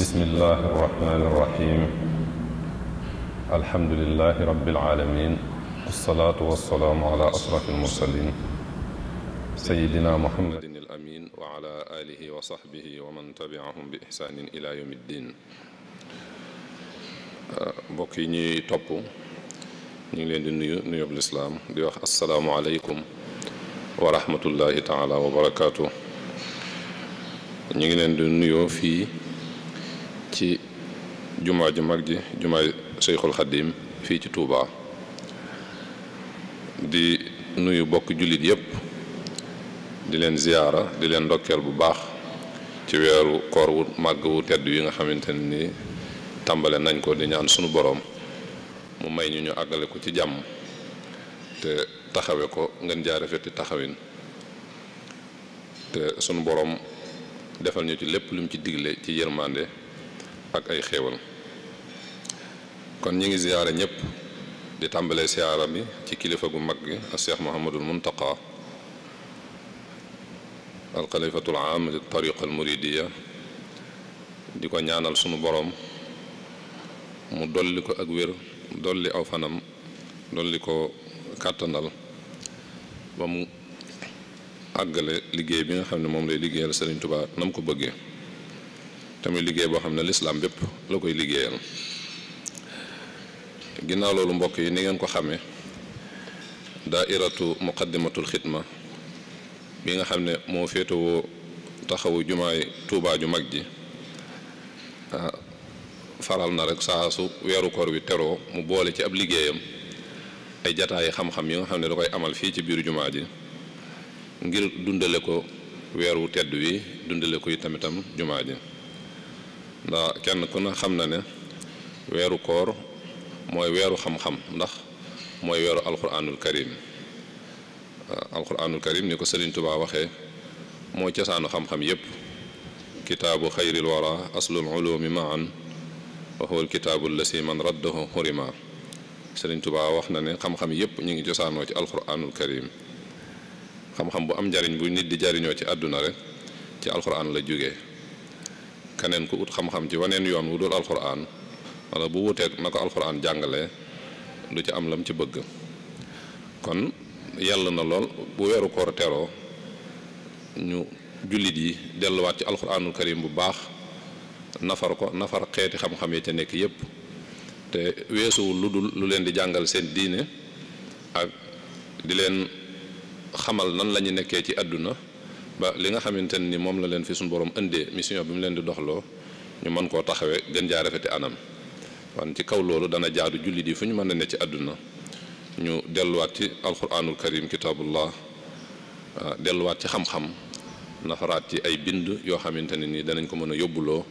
bismillah arrahman irrahim alhamdulilahi rabilalamin walsalaatu walsalaamu ala ashraf almursalin sayidina muhammadin alamin wa ala alihi wa sahbihi wa man tabiahum bi ihsanin ila yawmi ddin uh, mbokk yi ñuy topp ñu ngi leen di nuyu nuyób lislaam di wax assalaamu aleykum wa rahmatullahi taala wa barakaatu ñu ngi leen di nuyoo fii ci jumaa ju mag ji jumaa Seyxul Xadim fii ci Touba di nuyu bokk jullit yépp di leen ziyaara di leen ndokkeel bu baax ci weeru koor wu màgg wu tedd yi nga xamante ni tàmbale nañ ko di ñaan sunu boroom mu may ñu ñu àggale ko ci jàmm te taxawe ko ngeen jaare feti taxawin te sunu boroom defal ñu ci lépp lu ci digle ci yërmande ak ay xéewal kon ñi ngi ziyaare ñëpp di tàmbalee siyaara bi ci kilifa gu mag gi ak Cheikh Mouhamadul Muntaqa alxalifatul aam li al muridiya di ko ñaanal sunu boroom mu dolli ko ak wér dolli aw fanam dolli ko kàttanal ba mu àggale liggéey bi nga xam ne moom lay liggéeyal Sëriñ Tuubaa nam ko bëggee tamit liggéey boo xam ne lislaam bépp la koy liggéeyal ginnaaw loolu mbokk yi ni ngeen ko xamee daairatu muqaddimatul xidma bi nga xam ne moo féetewoo taxawu yi tuubaa ju mag ji ah, faral na rek saa weeru kor wi teroo mu boole ci ab liggéeyam ay jataayi xam-xam yi nga xam ne da koy amal fii ci biir jumaa ji ngir dundale ko weeru tedd wi dundale ko yi tamitam jumaa ji ndax kenn ku ne xam na ne weeru koor mooy weeru xam-xam ndax mooy weeru alquranul karim euh, alquranul karim ni ko Sëriñ Tuubaa waxee mooy cosaanu xam-xam yépp kitaabu xayril wara aslul ulumi maan wa huwa alkitaabu lasi man wax na ne xam-xam yépp ñu ngi cosaanoo ci alquranul karim xam-xam bu am njariñ bu nit di jariñoo ci àdduna rek ci alquran la jóge keneen ku ut xam-xam ci waneen yoon wu dul alxuraan wala bu wuteeg na ko alxuraan jàngale lu ci am lam ci bëgg kon yàlla na lool bu weeru koor teroo ñu jullit yi delluwaat ci alxuraanul karim bu baax nafar ko nafar xeeti xam-xam yi ca nekk yépp te weesuwul lu dul lu leen di jàngal seen diine ak di leen xamal nan la nekkee ci àdduna ba li nga xamante ni moom la leen fi suñu borom indee mission bi mu leen di doxloo ñu mën koo taxawee gën jaa rafeti anam wan ci kaw loolu dana jaadu jullit yi fu ñu mën a ne ci àdduna ñu delluwaat ci alquranul karim kitaabullah ah, delluwaat ci xam-xam nafaraat ci ay bind yoo xamante ne ni danañ ko mën a yóbbuloo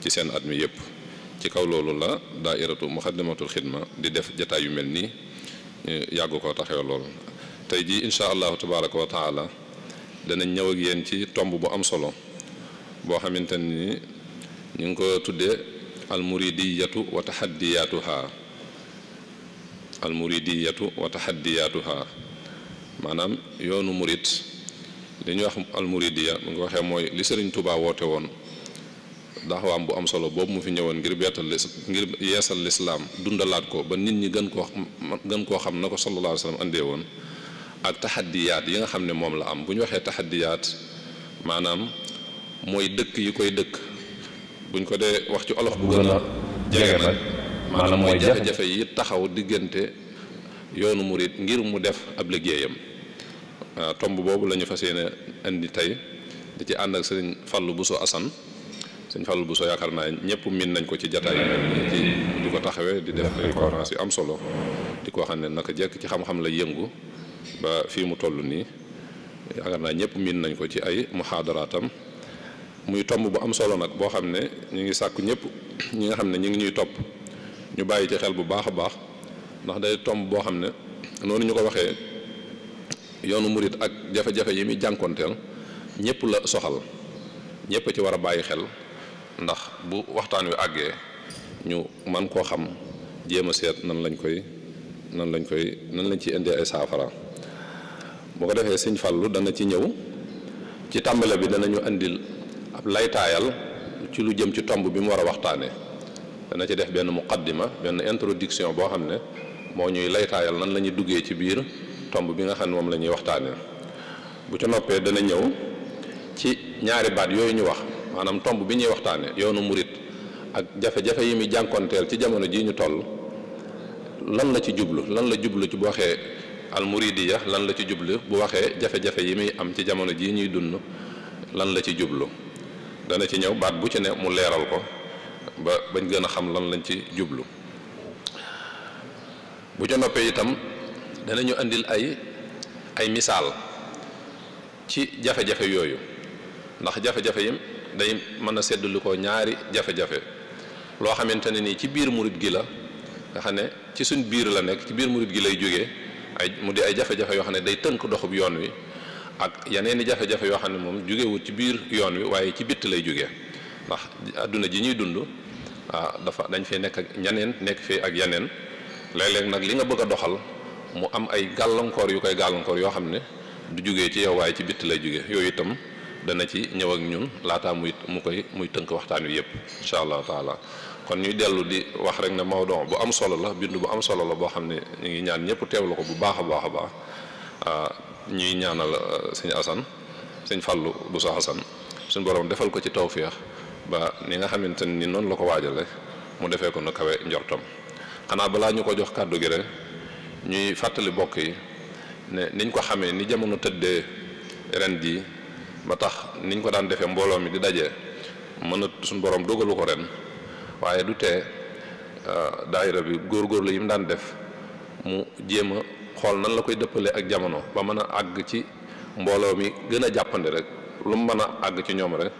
ci seen at mi yëpp ci kaw loolu la daa daairatu muxaddamatul xidma di def jataay yu mel nii yàgg koo taxawee lool tey jii incha allahu tabaraka wa taala danañ ñëw ak yéen ci tomb bu am solo boo xamante ni ñu ngi ko tuddee almuridiyatu wa taxaddiyaatuha almuridiyatu wa taxaddiyaatuha maanaam yoonu murit li ñuy wax almuridiya bu nga waxee mooy li Sëriñ Tuubaa woote woon daxawaam bu am solo boobu mu fi ñëwoon ngir beetal ngir yeesal lislaam dundalaat ko ba nit ñi gën koo gën koo xam na ko solo alayhi wa sallam woon ak taxaddiyaat yi nga xam ne moom la am bu ñu waxee taxaddiyaat maanaam mooy dëkk yi koy dëkk buñ ko dee wax ci olof bu gën a jege nag maanaam mooy jafe-jafe yi taxaw diggante yoonu murit ngir mu def ab liggéeyam tomb boobu la ñu fas yéene indi tey di ci ànd ak sëriñ Fallou Bousso Assane sëriñ Fallou buso yaakaar naa ñëpp miin nañ ko ci jataay ci di ko taxawee di def ay conférence yu am solo di ko xam ne naka jekk ci xam-xam la yëngu ba fii mu toll nii yaakaar naa ñëpp miin nañ ko ci ay muxaadaraatam muy tomb bu am solo nag boo xam ne ñu ngi sàkku ñëpp ñi nga xam ne ñu ngi ñuy topp ñu bàyyi ci xel bu baax a baax ndax day tomb boo xam ne noonu ñu ko waxee yoonu murit ak jafe-jafe yi muy jànkonteel ñëpp la soxal ñëpp ci war a bàyyi xel ndax bu waxtaan wi àggee ñu man koo xam jéem a seet nan lañ koy nan lañ koy nan lañ ciy indee ay saafara boo ko defee sëñ Fallou dana ci ñëw ci tàmbale bi danañu andil ab laytaayal ci lu jëm ci tomb bi mu war a waxtaanee dana ci def benn muqaddima benn introduction boo xam ne moo ñuy laytaayal nan la ñuy duggee ci biir tomb bi nga xam ne moom la ñuy waxtaanee bu ci noppee dana ñëw ci ñaari baat yooyu ñu wax maanaam tomb bi ñuy waxtaanee yoonu murit ak jafe-jafe yi muy jànkoonteel ci jamono ji ñu toll lan la ci jublu lan la jublu ci boo almuridiya lan la ci jublu bu waxee jafe-jafe yi muy am ci jamono jii ñuy dund lan la ci jublu dana ci ñëw baat bu ci ne mu leeral ko ba bañ gën a xam lan lañ ci jublu bu ca noppee itam danañu indil ay ay misaal ci jafe-jafe yooyu ndax jafe-jafe yi day mën a seddlu ko ñaari jafe-jafe loo xamante ne nii ci biir murit gi la nga xam ne ci suñ biir la nekk ci biir murit gi lay jóge ay mu di ay jafe-jafe yoo xam ne day tënk doxub yoon wi ak yeneen i jafe-jafe yoo xam ne moom jugewul ci biir yoon wi waaye ci bitt lay jóge ndax àdduna ji ñuy dund ah dafa dañ fee nekk ak ñeneen nekk fii ak yeneen léeg-léeg nag li nga bëgg doxal mu am ay gàllankoor yu koy gàllankoor yoo xam ne du jugee ci yow waaye ci bitt lay jóge yooyu itam dana ci ñëw ak ñun laataa muy mu koy muy tënk waxtaan wi yëpp incha allah taala kon ñuy dellu di wax rek ne mawdon bu am solo la bindu bu am solo la boo xam ne ñu ngi ñaan ñëpp teewlu ko bu baax a baax a baax ah, ñuy ñaanal ah, sëñ Assane sëñ Fallou bu sa Assane suñ borom defal ko ci tawféex ba ni nga xamante ni noonu la ko waajale mu defee ko na kawe njortam xanaa balaa ñu ko jox kàddu gi rek ñuy fàttali bokk yi ne niñ ko xamee ni jamono tëddee ren jii ba tax niñ ko daan defee mbooloo mi di dajee mën a suñu borom dogalu ko ren. waaye du te euh, daayira bi góorgóorlu yi mu daan def mu jéem a xool nan la koy dëppale ak jamono ba mën a àgg ci mbooloo mi gën a jàppandi rek lu mu mën a àgg ci ñoom rek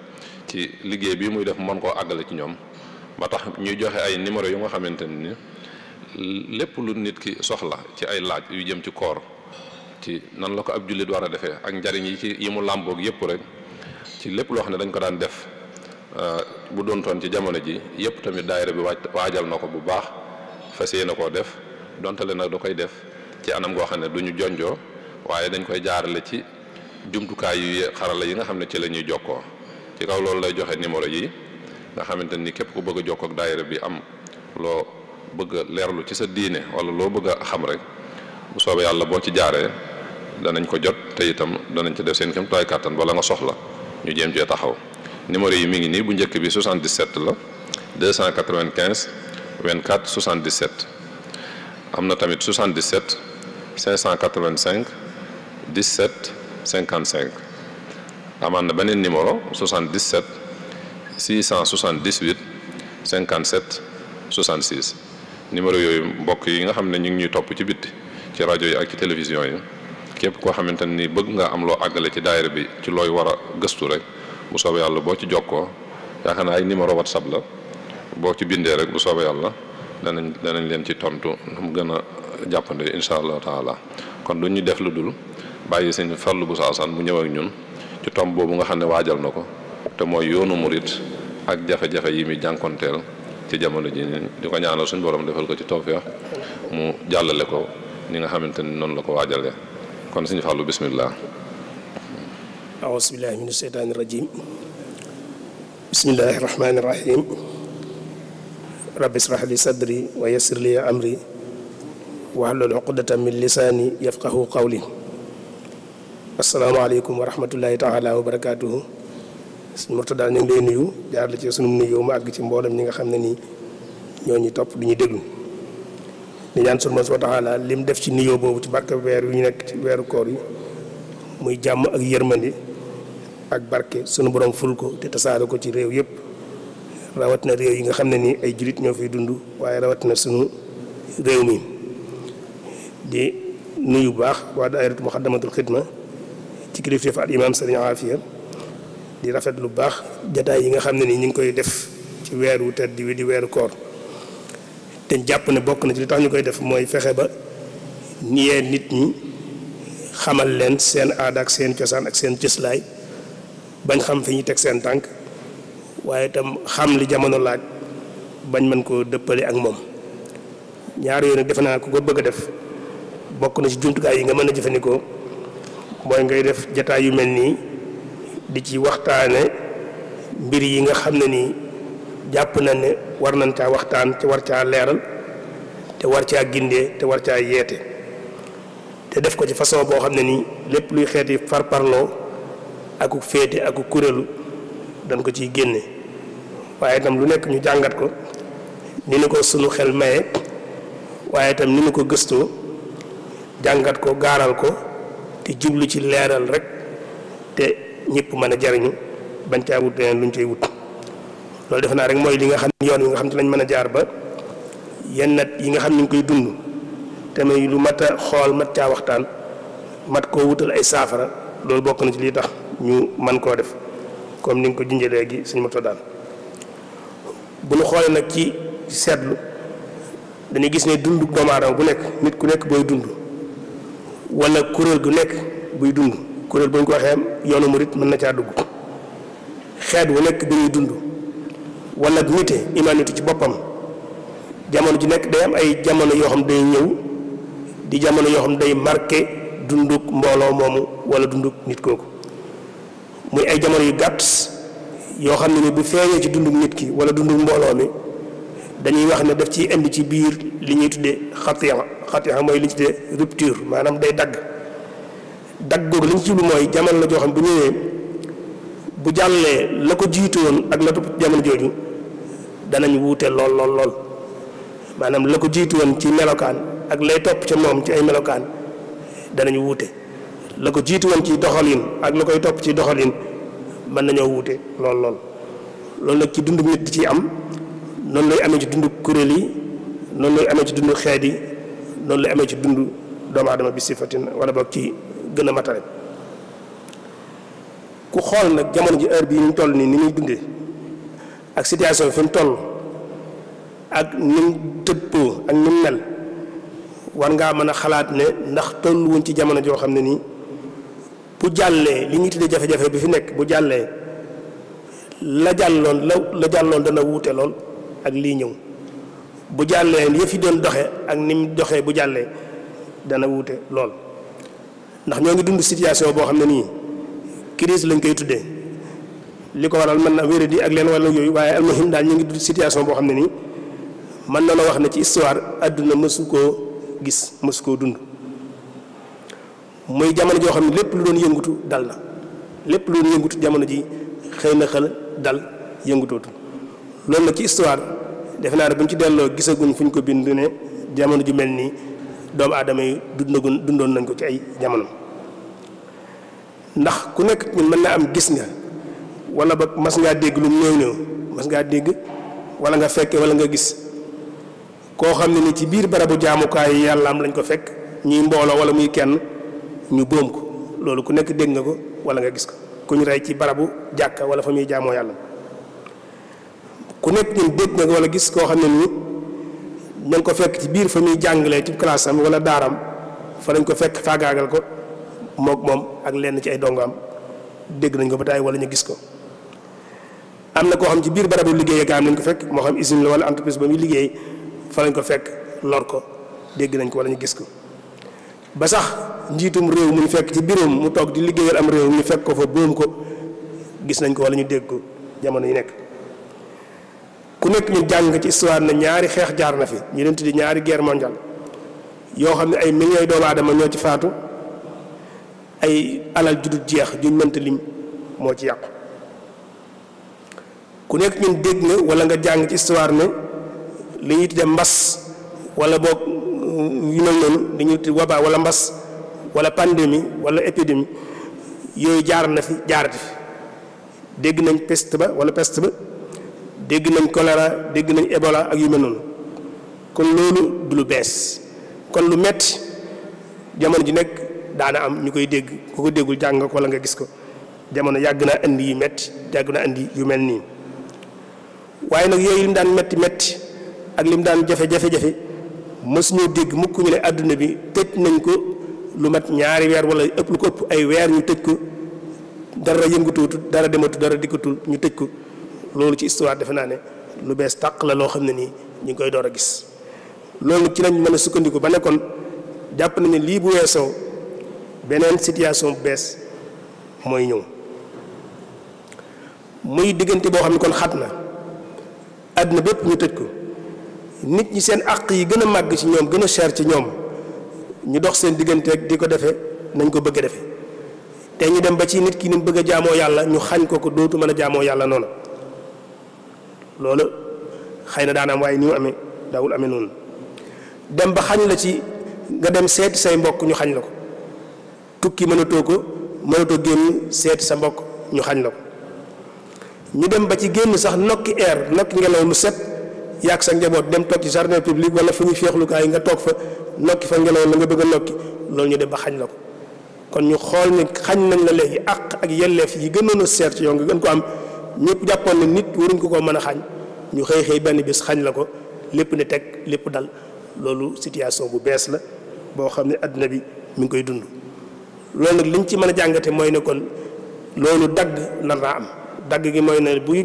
ci liggéey bi muy def mën koo àggale ci ñoom ba tax ñuy joxe ay numéro yu nga xamante ni lépp lu nit ki soxla ci ay laaj yu jëm ci koor ci nan la ko ab jullit war a defee ak njariñ yi ci yi mu làmboog yépp rek ci lépp loo xam ne dañ ko daan def bu doontoon ci jamono ji yëpp tamit daayira bi waajal na ko bu baax fas yéene koo def dontale nag da koy def ci anam goo xam ne duñu ñu jonjoo waaye dañ koy jaarale ci jumtukaay yu xarala yi nga xam ne ci la ñuy jokkoo ci kaw loolu lay joxe numéro yi nga xamante ni képp ku bëgg a jokkoo ak bi am loo bëgg a leerlu ci sa diine wala loo bëgg a xam rek bu soobee yàlla boo ci jaaree danañ ko jot te itam danañ ci def seen kéemtulaay kàttan bala nga soxla ñu jéem cee taxaw. numéro yi mi ngi nii bu njëkk bi 77 la 295 24 77 am na tamit 77 585 17 55 amaan na beneen numéro 77 678 57 66 numéro yooyu mbokk yi nga xam ne ñu ngi ñuy topp ci bitti ci rajo yi ak ci télévision yi képp koo xamante ni bëgg nga am loo àggale ci daayira bi ci looy war a gëstu rek bu soobee yàlla boo ci jokkoo yaakaar naa ay numéro whatsapp la boo ci bindee rek bu soobee yàlla danañ danañ leen ci tontu nu mu gën a jàppande incha allah taala kon du ñu def lu dul bàyyi sëñ Fallou bu Assane mu ñëw ak ñun ci tomb boobu nga xam ne waajal na ko te mooy yoonu murit ak jafe-jafe yi muy jànkonteel ci jamono ji di ko ñaanal suñu borom defal ko ci tawfeex mu jàllale ko ni nga xamante ni noonu la ko waajalee kon sëñ Fallou bismillah aus billahi min asheytaan irajim bismillahi irrahmani irrahim rabbi israh li sadri wa yassir li amri wahlul uqdatan min lisaani yafqahu qawli asalaamaaleykum wa rahmatullahi taala wa barakaatuhu suñ Murtada ñu ngi lay nuyu jaar la ci sunu nuyu mu àgg ci mboolem ñi nga xam ne nii ñoo ñu topp du ñu déglu di ñaan sunu Boroom subhaanahu lim def ci nuyu boobu ci barke weer yu ñu nekk ci weeru koor yi muy jàmm ak yërmandi ak barke sunu borom ful ko te tasaare ko ci réew yëpp rawat na réew yi nga xam ne nii ay jullit ñoo fiy dund waaye rawat na sunu réew mi di nuyu baax waa daayiratu muxaddamatul xidma ci kilifteef al imaam di rafet lu baax jataay yi nga xam ne nii ñu ngi koy def ci weeru tedd wi di weeru koor te jàpp ne bokk na ci li ñu koy def mooy fexe ba niyee nit ñi xamal leen seen aada ak seen cosaan ak seen cëslaay bañ xam fi ñuy teg seen tànk waaye itam xam li jamono laaj bañ mën koo dëppalee ak moom ñaar yooyu defe naa ku ko bëgg a def bokk na ci jumtukaay yi nga mën a jëfandikoo mooy ngay def jataay yu mel nii di ci waxtaane mbir yi nga xam ne nii jàpp na ne war nañ caa waxtaan te war caa leeral te war caa gindee te war caa yeete te def ko ci façon boo xam ne nii lépp luy xeeti farparloo aku féete aku kuréelu dañ ko ciy génne waaye itam lu nekk ñu jàngat ko ni ni ko sunu xel maye waaye itam ni ni ko gëstoo jàngat ko gaaral ko te jublu ci leeral rek te ñëpp mën a jariñu bañ caa wut leneen luñ cay wut loolu defe naa rek mooy li nga xam yoon yi nga xam ci lañ mën a jaar ba yenn nat yi nga xam ñu ngi koy dund te muy lu mat a xool mat caa waxtaan mat koo wutal ay saafara loolu bokk na ci lii tax ñu man koo def comme ni nga ko junjee léegi suñu moto daan bu ñu xoolee nag ci seetlu dañuy gis ne dund doomu bu nekk nit ku nekk booy dund wala kuréel gu nekk buy dund kuréel bu ñu ko waxee yoonu murit mën na caa dugg xeet wu nekk dañuy dund wala nite humanité ci boppam jamono ji nekk day am ay jamono yoo xam day ñëw di jamono yoo xam day marqué dunduk mbooloo moomu wala dunduk nit kooku muy ay jamono yu gàtt yoo xam ne ni bu feeñee ci dundum nit ki wala dundum mbooloo mi dañuy wax ne daf ci indi ci biir li ñuy tuddee xatiya xatiya mooy li ñu tuddee rupture maanaam day dagg dagg googu li ñu ci jublu mooy jamono la joo xam bu ñëwee bu jàllee la ko jiitu woon ak la topp jamono jooju danañ wuute lool lool lool maanaam la ko jiitu woon ci melokaan ak lay topp ca moom ci ay melokaan danañu wuute la ko jiitu woon ci doxalin ak la koy topp ci doxalin mën nañoo wuute lool lool loolu nag ci dundu nit di ci am noonu lay amee ci dundu kuréel yi noonu lay amee ci dundu xeet yi noonu lay amee ci dundu doomu aadama bi sifatin wala boog ci gën a matale ku xool nag jamono ji heure bii ñu toll nii ni muy dundee ak situation fi mu toll ak ni mu tëppoo ak ni mu mel war ngaa mën a xalaat ne ndax tolluwuñ ci jamono joo xam ne nii bu jàllee li ñuy tuddee jafe-jafe bi fi nekk bu jàllee la jàlloon la la jàlloon dana wuute lool ak lii ñëw bu jàllee yëf yi doon doxe ak ni mu doxee bu jàllee dana wuute lool ndax ñoo ngi dund situation boo xam ne nii crise lañ koy tuddee li ko waral mën na wéra di ak leen wala yooyu waaye almuhim daal ñu ngi dund situation boo xam ne nii mën na la wax ne ci histoire àdduna mësu koo gis mësu koo dund muy jamono joo xam ne lépp lu doon yëngutu dal la lépp lu doon yëngutu jamono ji xëy na xel dal yëngutootu loolu nag ci histoire defe naa ne bu ñu ci delloo gisaguñ fu ñu ko bind ne jamono ji mel nii doomu aadama yi dundagun dundoon nañ ko ci ay jamono ndax ku nekk ñun mën naa am gis nga wala ba mas ngaa dégg lu néew néew mas ngaa dégg wala nga fekke wala nga gis koo xam ne ni ci biir barabu jaamukaay yàlla am lañ ko fekk ñuy mbooloo wala muy kenn ñu boom ko loolu ku nekk dégg nga ko wala nga gis ko ku ñu rey ci barabu jàkka wala fa muy jaamoo yàlla ku nekk ñun dégg nga wala gis koo xam ne nii ña ko fekk ci biir fa muy jàngalee ci classe am wala daaram fa lañ ko fekk faagaagal ko mook moom ak lenn ci ay dongaam dégg nañ ko ba tey wala ñu gis ko am na koo xam ci biir barabu liggéey gaa am lañ ko fekk moo xam usine la wala entreprise ba muy liggéey fa lañ ko fekk lor ko dégg nañ ko wala ñu gis ko ba sax njiitum réew mu ñu fekk ci biroom mu toog di liggéeyal am réew ñu fekk ko fa boom ko gis nañ ko wala ñu dégg ko jamono yu nekk ku nekk ñu jàng ci histoire na ñaari xeex jaar na fi ñu leen ñaari guerre mondiale yoo xam ne ay millions doomu aadama ñoo ci faatu ay alal ju dul jeex juñ moo ci yàqu ku nekk ñun dégg wala nga jàng ci histoire ne li mbas wala boog yu mel noonu li ñuy tudde waba wala mbas wala pandémie wala épidémie yooyu jaar na fi jaarati fi dégg nañ pest ba wala peste ba dégg nañ choléra dégg nañ Ebola ak yu mel noonu kon loolu du lu bees kon lu metti jamono ji nekk daana am ñu koy dégg ku ko déggul jàng ko wala nga gis ko jamono yàgg na indi yu metti yàgg naa indi yu mel nii waaye nag yooyu lim daan metti metti ak lim daan jafe jafe jafe mësuñoo dégg mukk ñu ne àdduna bi tëj nañ ko lu mat ñaari weer wala ëpp lu ko ëpp ay weer ñu tëj ko dara yëngatuwutu dara dematu dara dikkatul ñu tëj ko loolu ci histoire defe naa ne lu bees tàq la loo xam ne nii ñu ngi koy door a gis loolu ci lañ mën a sukkandiku ba kon jàpp nañu ne lii bu weesoo beneen situation bu bees mooy ñëw muy diggante boo xam ne kon xat na àdduna bépp ñu tëj ko nit ñi seen àq yi gën a màgg ci ñoom gën a cher ci ñoom ñu dox seen diggante ak di ko defe nañ ko bëgg a defee te ñu dem ba ci nit ki ni mu bëgg a jaamoo yàlla ñu xañ ko ko dootu mën a jaamoo yàlla noonu loolu xëy na daanam waaye ni mu amee daawul amee noonu dem ba xañ la ci nga dem seet say mbokk ñu xañ la ko tukki mënatoo ko mënatoo génn seet sa mbokk ñu xañ la ko ñu dem ba ci génn sax nokki air nokki ngelaw lu set yàq sa njaboot dem toog ci jardin public wala fu ñuy féexlukaay nga toog fa nokki fa ngelaw la nga bëgg a nokki loolu ñu def ba xañ la ko kon ñu xool ni xañ nañ la léegi àq ak yelleef yi gënoon a seer ci yow nga gën ko am ñëpp jàppoon ne nit waruñ ko koo mën a xañ ñu xëy xëy benn bis xañ la ko lépp ni teg lépp dal loolu situation bu bees la boo xam ne àdduna bi mu ngi koy dund loolu nag liñ ci mën a jàngate mooy ne kon loolu dagg nar naa am dagg gi mooy ne bu ñu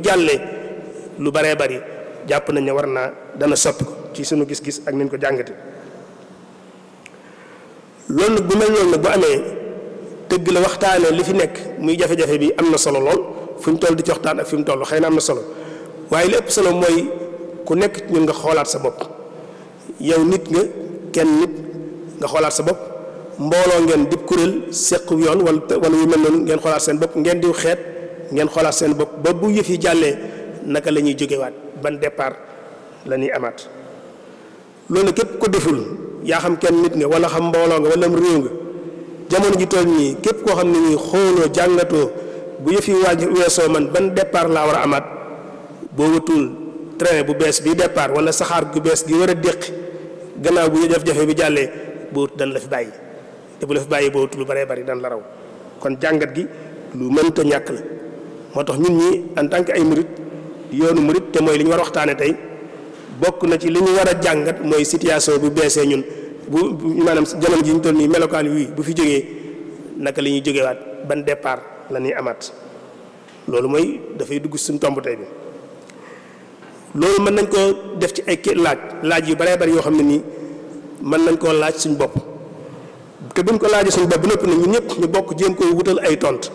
lu baree bari jàpp nañ ne war naa dana soppi ko ci suñu gis-gis ak nañ ko jàngate loolu nag bu mel noonu nag bu amee dëgg la waxtaanee li fi nekk muy jafe-jafe bi am na solo lool fu ñu toll di ci waxtaan ak fi mu toll xëy na am na solo waaye li ëpp solo mooy ku nekk ñun nga xoolaat sa bopp yow nit nga kenn nit nga xoolaat sa bopp mbooloo ngeen dib kuréel seq yoon wala wala yu mel noonu ngeen xoolaat seen bopp ngeen diw xeet ngeen xoolaat seen bopp ba bu yëf yi jàllee naka la ñuy jógewaat ban départ la ñuy amaat loolu képp ko deful yaa xam kenn nit nga wala xam mbooloo nga wala am réew nga jamono ji toll nii képp koo xam ne nii xooloo jàngatoo bu yëf yi weesoo man ban départ laa war a amaat boo wutul train bu bees bi départ wala saxaar gu bees gi war a déq gannaaw bu jafe-jafe bi jàllee boo wut dan la fi bàyyi te bu la fi bàyyi boo wut lu baree bari dan la raw kon jàngat gi lu mënta ñàkk la moo tax ñun ñi en ay murit yoonu murit te mooy li ñu war a waxtaane tey bokk na ci li ñu war a jàngat mooy situation bu beesee ñun bu maanaam jamono ji ñu toll nii melokaan wii bu fi jógee naka la ñuy jógewaat ban départ la ñuy amaat loolu mooy dafay dugg suñ tomb tey bi loolu mën nañ koo def ci ay laaj laaj yu baree bari yoo xam ne nii mën nañ koo laaj suñ bopp te buñ ko laaj suñ bopp bu nëpp na ñu ñëpp ñu bokk jéem koy wutal ay tont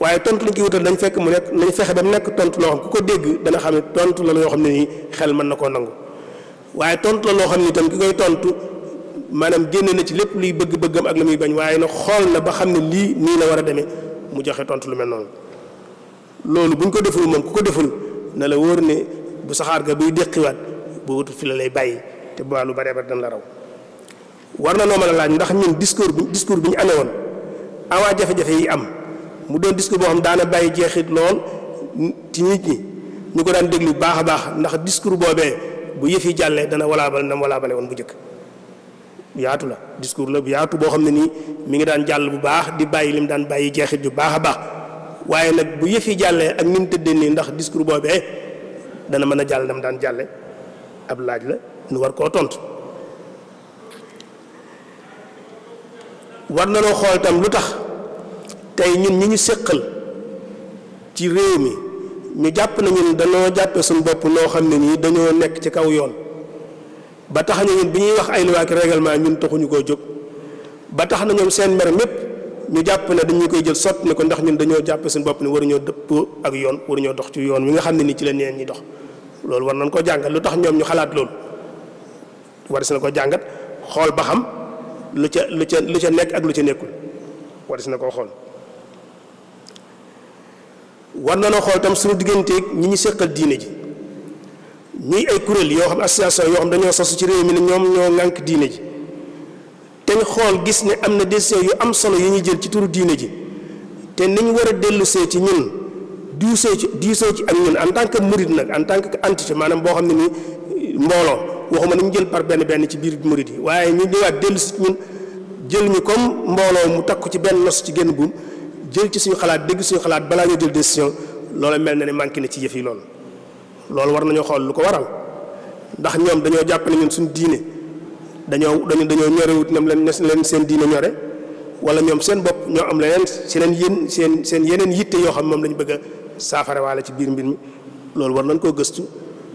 waaye tontu lañ koy wutal dañ fekk mu nekk nañ fexe ba mu nekk tontu loo xam ko dégg dana xam ne tontu la loo xam ne nii xel man na koo nangu waaye tontu loo xam ne itam ki koy tontu maanaam génne na ci lépp luy bëgg-bëggam ak lu muy bañ waaye na xool na ba xam ne lii nii la war a demee mu joxe tontu lu mel noonu loolu buñ ko deful moom ku ko deful na la wóor ne bu saxaar ga buy déqiwaat bu wutul fi la lay bàyyi te bu lu baree ba dañ la raw war na noo mën a laaj ndax ñun discours bi discours bi ñu amee woon avant jafe yi am. mu doon discours boo xam daana bàyyi jeexit lool ci nit ñi ñu ko daan déglu baax a baax ndax discours boobee bu yëf yi jàllee dana walaabal na walaabale woon bu njëkk yaatu la discours la bu boo xam ne nii mi ngi daan jàll bu baax di bàyyi lim daan bàyyi jeexit bu baax a baax waaye nag bu yëf jàllee ak ni mu tëddee nii ndax discours boobee dana mën a jàll na mu daan jàlle ab laaj la nu war koo tontu war na noo xool tam lu tax. tey ñun ñu ñu séqal ci réew mi ñu jàpp nañu ni dañoo jàppe suñu bopp noo xam ne nii dañoo nekk ci kaw yoon ba tax na ñun bi ñuy wax ay loi ak ñun taxuñu koo jóg ba tax na ñoom seen mer mépp ñu jàpp ne dañu koy jël sott ne ko ndax ñun dañoo jàppe suñu bopp ne waruñoo dëppoo ak yoon waruñoo dox ci yoon mi nga xam ne nii ci la neen ñi dox loolu war nañ koo jàngat lu tax ñoom ñu xalaat loolu war si na ko jàngat xool ba xam lu ca lu ca lu ca nekk ak lu ca nekkul war na koo xool war na noo xool tam suñu digganteeg ñi ñu seqal diine ji ñuy ay kuréel yoo xam association yoo xam dañoo sos ci réew mi ne ñoom ñoo ŋànk diine ji te ñu xool gis ne am na décision yu am solo yu ñu jël ci turu diine ji te niñ war a dellu see ci ñun diisoo ci diisoo ci ak ñun en tant que murid nag en tant que entité maanaam boo xam ne nii mbooloo waxuma nañ jël par benn benn ci biir murid yi waaye ñu ñëwaat dellu si ñun jël ñu comme mbooloo mu takku ci benn nos ci génn buum jël ci suñu xalaat dégg suñu xalaat balaa ñoo jël décision loolu mel na ne manqué na ci yëf yi loolu loolu war nañoo xool lu ko waral ndax ñoom dañoo jàpp ne ñun suñu diine dañoo dañu dañoo ñorewut ñoom leen leen seen diine ñore wala ñoom seen bopp ñoo am leneen seen yéen seen seen yeneen yitte yoo xam moom lañu bëgg a saafara waale ci biir mbir mi loolu war nañ koo gëstu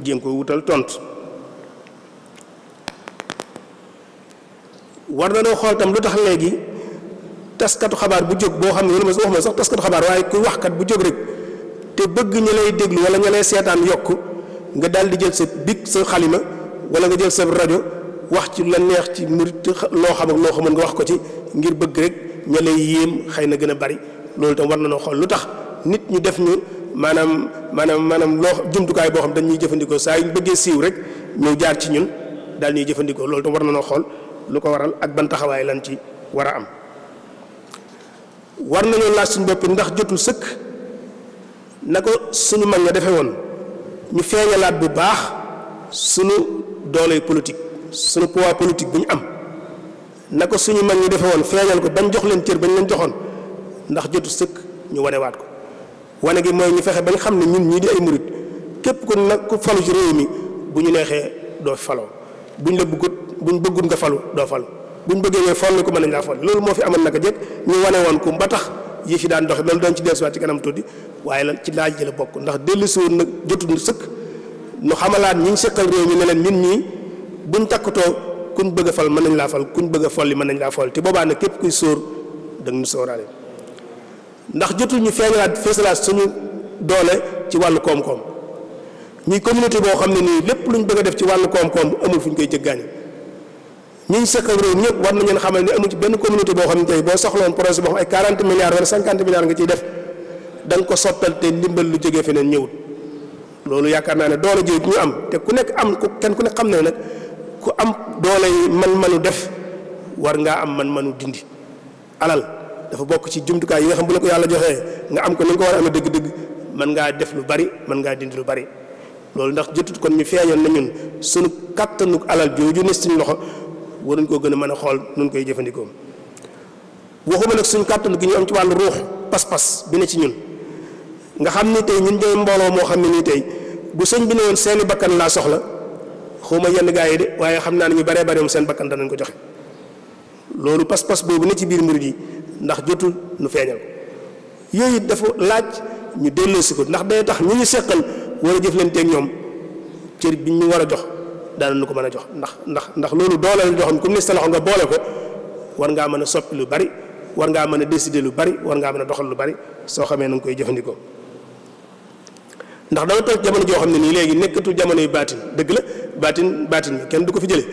jéem koo wutal tontu war na noo tam lu tax léegi taskatu xabaar bu jóg boo xam ne wax ma sax taskatu xabaar waaye kuy waxkat bu jóg rek te bëgg ña lay déglu wala ña lay seetaan yokk nga daal di jël sa big sa xalima wala nga jël sa rajo wax ci la neex ci murit loo xam ak loo xamoon nga wax ko ci ngir bëgg rek ña lay yéem xëy na gën a bari loolu tam war na noo xool lu tax nit ñu def ñu maanaam maanaam maanaam loo jumtukaay boo xam dañ ñuy jëfandikoo saa yu bëggee siiw rek ñëw jaar ci ñun daal ñuy jëfandikoo loolu tam war na xool lu ko waral ak ban taxawaay lan ci war nañoo laat suñu bopp ndax jotul sëkk na ko suñu mag ña defe woon ñu feeñalaat bu baax suñu doolee politique sunu poids politique bu ñu am na ko suñu mag ñi defe woon feeñal ko bañ jox leen cër bañ leen joxoon ndax jotul sëkk ñu wanewaat ko wane gi mooy ñu fexe bañ xam ne ñun ñii di ay murit képp ku nag ku falu ci réew mi bu ñu neexee doo faloo buñ la bëggut buñ bëggut nga falu doo falu buñ bëggee ñëw foll ko mën nañ laa foll loolu moo fi amal naka jëkk ñu wane woon kum ba tax yi fi daan doxe loolu doon ci dellusiwaat ci kanam tuddi waaye la ci laaj ji la bokk ndax dellusi woon nag jotuñu sëkk nu xamalaat ñi ñu sëkkal réew mi ne leen ñun ñii buñ takkatoo kuñ bëgg fal mën nañ laa fal kuñ bëgg a folli mën nañ laa fol te boobaa képp kuy sóor danga ñu sóoraale ndax jotul ñu feeñalaat suñu doole ci wàll koom-koom ñuy communauté boo xam ne nii lépp lu luñ bëgg a def ci wàllu koom-koom amul fu ñu koy jëggaani ñi ñu sëkkal réew ñëpp war nañ leen xamal ni amu ci benn communauté boo xam ne tey boo soxloon projet boo xam ay 40 milliards wala 50 milliards nga ciy def da nga ko soppal te loolu yaakaar naa ne doole jëwit ñu am te ku nekk am ku kenn ku nekk xam ne nag ku am doole yi man-manu def war ngaa am man-manu dindi alal dafa bokk ci jumtukaay yi nga xam bu la ko yàlla joxee nga am ko ni nga ko war a amee dëgg-dëgg mën ngaa def lu bari mën ngaa dindi lu bari loolu ndax jotut kon ñu feeñoon na ñun suñu kàttanuk alal jooju ne suñu loxo waruñ koo gën a mën a xool nun koy jëfandikoo waxuma nag suñ kàttan gi ñu am ci wàllu ruux pas-pas bi ne ci ñun nga xam ni tey ñun ñooy mbooloo moo xam ne nii tey bu sëñ bi ne woon seeni bakkan laa soxla xawma yenn gaa yi de waaye xam naa ne ñu baree bare moom seen bakkan danañ ko joxe loolu pas-pas boobu ne ci biir murid yi ndax jotul nu feeñal ko yooyu dafa laaj ñu delloosi ko ndax day tax ñu ñu seqal war a jëflanteeg ñoom cër bi ñu war a jox daanañu ko mën a jox ndax ndax ndax loolu doole la joxoon comme ni sa nga boole ko war ngaa mën a soppi lu bari war ngaa mën a décider lu bari war ngaa mën a doxal lu bari soo xamee na nga koy jëfandikoo ndax dama toog jamono joo xam ne nii léegi nekkatu jamono yu baatin dëgg la baatin baatin kenn du ko fi jëlee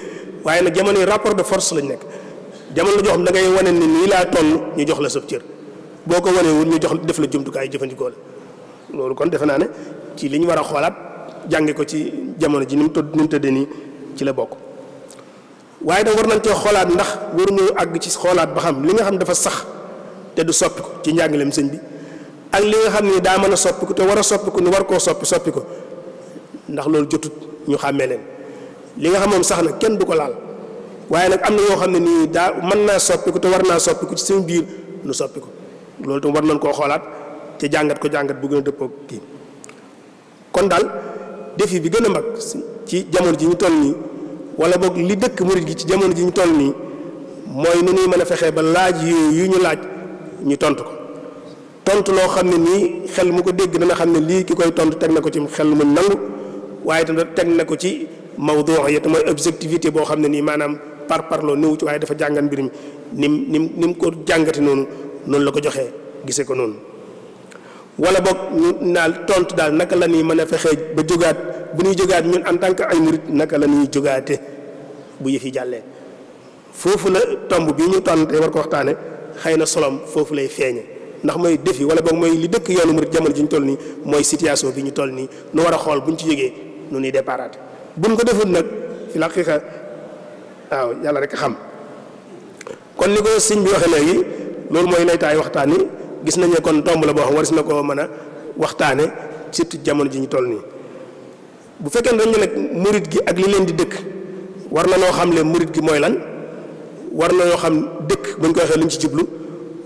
waaye nag jamono yi rapport de force lañ nekk jamono joo xam da ngay wane ni nii laa toll ñu jox la sab cër boo ko wanewul ñu jox def la jumtukaay jëfandikoo la loolu kon defe naa ne ci li ñu war a xoolaat jànge ko ci jamono ji ni mu tëdd ni mu tëddee nii ci la bokk waaye da war nañ cee xoolaat ndax war waruñoo àgg ci xoolaat ba xam li nga xam dafa sax te du soppi ko ci njàngaleem sëñ bi ak li nga xam ni daa mën a soppi war a soppi ko war koo soppi soppi ko ndax loolu jotut ñu xàmmee leen li nga xam moom sax na kenn du ko laal waaye nag am na yoo xam ne nii daa mën naa soppi ko te war naa soppi ko ci suñu biir nu soppi ko loolu tam war nañ koo xoolaat te jàngat ko jàngat bu gën a dëppoo kon daal. défi bi gën a mag ci jamono ji ñu toll nii wala boog li dëkk murit gi ci jamono ji ñu toll nii mooy nu ñuy mën a fexe ba laaj yooyu yu ñu laaj ñu tontu ko tontu loo xam ne nii xel mu ko dégg dana xam ne lii ki koy tontu teg na ko ci xel mu nangu waaye tam teg na ko ci mawdu yi mooy objectivité boo xam ne nii maanaam par parloo néew ci waaye dafa jàngat mbir mi nim nim ni mu ko jàngate noonu noonu la ko joxee gisee ko noonu wala boog ñu daal tontu daal naka la ñuy mën a fexee ba jógaat bu ñuy jógaat ñun en tant que ay murit naka la ñuy jógaate bu yëf yi jàllee foofu la tomb bi ñu tonte war ko waxtaane xëy na solom foofu lay feeñe ndax mooy défi wala boog mooy li dëkk yoonu murit jamono ji ñu toll nii mooy situation bi ñu toll nii nu war a xool buñ ci jógee nu ñuy déparaate buñ ko deful nag fi la xiixa waaw yàlla rek xam kon ni ko sëñ bi waxee léegi loolu mooy laytaay waxtaan yi gis nañu ne kon tomb la boo xam si na koo mën a waxtaane surtout jamono ji ñu toll nii bu fekkee dañ nag murit gi ak li leen di dëkk war na noo xam le murit gi mooy lan war na noo xam dëkk buñ ko waxee luñ ci jublu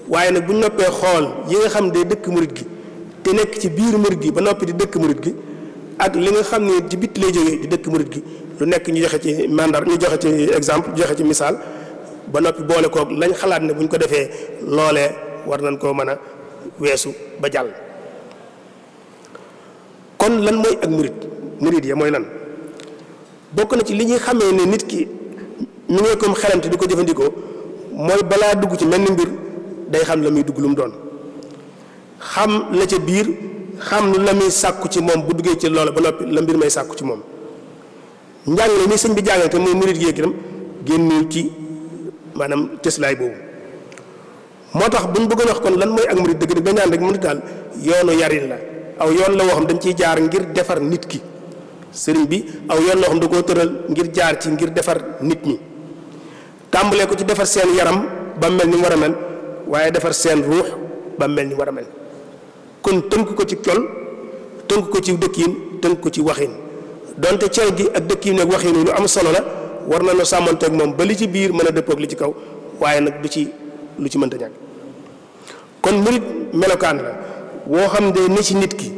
waaye nag buñ noppee xool yi nga xam de dëkk murit gi te nekk ci biir murit gi ba noppi di dëkk murit gi ak li nga xam ne ci bit lay jógee di dëkk murit gi lu nekk ñu joxe ci mandar ñu joxe ci exemple joxe ci misaal ba noppi boole koog lañ xalaat ne buñ ko defee loolee war nañ koo mën a weesu ba jàll kon lan mooy ak murit murit ya mooy lan bokk na ci li ñuy xamee ne nit ki mu ngi comme xelam te ko jëfandikoo mooy balaa dugg ci mel ni mbir day xam la muy dugg lu mu doon xam la ca biir xam la muy sàkku ci moom bu duggee ci loola ba noppi la mbir may sàkku ci moom njàng la mi sëñ bi jàngale te muy murit gi yëg itam génnul ci maanaam teslaay boobu moo tax bu bëgg a wax kon lan mooy ak murid dëgg-dëgg dañu naan rek murid daal yoonu yarin la aw yoon la woo xam dañ ciy jaar ngir defar nit ki sëriñ bi aw yoon la woo xam da koo tëral ngir jaar ci ngir defar nit ñi tàmbalee ko ci defar seen yaram ba mel ni war a mel waaye defar seen ruux ba mel ni war a mel kon tënk ko ci col tënk ko ci dëkkiin tënk ko ci waxin donte col gi ak dëkkiin ak waxin lu am solo la war na noo sàmmanteeg moom ba li ci biir mën a dëppoog li ci kaw waaye nag du ci lu ci mënta ñàkk kon murit melokaan la woo xam ne ne ci nit ki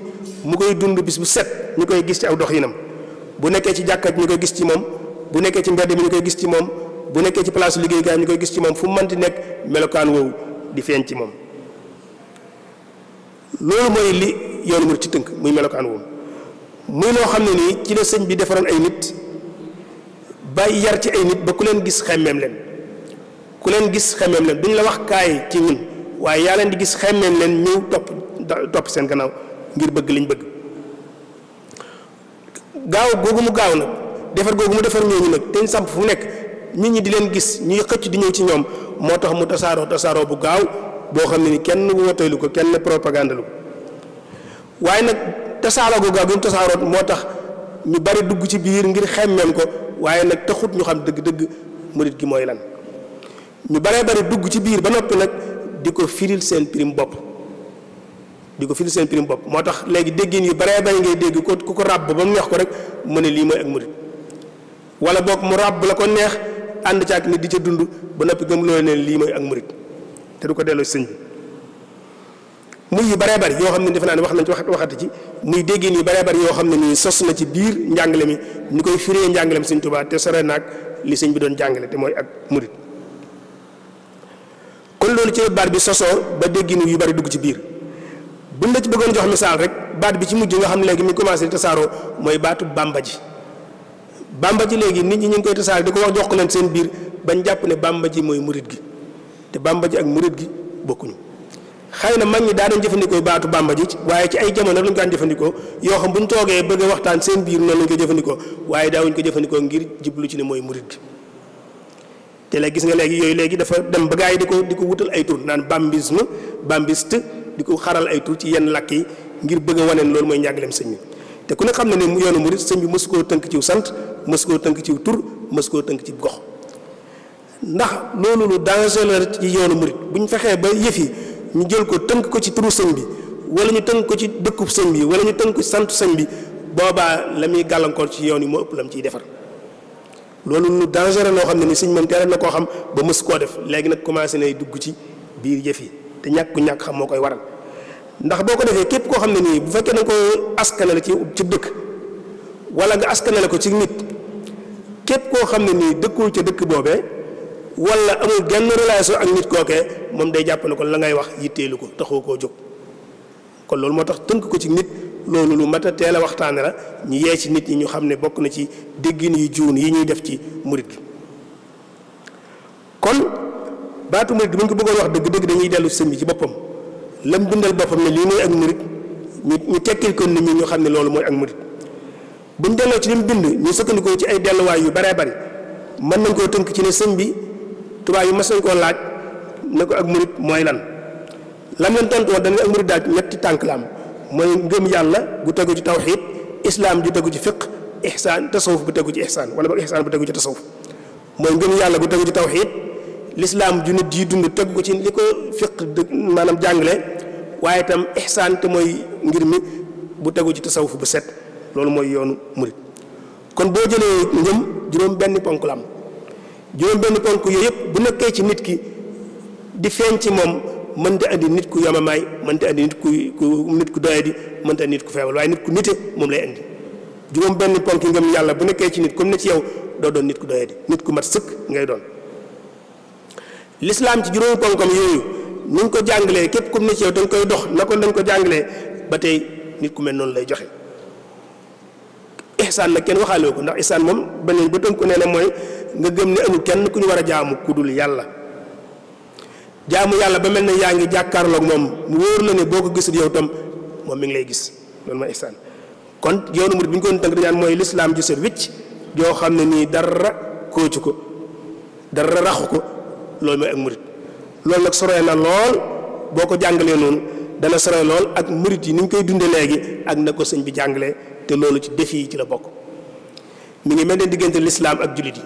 mu koy dund bis bu set ñu koy gis ci aw doxinam bu nekkee ci jàkka ñu koy gis ci moom bu nekkee ci mbedd mi ñu koy gis ci moom bu nekkee ci place liggéeykaay ñu koy gis ci moom fu mu mënti melokaan woowu di feeñ ci moom loolu mooy li yoon murit ci tënk muy melokaan woowu muy loo xam ne nii ci la sëñ bi defaroon ay nit ba yar ci ay nit ba ku leen gis xemmeem leen ku leen gis xemmeem leen duñ la wax kaay ci ñun waaye yaa leen di gis xemmeen leen ñëw topp topp seen gannaaw ngir bëgg liñ bëgg gaaw googu mu gaaw nag defar googu mu defar ñooñu nag te ñu samp fu nekk nit ñi di leen gis ñuy xëcc di ñëw ci ñoom moo tax mu tasaaroo tasaaroo bu gaaw boo xam ne ni kenn woteelu ko kenn propagande waaye nag tasaaroo gu gaaw gi mu tasaaroo moo tax ñu bari dugg ci biir ngir xemmeem ko waaye nag taxut ñu xam dëgg-dëgg murit gi mooy lan. ñu baree bari dugg ci biir ba noppi nag di ko firil seen prime bopp di ko firil seen prime bopp moo tax léegi déggin yu baree bari ngay dégg ko ku ko ràbb ba mu neex ko rek mu ne lii mooy ak murit wala boog mu ràbb la ko neex ànd ca ak di ca dund ba noppi gëm loolu ne lii mooy ak murit te du ko delloo sëñ bi muy yu baree bari yoo xam ne defe naa ne wax nañ ci waxati ci muy déggin yu baree bari yoo xam ne nii sos na ci biir njàngale mi ñu koy firee njàngale mi sëñ Tuubaa te sore nag li sëñ bi doon jàngale te mooy ak murit kon loolu ci la baat bi sosoo ba dégginu yu bari dugg ci biir buñ la ci bëggoon jox misaal rek baat bi ci mujj nga xam léegi mi commencé di tasaaroo mooy baatu bàmba ji bàmba ji léegi nit ñi ñu ngi koy tasaare di ko wax jox ko seen biir bañ jàpp ne bàmba ji mooy murit gi te bàmba ji ak murit gi bokkuñu xëy na mag ñi daa dañ jëfandikoo baatu bàmba ji waaye ci ay jamono lañ ko daan jëfandikoo yoo xam bu ñu toogee bëgg a waxtaan seen biir noonu lañ ko jëfandikoo waaye daawuñ ko jëfandikoo ngir jiblu ci ne mooy murit te léegi gis nga léegi yooyu léegi dafa dem ba yi di ko di ko wutal ay tur naan bambisme bambiste di ko xaral ay tur ci yenn làkk yi ngir bëgg a waneen loolu mooy njàngaleem sëñ bi te ku ne xam ne ne yoonu murit sëñ bi mësu koo tënk ciw sant mësu koo tënk ciw tur mësu koo tënk ci gox ndax loolu lu dangereux ci yoonu murit bu ñu fexee ba yëf yi ñu jël ko tënk ko ci turu sëñ bi wala ñu tënk ko ci dëkku sëñ bi wala ñu tënk ko ci santu sëñ bi boobaa la muy gàllankoor ci yoon yi moo ëpp la ciy defar loolu lu dangereux loo xam ne ni suñ moom teeral na koo xam ba mës koo def léegi nag commencé nay dugg ci biir jëf yi te ñàkk ñàkk xam moo koy waral ndax boo ko defee képp koo xam ne nii bu fekkee na ko askanale ci ci dëkk wala nga askanale ko ci nit képp koo xam ne nii dëkkul ca dëkk boobee wala amul genn relation ak nit kookee moom day jàpp ko la ngay wax yitteelu ko taxoo koo jóg kon loolu moo tax tënk ko ci nit loolu lu mat teel a waxtaane la ñu yee ci nit ñi ñu xam ne bokk na ci déggin yu juun yi ñuy def ci murit gi kon baatu murit bu ko bëggoon wax dëgg dañuy dellu sëñ ci boppam lam bindal boppam ne lii mooy ak murit ñu ñu tekkil ko nit ñi ñu xam ne loolu mooy ak murit bu ñu delloo ci li mu ñu sëkkandikoo ci ay delluwaay yu baree bari mën nañ koo tënk ci ne sëñ bi tubaab yi mas nañ koo laaj ne ko ak murit mooy lan lam leen tontu woon dañ ak murit daal ñetti tànk la am mooy ngëm yàlla gu tegu ci tawxiid islaam ju tegu ci fiq ihsaan tasawuf bu tegu ci ihsaan wala boog ihsaan bu tegu ci tasawuf mooy ngëm yàlla gu tegu ci tawxiid lislaam ju nit dund tegu ko ci li ko fiq maanaam jàngale waaye itam ihsaan te mooy ngir mi bu tegu ci tasawuf bu set loolu mooy yoonu murit kon boo jëlee ngëm juróom benn ponk lam am juróom benn ponk yooyu yëpp bu nekkee ci nit ki di feeñ ci moom mën da andi nit ku yamamaay mën da andi nit ku nit ku doyadi mën da andi nit ku feebal waaye nit ku nite moom lay indi juróom benn ponk yi ngëm yàlla bu nekkee ci nit comme ne ci yow doo doon nit ku doyadi nit ku mat sëkk ngay doon lislaam ci juróomi ponkam yooyu ni ko jàngalee képp comme ne ci yow da koy dox na ko da ko jàngalee ba tey nit ku mel noonu lay joxe ihsaan nag kenn waxaale ko ndax ihsaan moom beneen ba tënk ko nee na mooy nga gëm ni amul kenn ku ñu war a jaamu ku dul yàlla jaamu yàlla ba mel na yaa ngi jàkkaarloog moom mu wóor la ne boo ko gisul yow tam moom mi ngi lay gis loolu mooy ihsaan kon yoonu murid bi ñu ko mooy lislaam ju set wicc yoo xam ne nii dara koocu ko dara raxu ko loolu mooy ak murid loolu nag soree na lool boo ko jàngalee noonu dana sore lool ak murid yi ni ñu koy dundee léegi ak na ko sëñ bi jàngale te loolu ci défi yi ci la bokk mu ngi mel ne diggante lislaam ak jullit yi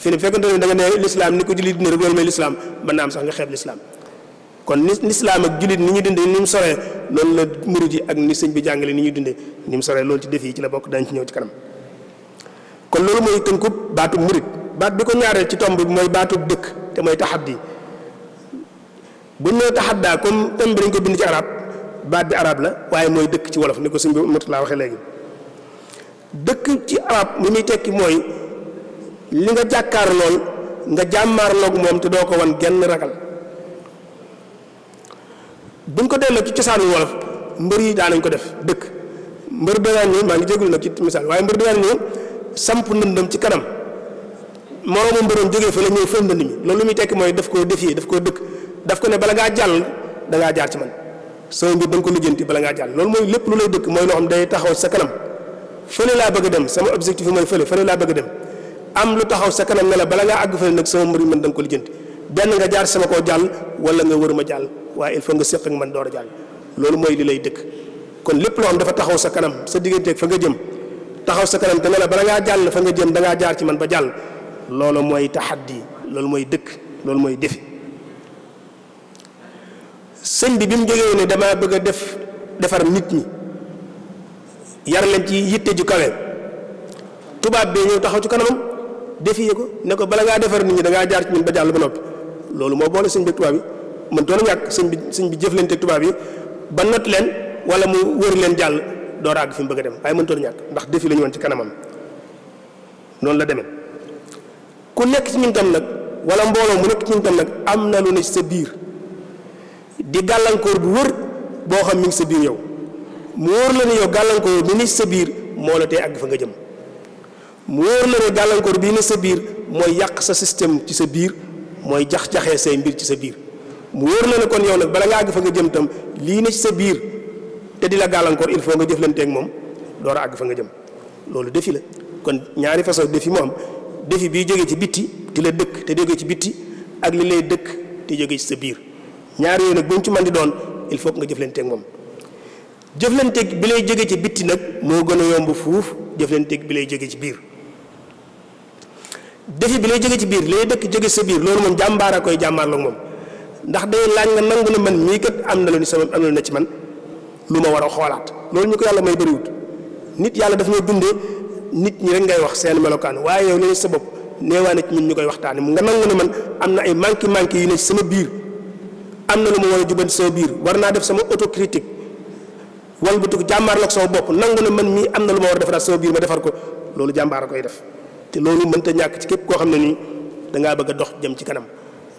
fi ne fekkante ne da nga ne lislaam ni ko jullit ne rek loolu mooy lislaam mën naa am sax nga xeeb lislaam kon ni lislaam ak jullit ni ñu dundee ni mu soree loolu la murid yi ak ni sëñ bi jàngale ni ñu dundee ni mu soree loolu ci def yi ci la bokk dañ ci ñëw ci kanam kon loolu mooy tënkub baatu murid baat bi ko ñaareel ci tomb bi mooy baatu dëkk te mooy di bu ñu nee taxaddaa comme thème bi dañ ko bind ci arab baat bi arab la waaye mooy dëkk ci wolof ni ko sëñ bi Murtala waxee léegi ci arab li muy tekki mooy. li nga jàkkaar lool nga jàmmaar jàmmaarloog moom te doo ko wan genn ragal buñ ko delloo ci cosaanu wolof mbër yi daanañ ko def dëkk mbër bi daan nii maa ngi jégul nag ci misaal waaye mbër bi daan nii samp ndëndam ci kanam moroomu mbëram jógee fa la ñëw fël ndënd mi loolu muy tekki mooy daf koo défier daf koo dëkk daf ko ne bala ngaa jàll da ngaa jaar ci man soo mbir da nga ko lijjanti bala ngaa jàll loolu mooy lépp lu lay dëkk mooy loo xam day taxaw sa kanam fële laa bëgg dem sama objectif mooy fële fële laa dem am lu taxaw sa kanam ne la bala ngaa àgg fa nag sama mbir man da nga ko lijjanti benn nga jaar sama koo jàll wala nga wër ma jàll waaye il faut nga séq ak man door a jàll loolu mooy li lay dëkk kon lépp loo xam dafa taxaw sa kanam sa digganteeg fa nga jëm taxaw sa kanam te ne la bala ngaa jàll fa nga jëm da jaar ci man ba jàll loolu mooy taxaddi loolu mooy dëkk loolu mooy defi sëñ bi bi mu ne dama bëgg a def defar nit ñi yar leen ci yitte ju tubaab bee ñëw taxaw ci kanamam defiyee ko ne ko bala ngaa defar nit ñi da jaar ci ñun ba jàll ba noppi loolu moo boole sëñ bi tubaab yi mën doon a ñàkk sëñ bi sëñ bi jëflante tubaab yi ba not leen wala mu wër leen jàll door àgg fi mu bëgg a dem waaye mën doon ñàkk ndax defi la ñu woon ci kanamam noonu la deme ku nekk ci ñun tam nag wala mbooloo mu nekk ci ñun tam nag am na lu ne ci sa biir di gàllankoor bu wër boo xam mi ngi sa biir yow mu wóor la ne yow gàllankoor bi sa biir moo la tee àgg fa nga jëm mu wóor la ne gàllankoor bii ne sa biir mooy yàq sa système ci sa biir mooy jax-jaxee say mbir ci sa biir mu wóor la ne kon yow nag bala ngaa àgg fa nga jëm tam lii ne ci sa biir te di la gàllankoor il faut nga jëflanteeg moom door àgg fa nga jëm loolu defi la kon ñaari façon defi moo am defi bii jógee ci bitti di la dëkk te jógee ci bitti ak li lay dëkk te jógee ci sa biir ñaar yooyu nag bu ci mën di doon il faut nga jëflanteeg moom jëflanteeg bi lay jógee ci bitti nag moo gën a yomb fuuf jëflanteeg bi lay jógee ci biir defi bi lay jóge ci biir lay dëkk jóge sa biir loolu moom jàmbaara koy jàmbaarloog moom ndax day laaj nga nangu ne man mii kat am na lu ni sama am na ci man lu ma war a xoolaat loolu ñu ko yàlla may bëriwut nit yàlla daf ñoo bindee nit ñi rek ngay wax seen melokaan waaye yow léegi sa bopp neewaane ci ñun ñu koy waxtaane nga nangu ne man am na ay manqué manqué yu ne sama biir am na lu ma war a jubanti sama biir naa def sama autocritique wal bu tug jàmbaarloog sama bopp nangu ne man mii am na lu ma war a defaraat sama biir ma defar ko loolu jàmbaara koy def te loolu mënta ñàkk ci képp koo xam ne nii dangaa bëgg a dox jëm ci kanam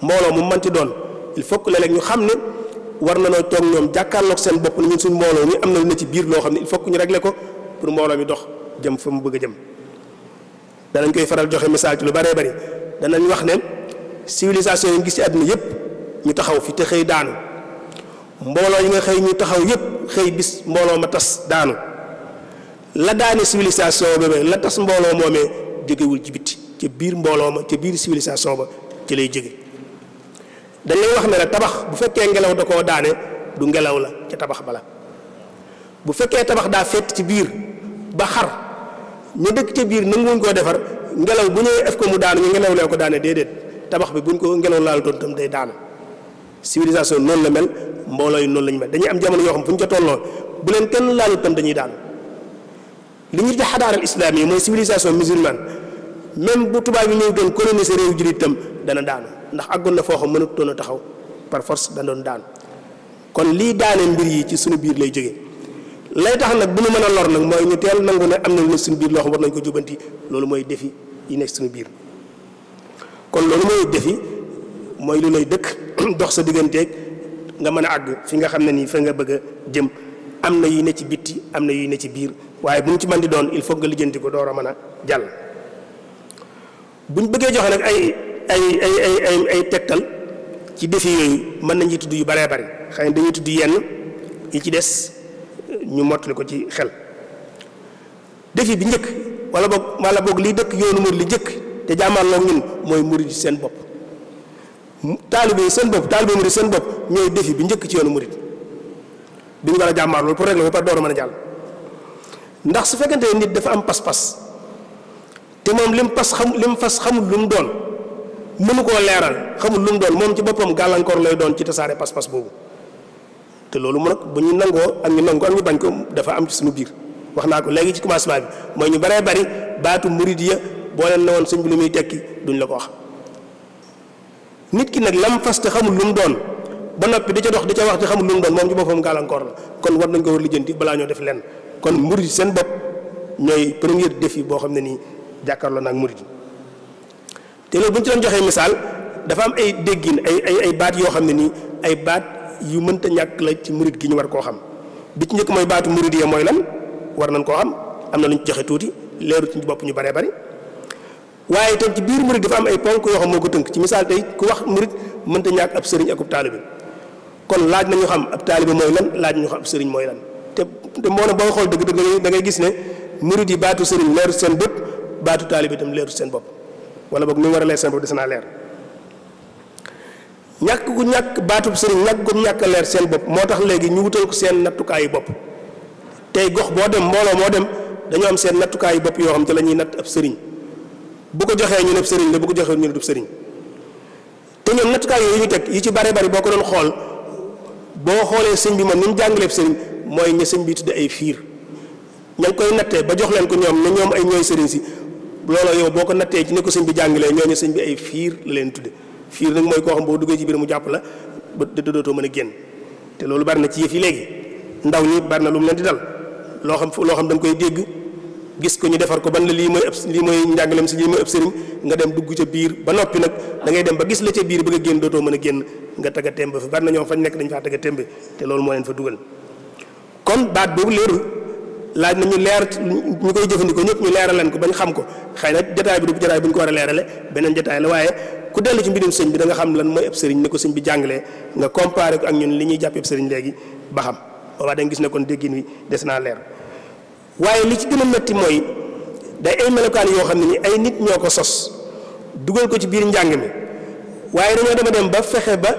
mbooloo mu mënti doon il faut que léeg ñu xam ne war na noo toog ñoom jàkkaarloog seen bopp ne ñun suñ mbooloo mi am na lu ne ci biir loo xam ne il fokk que ñu régler ko pour mbooloo mi dox jëm fa mu bëgg a jëm danañ koy faral joxe message lu bëree bëri danañ wax ne civilisation yi gis ci àdduna yëpp ñu taxaw fi te xëy daanu mbooloo yi nga xëy ñu taxaw yëpp xëy bis mbooloo ma tas daanu la daane civilisation boobee mbooloo moomee jógewul ci bitti ca biir mbooloo ma ca biir civilisation ba ci lay jóge dañ lay wax ne la tabax bu fekkee ngelaw da koo daane du ngelaw la ca tabax bala bu fekkee tabax daa fett ci biir ba xar ñu dëkk ca biir nanguwuñ koo defar ngelaw bu ñëwee ef ko mu daanu ñu ngelaw lee ko daane déedéet tabax bi buñ ko ngelaw laal doon tam day daanu noonu la mel mbooloo yi noonu lañu mel dañuy am jamono yoo xam fu ñu ca tolloo bu leen kenn laalu tam dañuy daanu li ñu di xadaara islam yi mooy civilisation musulmane même bu tubaab yi ñëw doon coloniser réew jullit itam dana daanu ndax àggoon na foo xam mënut doon a taxaw par force da doon daanu kon lii daanee mbir yi ci suñu biir lay jóge lay tax nag bu ñu mën a lor nag mooy ñu teel nangu ne am na lu ne suñu biir loo xam war nañ ko jubanti loolu mooy defi yi nekk suñu biir kon loolu mooy defi mooy lu lay dëkk dox sa digganteeg nga mën a àgg fi nga xam ne nii fa nga bëgg a jëm am na yuy ne ci bitti am na yuy ne ci biir waaye bu mu ci mën di doon il faut nga lijjanti ko door a mën a jàll buñ bëggee joxe nag ay ay ay tegtal ci défi yooyu mën nañu tudd yu bare bari xëy dañuy tudd yenn yi ci des ñu mottali ko ci xel defi bi njëkk wala boog wala boog liy dëkk yoonu murid li njëkk te jàmmaarloo ñun mooy murid seen bopp taalibe seen bopp taalibe murid seen bopp ñooy défi bi njëkk ci yoonu murid bi ñu war a jàmmaar loolu pour régler ko par door a mën a jàll ndax su fekkente nit dafa am pas-pas te moom lim pas xam lim fas xamul lu mu doon mënu koo leeral xamul lu mu doon moom ci boppam gàllankoor lay doon ci tasaare pas-pas boobu te loolu mu nag bu ñu nangoo ak ñu nangu ak ñu bañ ko dafa am ci suñu biir wax naa ko léegi ci commencement bi mooy ñu baree bari baatu murid ya boo leen na woon sëñ bi lu muy tekki duñu la ko wax nit ki nag lam fas te xamul lu mu doon ba noppi di ca dox di ca wax ci xamul lu mu doon moom ci boppam gàllankoor la kon war nañ ko war lijjanti balaa ñoo def lenn kon murid seen bopp ñooy premier defi boo xam ne nii jàkkaarloo na ak murid te loolu bu joxee misaal dafa am ay déggin ay ay ay baat yoo xam ne nii ay baat yu mënta ñàkk la ci murid gi ñu war koo xam bi ci njëkk mooy baatu murid ya mooy lan war nañ koo xam am na lu ñu joxe tuuti leeru ci bopp ñu bare bari waaye tam ci biir murid dafa am ay ponk yoo xam moo ko tënk ci misaal tey ku wax murid mënta ñàkk ab sëriñ akub taalibe bi kon laaj na ñu xam ab taalibe mooy lan laaj ñu xam ab sëriñ mooy lan te te moo ne booy xool dëgg dëgg da ngay gis ne murid yi baatu sëriñ leeru seen bopp baatu taalibe itam leeru seen bopp wala boog ni war a leer seen bopp des naa leer ñàkk ku ñàkk baatu sëriñ ñàkk gu ñàkk leer seen bopp moo tax léegi ñu wutal ko seen nattukaayu bopp tey gox boo dem mbooloo moo dem dañoo am seen nattukaayu bopp yoo xam te la ñuy natt ab sëriñ bu ko joxee ñu ne ab sëriñ la bu ko joxee ñu sëriñ te ñoom nattukaay yooyu ñu teg yi ci bare bari boo ko doon xool boo xoolee sëñ bi moom ni mu jàngaleeb sëriñ mooy ña sëñ bi tudd ay fiir ña koy nattee ba jox leen ko ñoom ne ñoom ay ñooy sëriñ si looloo yow boo ko nattee ci ne ko sëñ bi jàngalee ñoo ñu sëñ bi ay fiir la leen tudd fiir nag mooy koo xam boo duggee ci biir mu jàpp la ba dootoo mën a génn te loolu bari na ci yëf yi léegi ndaw ñi bari na lu mu leen di dal loo xam loo xam dañ koy dégg gis ko ñu defar ko ban la lii mooy ëpp lii mooy njàngaleem si lii nga dem dugg ca biir ba noppi nag da ngay dem ba gis la ca biir bëgg a génn dootoo mën a génn nga tagga témb fi bari na ñoom fañ nekk dañ faa tagga témbe te loolu moo leen fa dugal kon baat boobu leeru laaj na ñu leer ñu koy jëfandikoo ñëpp ñu leeral leen ko bañ xam ko xëy na jataay bi du jataay bu ñu ko war a leerale beneen jataay la waaye ku dellu ci mbirum sëñ bi da nga xam lan mooy ëpp sëriñ ne ko sëñ bi jàngalee nga comparé ko ak ñu li ñuy jàpp ëpp sëriñ léegi ba xam boobaa da gis ne kon déggin wi des naa leer waaye li ci gën a métti mooy day ay melokaan yoo xam ne ni ay nit ñoo ko sos dugal ko ci biir njàng mi waaye dañoo dama dem ba fexe ba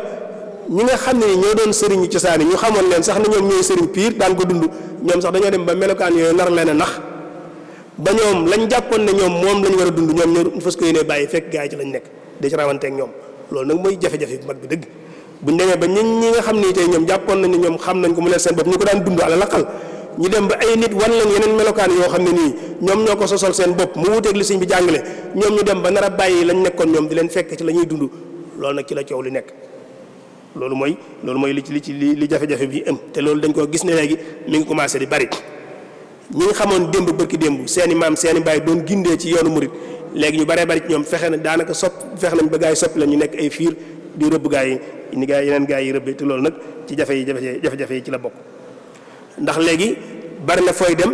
ñi nga xam ne ñoo doon sëriñu cosaan yi ñu xamoon leen sax ne ñoom ñooy sëriñ piir daan ko dund ñoom sax dañoo dem ba melokaan yooyu nar leen a nax ba ñoom lañ jàppoon ne ñoom moom war dund ñoom ñoo fas bàyyi fekk gaa yi ci lañ nekk da ci rawanteeg ñoom loolu nag mooy jafe-jafe bu mag bi dëgg buñ demee ba ñun ñi nga xam ne tey ñoom jàppoon nañ ne ñoom xam nañ ko mu leen seen bopp ñu ko daan dund ala laqal ñu dem ba ay nit wan leen yeneen melokaan yoo xam ne nii ñoom ñoo ko sosal seen bopp mu wuteeg li sëñ bi jàngale ñoom ñu dem ba nar a bàyyi lañ nekkoon ñoom di leen fekk ci la ñuy dund loolu nag ci la coow li nekk loolu mooy loolu mooy li ci li ci li jafe bi am te loolu dañ ko gis ne léegi mi commencé di bari ñi nga xamoon démb bërki démb seeni maam seeni baay doon gindee ci yoonu murit léegi ñu baree bari ñoom fexe na daanaka sopp fexe nañ ba gaa yi la ñu nekk ay fiir di rëbb yi ni gaa yi yeneen yi rëbbe loolu nag ci jafe jafe jafe-jafe yi ci la bokk ndax léegi bari na fooy dem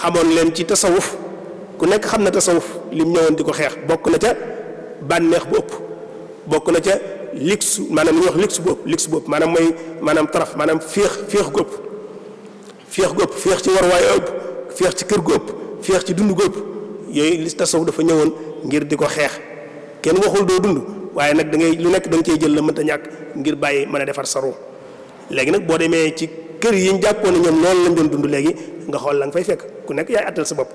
xamoon leen ci tasawuf ku nekk xam na tasawuf lim ñëwoon di ko xeex bokk na ca bànneex bu ëpp bokk na ca luxe maanaam li ñuy wax luxe bu ëpp luxe bu ëpp maanaam mooy maanaam taraf maanaam féex féex gu ëpp feex gu féex ci warwaay ëpp féex ci kër gu ëpp féex ci dund gu ëpp yooyu li tasawuf dafa ñëwoon ngir di ko xeex kenn waxul doo dund waaye nag da ngay lu nekk danga nga cey jël la mënta ñàkk ngir bàyyi mën a defar sa ruux léegi nag boo demee ci kër yi ñu jàppoon ne ñoom noonu lañ doon dund léegi nga xool la nga fay fekk ku nekk yaay attel sa bopp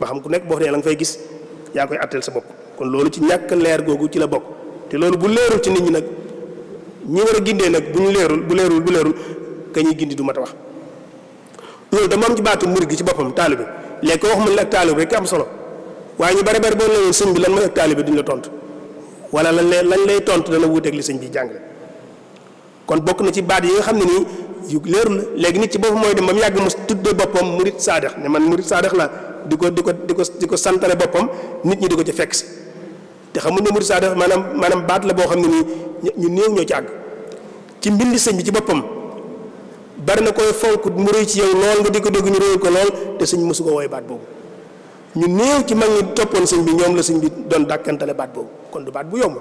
ba xam ku nekk boo xam ne la nga fay gis yaa koy attel sa bopp kon loolu ci ñàkk leer googu ci la bokk te loolu bu leerul ci nit ñi nag ñi war a gindee nag bu ñu leerul bu leerul bu leerul ka ñuy du mat a wax loolu dama am ci baatu murid gi ci boppam taalibe bi léegi wax mu ne ak taalibe rek am solo waaye ñu bare bare boo leen sëñ bi lan mooy ak taalibe duñ la tont wala lan lay lan lay tontu dana wuuteeg li sëñ bi jàngale kon bokk na ci baat yi nga xam ne nii yu leeru la léegi nit ci boppam mooy dem ba mu yàgg mu tuddee boppam murit saadax ne man murit saadax la di ko di ko di ko di ko santale boppam nit ñi di ko ci fekk si te xamul ne murit saadax maanaam maanaam baat la boo xam ne nii ñu néew ñoo ci àgg ci mbindi sëñ bi ci boppam bari na koy fonk mu rëy ci yow lool nga di ko dégg ñu rëy ko lool te suñ mosu ko woy baat boobu ñu néew ci mag ñi toppoon sëñ bi ñoom la sëñ bi doon dàkkantale baat boobu kon du baat bu yomb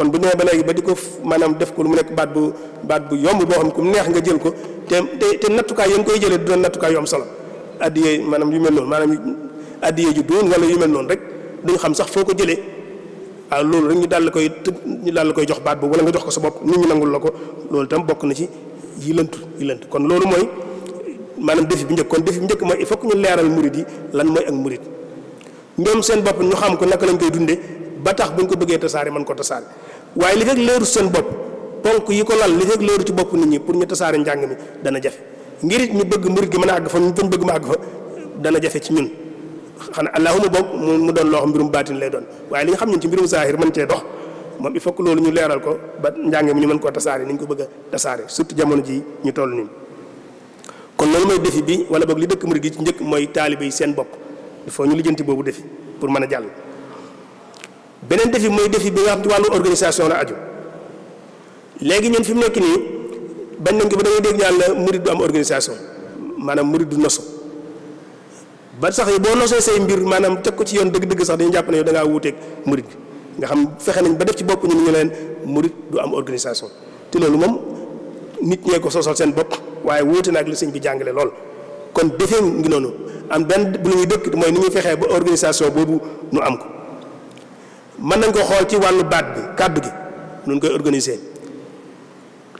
kon bu nee ba léegi ba di ko maanaam def ko lu mu nekk baat bu baat bu yomb boo xam ku mu neex nga jël ko te te te nattukaay ya koy jëlee du doon nattukaay yu am solo addiyee maanaam yu mel noonu maanaam addiyee ju doon wala yu mel noonu rek duñ xam sax foo ko jëlee waaw loolu rek ñu daal la koy ñu daal la koy jox baat boobu wala nga jox ko sa bopp nit ñi nangul la ko loolu tam bokk na ci yi lënt yi lënt kon loolu mooy maanaam defi bu njëkk kon defi bi njëkk mooy i faut ñu leeral murid yi lan mooy ak murid ñoom seen bopp ñu xam ko naka lañ koy dundee ba tax bu ñu ko bëggee tasaare man ko tasaare waaye li fekk leeru seen bopp ponk yi ko lal li fekk leeru ci bopp nit ñi pour ñu tasaare njàng mi dana jafe ngir ñu bëgg murit gi mën a àgg fa ñu fañ bëgg ma àgg fa dana jafe ci ñun xanaa allahuma boog mu doon loo xam mbirum baatin lay doon waaye li nga xam ñun ci mbirum saahir mën cee dox moom il faut loolu ñu leeral ko ba njàng mi ñu mën koo tasaare ko bëgg a tasaare surtout jamono ñu toll nii kon loolu mooy defi bi wala boog li dëkk murit gi ci njëkk mooy taalibe yi seen bopp il faut ñu lijjanti boobu defi pour mën a jàll beneen def defi mooy def defi bi nga xam ci wàllu organisation la aju léegi ñun fi mu nekk nii bañ nañ ko ba da dégg ñaan la murid du am organisation maanaam murid du nosu ba sax boo nosee say mbir maanaam teg ko ci yoon dëgg-dëgg sax dañu jàppale ne yow da ngaa wuuteeg nga xam fexe nañ ba def ci bopp ñu ñu leen murid du am organisation te loolu moom nit ñee ko sosal seen bopp waaye wuute na ak li sëñ bi jàngale lool kon defee ngi noonu am benn bu la dëkk mooy ni ñuy fexee ba organisation boobu nu am ko mën nañ ko xool ci wàllu baat bi kàddu gi nun koy organiser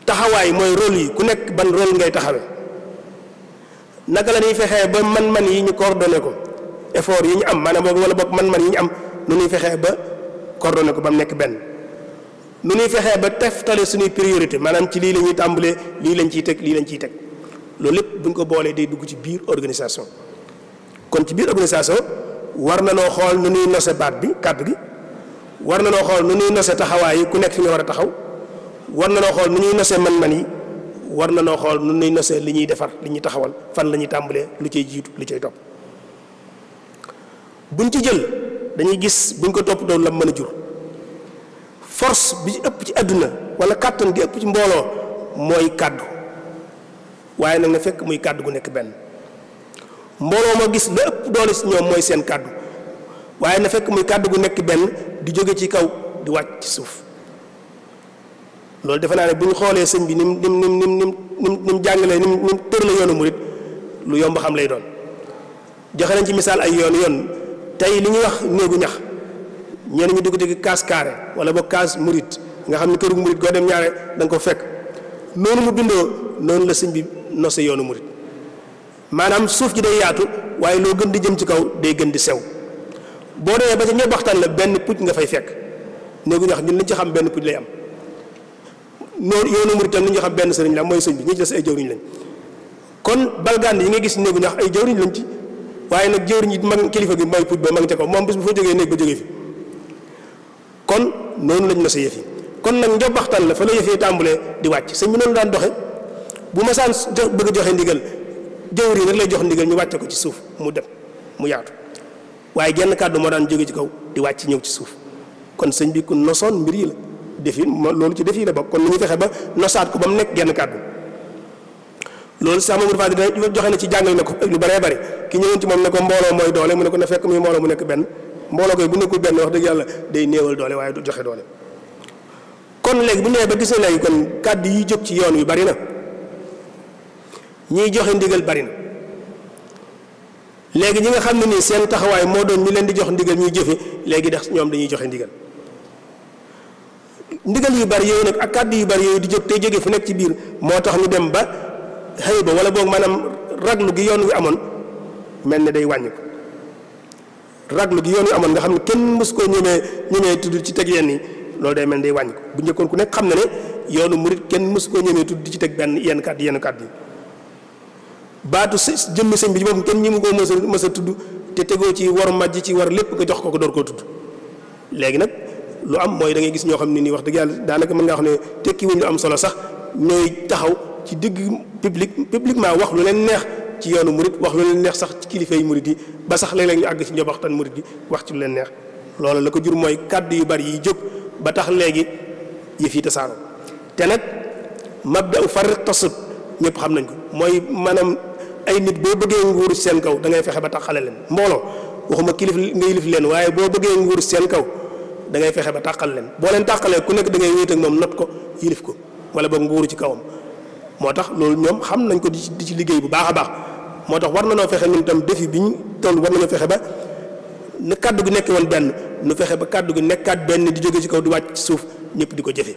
taxawaay mooy rôle yi ku nekk ban rôle ngay taxawee naka la ñuy fexee ba man-man yi ñu coordonné ko effort yi ñu am maanaam wala boog man-man yi ñu am nu ñuy fexee ba coordonné ko ba mu nekk benn nu ñuy fexee ba teftale suñuy priorité maanaam ci lii la ñuy lii lañ ciy teg lii lañ ciy teg loolu lépp bu ñu ko boolee day dugg ci biir organisation kon ci biir organisation war na noo xool nu ñuy nose baat bi kàddu gi war na noo xool nu ñuy nose taxawaay yi ku nekk fi nga war a taxaw war na noo xool nu ñuy nose man-man yi war na noo xool nu ñuy nose li ñuy defar li ñuy taxawal fan la ñuy tàmbalee lu cay jiitu lu cay topp buñ ci jël dañuy gis buñ ko topp doon la mën a jur force bi ci ëpp ci àdduna wala kàttan gi ëpp ci mbooloo mooy kàddu waaye nag na fekk muy kàddu gu nekk benn mbooloo ma gis la ëpp doole si ñoom mooy seen kàddu waaye na fekk muy kàddu gu nekk benn di jóge ci kaw di wàcc ci suuf loolu defe naa ne bu ñu xoolee sëñ bi ni mu ni mu ni mu ni mu jàngalee ni mu ni mu tër la yoonu murit lu yomb xam lay doon joxe nañ ci misaal ay yoon yoon tey li ñuy wax néegu ñax ñenn ñu dugg ci kaas carré wala ba kaas murit nga xam ne këru murit goo dem ñaare da ko fekk noonu mu bindoo noonu la sëñ bi nose yoonu murit maanaam suuf ji day yaatu waaye loo gën di jëm ci kaw day gën di sew. boo demee ba ca ñëpp waxtaan la benn pucc nga fay fekk néegu ñax ñun li ñu ci xam benn pucc lay am noonu yoonu murit tam li ñu xam benn sëriñ la mooy sëñ bi ñi ci des ay jëwriñ lañ kon balgaan yi nga gis néegu ñax ay jëwriñ lañ ci waaye nag jëwriñ it mag kilifa gi mooy pucc ba mag ca ko moom bis bu fa jógee néeg ba kon noonu lañ mës a yëf yi kon nag njëpp la fa la yëfee tàmbalee di wàcc sëñ bi noonu daan doxe bu ma saan bëgg joxe ndigal jëwriñ rek lay jox ndigal ñu wàcce ko ci suuf mu dem mu yaatu waaye genn kàddu moo daan jóge ci kaw di wàcc ñëw ci suuf kon sëñ bi ku nosoon mbir yi la defi loolu ci def yi la bokk kon ni ñu fexe ba nosaat ko ba mu nekk genn kàddu loolu sax Mamadou Fadi dana joxe na ci jàngal na ko lu bare bëri ki ñëwoon ci moom ne ko mbooloo mooy doole mu ne ko na fekk muy mbooloo mu nekk benn mbooloo koy bu ko benn wax dëgg yàlla day néewal doole waaye du joxe doole kon léegi bu ñu nee ba gis na kon kàddu yi jóg ci yoon wi bari na ñiy joxe ndigal bari na léegi ñi nga xam ne nii seen taxawaay moo doon ñu leen di jox ndigal ñuy jëfe léegi dex ñoom dañuy joxe ndigal ndigal yu bari yooyu nag ak kàddu yu bari yooyu di jóg tey jóge fu nekk ci biir moo tax ñu dem ba xëy ba wala boog maanaam raglu gi yoon wi amoon mel ne day wàññi ko raglu gi yoon wi amoon nga xam ne kenn mës koo ñemee ñemee tudd ci teg yenn yi loolu day mel ne day wàññi ko bu njëkkoon ku nekk xam na ne yoonu murit kenn mës koo ñemee tudd ci teg benn yenn kàddu yenn kàddu yi baatu si jëmmi sëñ bi ci boppam kenn ñi mu koo mës a mës a tudd te tegoo ci war ci war lépp nga jox ko ko door koo tudd léegi nag lu am mooy da ngay gis ñoo xam ne nii wax dëgg yàlla daanaka mën ngaa xam ne te wuñ lu am solo sax ñooy taxaw ci digg public publiquement wax lu leen neex ci yoonu murit wax lu neex sax ci kilifa yi murit yi ba sax léeg-léeg ñu àgg ci njobaxtan murit yi wax ci lu leen neex loolu la ko jur mooy kàddu yu bari yi jóg ba tax léegi yëf yi tasaaroo te nag mabda'u farriq tasut ñëpp xam nañ ko mooy maanaam ay nit boo bëggee nguur seen kaw da ngay fexe ba taqale leen mbooloo waxuma kilif nga yilif leen waaye boo bëggee nguur seen kaw da ngay fexe ba taqal leen boo leen taqalee ku nekk da ngay wéet ak moom not ko yilif ko wala boog nguuru ci kawam moo tax loolu ñoom xam nañ ko di ci di ci liggéey bu baax a baax moo tax war nañoo fexe ñun tam défi bi ñu toll war nañoo fexe ba na kàddu gi nekk woon benn nu fexe ba kàddu gi nekkaat benn di jóge ci kaw di wàcc ci suuf ñëpp di ko jëfe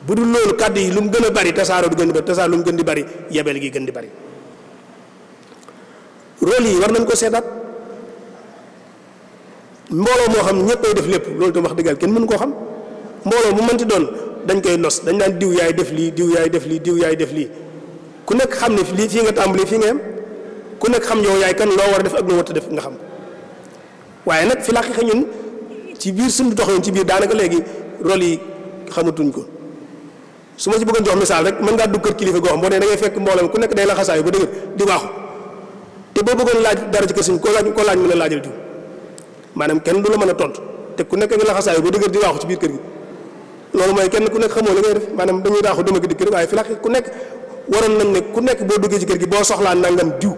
bu dul loolu kàddu yi lu mu gën a bari tasaaroo du gën di bari tasaaroo lu mu gën di bari yebel gi gën di bari rôle yi war nañ ko seetaat mbooloo moo xam ñëppay def lépp loolu tam wax dëggal kenn mënu koo xam mbooloo mu mënti doon dañ koy nos dañ naan diw yaay def lii diw yaay def lii yaay def lii ku nekk xam ne lii fii nga tàmbalee fii nga yem ku nekk xam yow yaay kan loo war def ak loo warta def nga xam waaye nag fi làqi ñun ci biir suñu doxoon ci biir daanaka léegi rôle yi xamatuñ ko su ma ci bëggoon jox misaal rek ngaa dugg kër kilifa goo xam boo nee da ngay fekk mbooloo ku nekk day la xasaayu ba dëgg di waaxu te boo bëggoon laaj dara ci kër sëñ koo laaj laaj mën a laajal diw maanaam kenn du la mën a tontu te ku nekk nga laxasaayu boo dëgër di waaxu ci biir kër gi loolu mooy kenn ku nekk xamoo li ngay def maanaam dañuy daaxu dama ko dikk rek waaye la ku nekk waroon nañ ne ku nekk boo duggee ci kër gi boo soxlaa nangam diw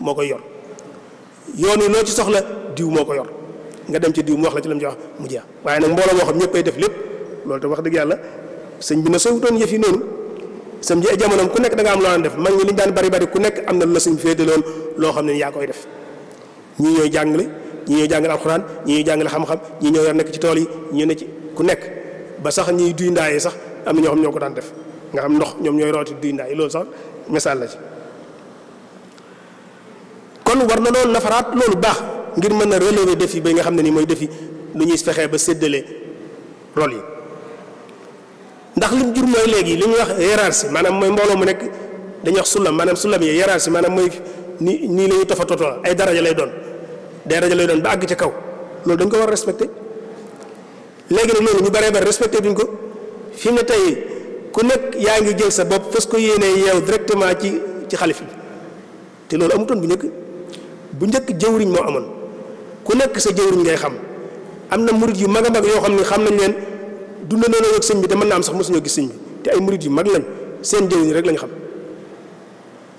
moo koy yor yoon wi loo ci soxla diw moo ko yor nga dem ci diw mu wax la ci la mu mu jeex waaye nag mbooloo moo xam ñëppay def lépp loolu te wax dëgg yàlla sëñ bi na sooy doon yëf yi noonu sëñ bi ay jamonoom ku nekk da nga am loo daan def mag ñi li ñu daan bari bari ku nekk am na lu la sëñ féete loon loo xam ne yaa koy def ñii ñooy jàngale ñii ñooy jàngale alxuraan ñii ñooy jàngale xam-xam ñii ñoo yor nekk ci tool yi ñu ne ci ku nekk ba sax ñii duy ndaaye sax am na ñoo xam ñoo ko daan def nga xam ndox ñoom ñooy rooti duy ndaay loolu sax misaal la ci kon war na loolu nafaraat loolu baax ngir mën a def défi ba nga xam ne nii mooy défi lu ñuy fexee ba séddale rôle yi ndax lim jur mooy léegi li ñuy wax hiérarchie maanaam mooy mbooloo mu nekk dañuy wax sullam maanaam sullam yi hiérarchie maanaam mooy ni nii la ñuy totoo ay daraja lay doon daraja lay doon ba àgg ca kaw loolu dañ ko war a léegi nag loolu ñu baree bari respecté duñ ko fi mu ne tey ku nekk yaa ngi jël sa bopp fas ko yéenee yeew directement ci ci xalif bi te loolu amutoon bu njëkk bu njëkk jëwriñ moo amoon ku nekk sa jëwriñ ngay xam am na murit yu mag a yoo xam ne xam nañ leen dunda nañoo ak sëñ bi te mën naa am sax mosuñoo gis sëñ bi te ay murid yu mag lañ seen jëwriñ rek lañu xam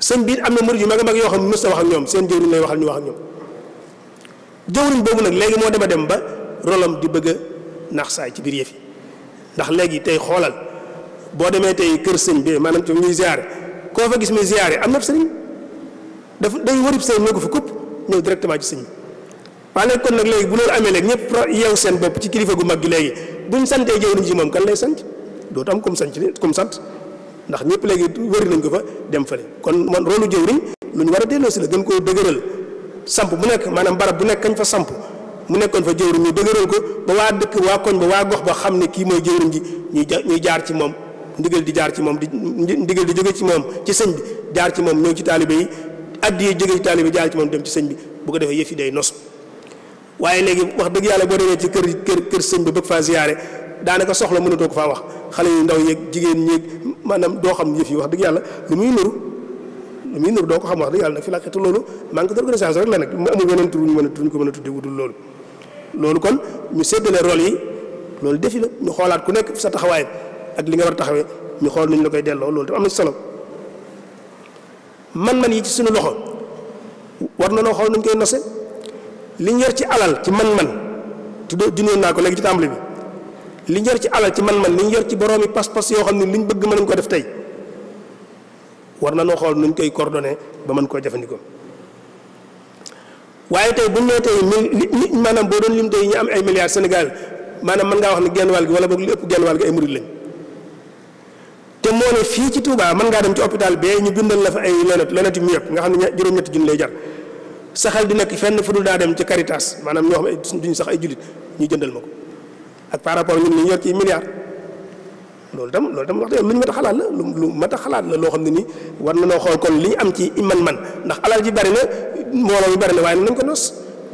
sëñ bi am na murid yi mag a mag yoo xam mës a wax ak ñoom seen jëwriñ lay waxal ñu wax ak ñoom boobu nag léegi moo dema dem ba rolam di bëgg a naax saay ci biir yëf yi ndax léegi tey xoolal boo demee tey kër sëñ bi maanaam ci ñuy ziare koo fa gis muy ziare am na sëriñ dafa day warib sëriñ ñoo ko fa kupp ñëw directement ci sëñ bi waa léegi kon nag léegi bu loolu amee léegi ñëpp yeew seen bopp ci kilifa gu mag gi léegi buñ santee jëwriñ ci moom kan lay sant dootu am comme sant comme sant ndax ñëpp léegi wëri nañ ko fa dem fële kon man rôlu jëwriñ lu ñu war a delloo si la gën koo dëgëral samp bu nekk maanaam barab bu nekk kañ fa samp mu nekkoon fa jëwriñ ñu dëgëral ko ba waa dëkk waa koñ ba waa gox ba xam ne kii mooy jëwriñ ji ñuy ñuy jaar ci moom ndigal di jaar ci moom di ndigal di jóge ci moom ci sëñ bi jaar ci moom ñëw ci taalibe yi addi yi jóge ci taalibe jaar ci moom dem ci sëñ bi bu ko defee yëf yi day nos waaye léegi wax dëgg yàlla boo demee ci kër kër kër sëñ bi bëgg faa ziyaare daanaka soxla mënatoo ko faa wax xale yu ndaw yeeg jigéen ñeeg maanaam doo xam yëf yi wax dëgg yàlla lu muy nuru lu muy nuru doo ko xam wax dëgg yàlla nag fi la xeetu loolu manque d'organisation rek la nag mu amul a tur ñu ko mën loolu kon ñu séddale rôle yi loolu defi la ñu xoolaat ku nekk sa taxawaay ak li nga war a taxawee ñu xool nuñ la koy delloo loolu am na ci solo man-man yi ci suñu loxo war na noo xool koy nose li ñu yor ci alal ci man-man tudd junóon naa ko léegi ci tàmbali bi li ñu yor ci alal ci man-man li ñu yor ci boroomi pas-pas yoo xam ne li ñu bëgg mën nañ ko def tey war na noo xool nuñ koy coordonné ba man koo jëfandikoo waaye tey bu mu nee tey li maanaam boo doon lim tey ñu am ay milliards Sénégal maanaam mën ngaa wax ne genn wàll gi wala boog li ëpp genn wàll gi ay murid lañ te moo ne fii ci Touba man ngaa dem ci hôpital bee ñu bindal la fa ay leneen xam ne juróom-ñetti junni jar. saxal di nekk fenn fu dul daa dem ci Caritas maanaam ñoo xam ne duñu sax ay jullit ñu jëndal ma ko ak par rapport ñun ñu yor ci milliards loolu tam loolu dem wax dëgg lu ñu a lu lu mat a loo xam ne nii war na noo xool kon li ñu am ci man-man ndax alal ji bari na mbooloo mi bari na waaye nañ ko nos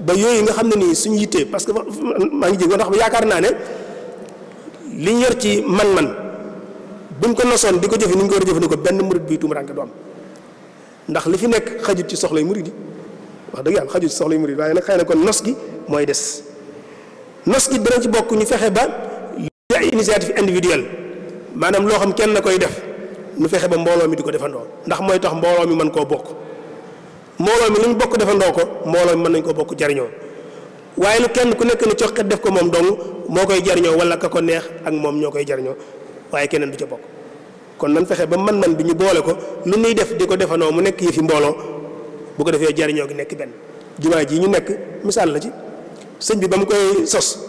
ba yooyu nga xam ne nii suñu yittee parce que maa ngi jéego ndax yaakaar naa ne li ñu yor ci man-man buñ ko nosoon di ko jëfe ni ñu ko war a jëfandikoo benn murid bii tuum rànk du am ndax li fi nekk xajut ci soxlay murid yi wax dëgg yàlla xaju ci soxla waaye nag xëy na kon nos gi mooy des nos gi dana ci bokk ñu fexe ba ay initiative individuelle maanaam loo xam kenn na koy def ñu fexe ba mbooloo mi di ko defandoo ndax mooy tax mbooloo mi mën koo bokk mbooloo mi lu ñu bokk defandoo ko mbooloo mi mën nañ koo bokk jariñoo waaye lu kenn ku nekk ni coqet def ko moom dong moo koy jariñoo wala ka ko ak moom ñoo koy jariñoo waaye keneen du ca bokk kon nan fexe ba man-man bi ñu boole ko lu ñuy def di ko defandoo mu nekk yëfi mbooloo bu ko defee jariñoo gi nekk benn jumaa ji ñu nekk misaal la ci sëñ bi ba mu koy sos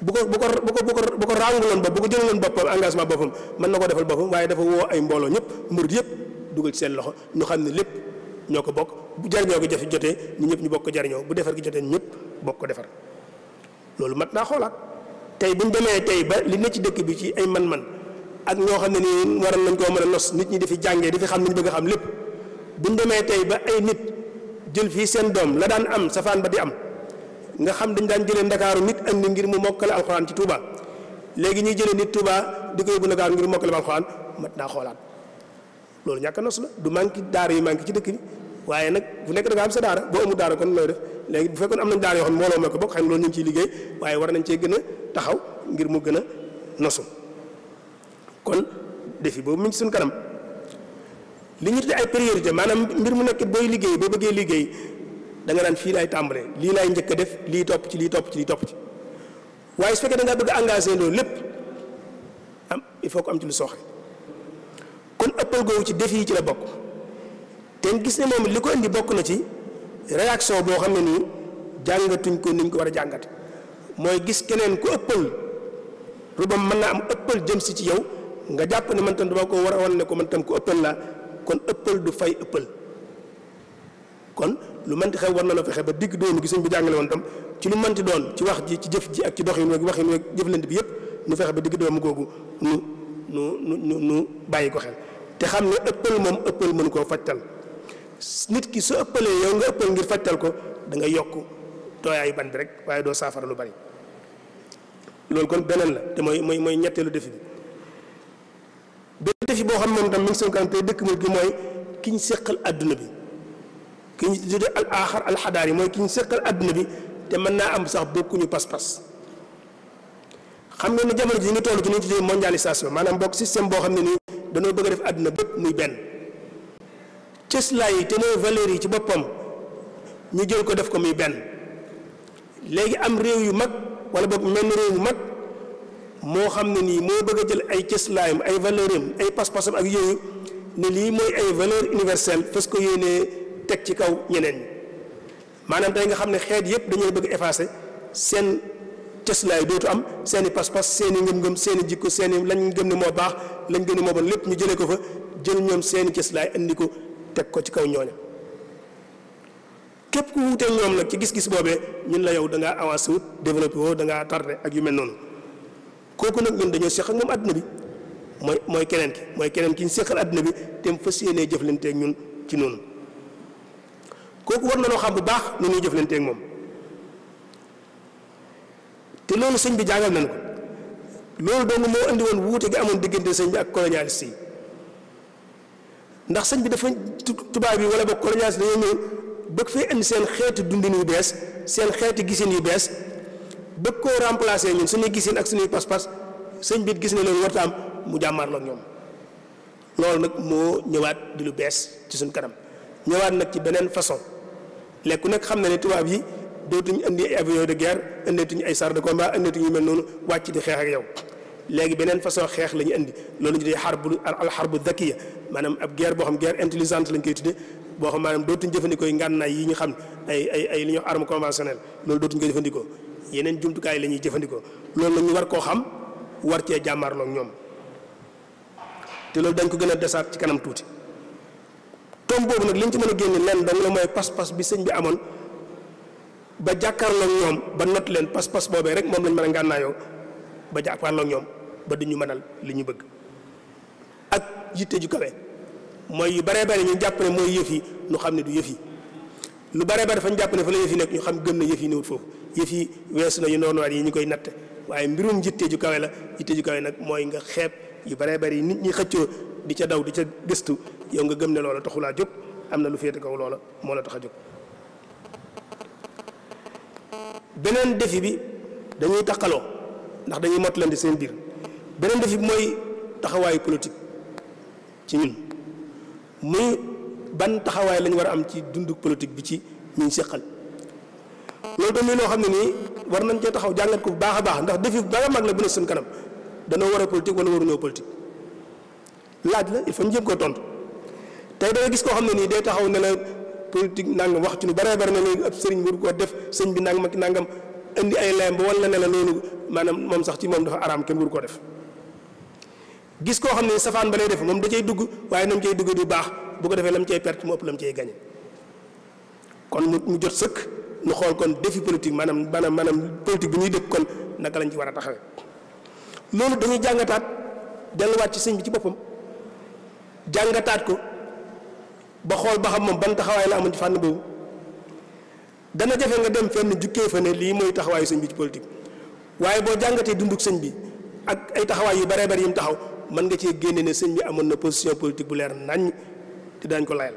bu ko bu ko bu ko bu ko bu ko rànguloon ba bu ko jëlaloon boppam engagement boppam mën na ko defal boppam waaye dafa woo ay mbooloo ñëpp murid yëpp dugal ci seen loxo ñu xam ne lépp ñoo ko bokk bu jariñoo gi jafe jotee ñu ñëpp ñu bokk ko jariñoo bu defar gi jotee ñëpp bokk ko defar loolu mat naa xoolaat tey bu ñu demee tey ba li ne ci dëkk bi ci ay man-man ak ñoo xam ne nii waroon nañ koo mën a nos nit ñi dafi jàngee dafi xam ne ñu bëgg xam lépp buñ demee tey ba ay nit jël fii seen doom la daan am safaan ba di am nga xam dañ daan jëlee ndakaaru nit andi ngir mu mokkale alxuraan ci Touba léegi ñuy jële nit Touba di ko yóbbu ndakaaru ngir mokkale alxuraan mat naa xoolaat loolu ñàkk nos la du manqué daara yu manqué ci dëkk bi waaye nag bu nekk am sa daara boo amul daara kon looy def léegi bu fekkoon am nañ daara yoo xam mbooloo ma ko bokk xam ne loolu ñu ciy liggéey waaye war nañ cee gën a taxaw ngir mu gën a nosu kon defi boobu mu ngi suñ kanam li ñu tuddee ay priorité maanaam mbir mu nekk booy liggéey boo bëggee liggéey da nga naan fii laay tàmbalee lii laay njëkk a def lii topp ci lii topp ci lii topp ci waaye su fekkee da ngaa bëgg a loolu lépp am il faut que am ci lu soxla kon ëppal googu ci défi yi ci la bokk te gis ne moom li ko indi bokk na ci réaction boo xam ne nii jàngatuñ ko niñ ko war a jàngat mooy gis keneen ku ëppal rubam mën naa am ëppal jëm si ci yow nga jàpp ne man tam dama ko war a wan ne ko man tam ku ëppal kon ëppal du fay ëppal kon lu mënti xew war na noo fexe ba digg doomu gi sëñ bi jàngale woon tam ci lu mënti doon ci wax ji ci jëf ji ak ci doxin weeg waxin weeg jëflante bi yëpp nu fexe ba digg doomu googu nu nu nu nu bàyyi ko xel te xam ne ëppal moom ëppal mënu koo fajtal nit ki su ëppalee yow nga ëppal ngir fajtal ko danga nga yokk tooyaayu ban bi rek waaye doo saafara lu bari loolu kon beneen la te mooy mooy mooy lu defi bi def yi boo xam ne moom tam mi ngi seen mooy ki ñu seqal adduna bi ki ñu tuddee al yi mooy ki ñu seqal adduna bi te mën naa am sax bokkuñu pas-pas xam ngeen ne jamono ji ñu toll ci li ñu mondialisation maanaam bokk système boo xam ne nii dañoo bëgg a def adduna bépp muy benn yi te yi ci boppam ñu jël ko def ko muy benn léegi am réew yu mag wala boog menn réew yu mag. moo xam ne nii moo bëgg jël ay cëslaayam ay valeur am ay pas-pasam ak yooyu ne lii mooy ay valeur universelle fas ko yéenee teg ci kaw ñeneen ñi maanaam tey nga xam ne xeet yépp dañuy bëgg effacer seen cëslaay dootu am seeni i pas-pas seen i ngëm-ngëm seen i jikko seen i lañ gën ne moo baax lañ gëm ne moo bon lépp ñu jëlee ko fa jël ñoom seen i cëslaay andi ko teg ko ci kaw ñooñu képp ku wuute ñoom nag ci gis-gis boobee ñun la yow da ngaa avancé wut développé da ngaa tardé ak yu mel noonu. kooku nag ñun dañoo seq ak moom àddina bi mooy mooy keneen ki mooy keneen ki ñu seqal àddina bi te mu fas yéenee jëflanteeg ñun ci noonu kooku war na noo xam bu baax nu ñuy moom te loolu sëñ bi jàngal nañ ko loolu dong moo indi woon wuute gi amoon diggante sëñ bi ak colonialiste si ndax sëñ bi dafa tubaab bi wala ba colonialiste dañoo ñëw bëgg fee indi seen xeetu dundin yu bees seen xeetu gisin yu bees bëgg koo remplacer ñun suñuy gisin ak suñuy pas-pas sëñ bi gis ne loolu warta am mu jàmmaarloog ñoom loolu nag moo ñëwaat di lu bees ci suñ kanam ñëwaat nag ci beneen façon léegi ku nekk xam na ne tubaab yi dootuñu indi ay avion de guerre indeetuñu ay char de combat indeetuñu yu mel noonu wàcc di xeex ak yow léegi beneen façon xeex la ñu indi loolu ñu dee xarbu al xarbu dakiya maanaam ab guerre boo xam guerre intelligente lañ koy tudde boo xam maanaam dootuñu jëfandikoo ngànnaay yi ñu xam ay ay ay li ñuy wax arme conventionnelle loolu dootuñu jëfandikoo yeneen jumtukaay lañuy jëfandikoo loolu la ñu war koo xam war cee jàmmaarloo ñoom te loolu dañ ko gën a desaat ci kanam tuuti tom boobu nag liñ ci mën a génne lenn dong la mooy pas-pas bi sëñ bi amoon ba jàkkaarloo ak ñoom ba not leen pas-pas boobee rek moom lañ mën a ngànnaayoo ba jàkkaarloo ak ñoom ba duñu mënal li ñu bëgg ak yitte ju kawe mooy yu bare bari ñu jàpp ne mooy yëf yi ñu xam ne du yëf yi lu baree bari fa ñu jàpp ne fa la yëf yi nekk ñu xam gëm na yëf yi newut foofu yëf yi weesu na yu noonuwaat yi ñu koy natt waaye mbirum yitte ju kawe la yitte ju kawe nag mooy nga xeeb yu baree bari nit ñi xëccoo di ca daw di ca gëstu yow nga gëm ne loola taxulaa jóg am na lu féete kaw loola moo la tax a jóg beneen defi bi dañuy takkaloo ndax dañuy di seen biir beneen defi bi mooy taxawaayu politique ci ñun muy ban taxawaay lañu war a am ci dundu politique bi ci ñuñ séqal loolu tamit loo xam ne nii war nañ cee taxaw jàngat ko bu baax a baax ndax defi ba nga mag la bu ne kanam danoo war a politique wala waruñoo politique laaj la il faut ñu jéem tontu te danga gis koo xam ne nii day taxaw ne la politique nangam wax ci lu bare bare ne léegi ab sëriñ bu ko def sëñ bi nangam ak nangam indi ay layam ba wala ne la loolu maanaam moom sax ci moom dafa araam kenn waru ko def gis koo xam ne safaan ba lay def moom da cay dugg waaye nañ cay dugg du baax bu ko defee lam cay perte mu ëpp lam cay gañe mu jot sëkk ñu xool kon défi politique maanaam maanaam maanaam politique bi ñuy dëkk kon naka lañ ci war a taxawee loolu dañuy jàngataat delluwaat ci sëñ bi ci boppam jàngataat ko ba xool ba xam moom ban taxawaay la amoon ci fànn boobu dana jafe nga dem fenn jukkee fa ne lii mooy taxawaayu sëñ bi ci politique waaye boo jàngatee dunduk sëñ bi ak ay taxawaay yu bare bari yi taxaw mën nga cee génne ne sëñ bi amoon na position politique bu leer naññ te dañ ko layal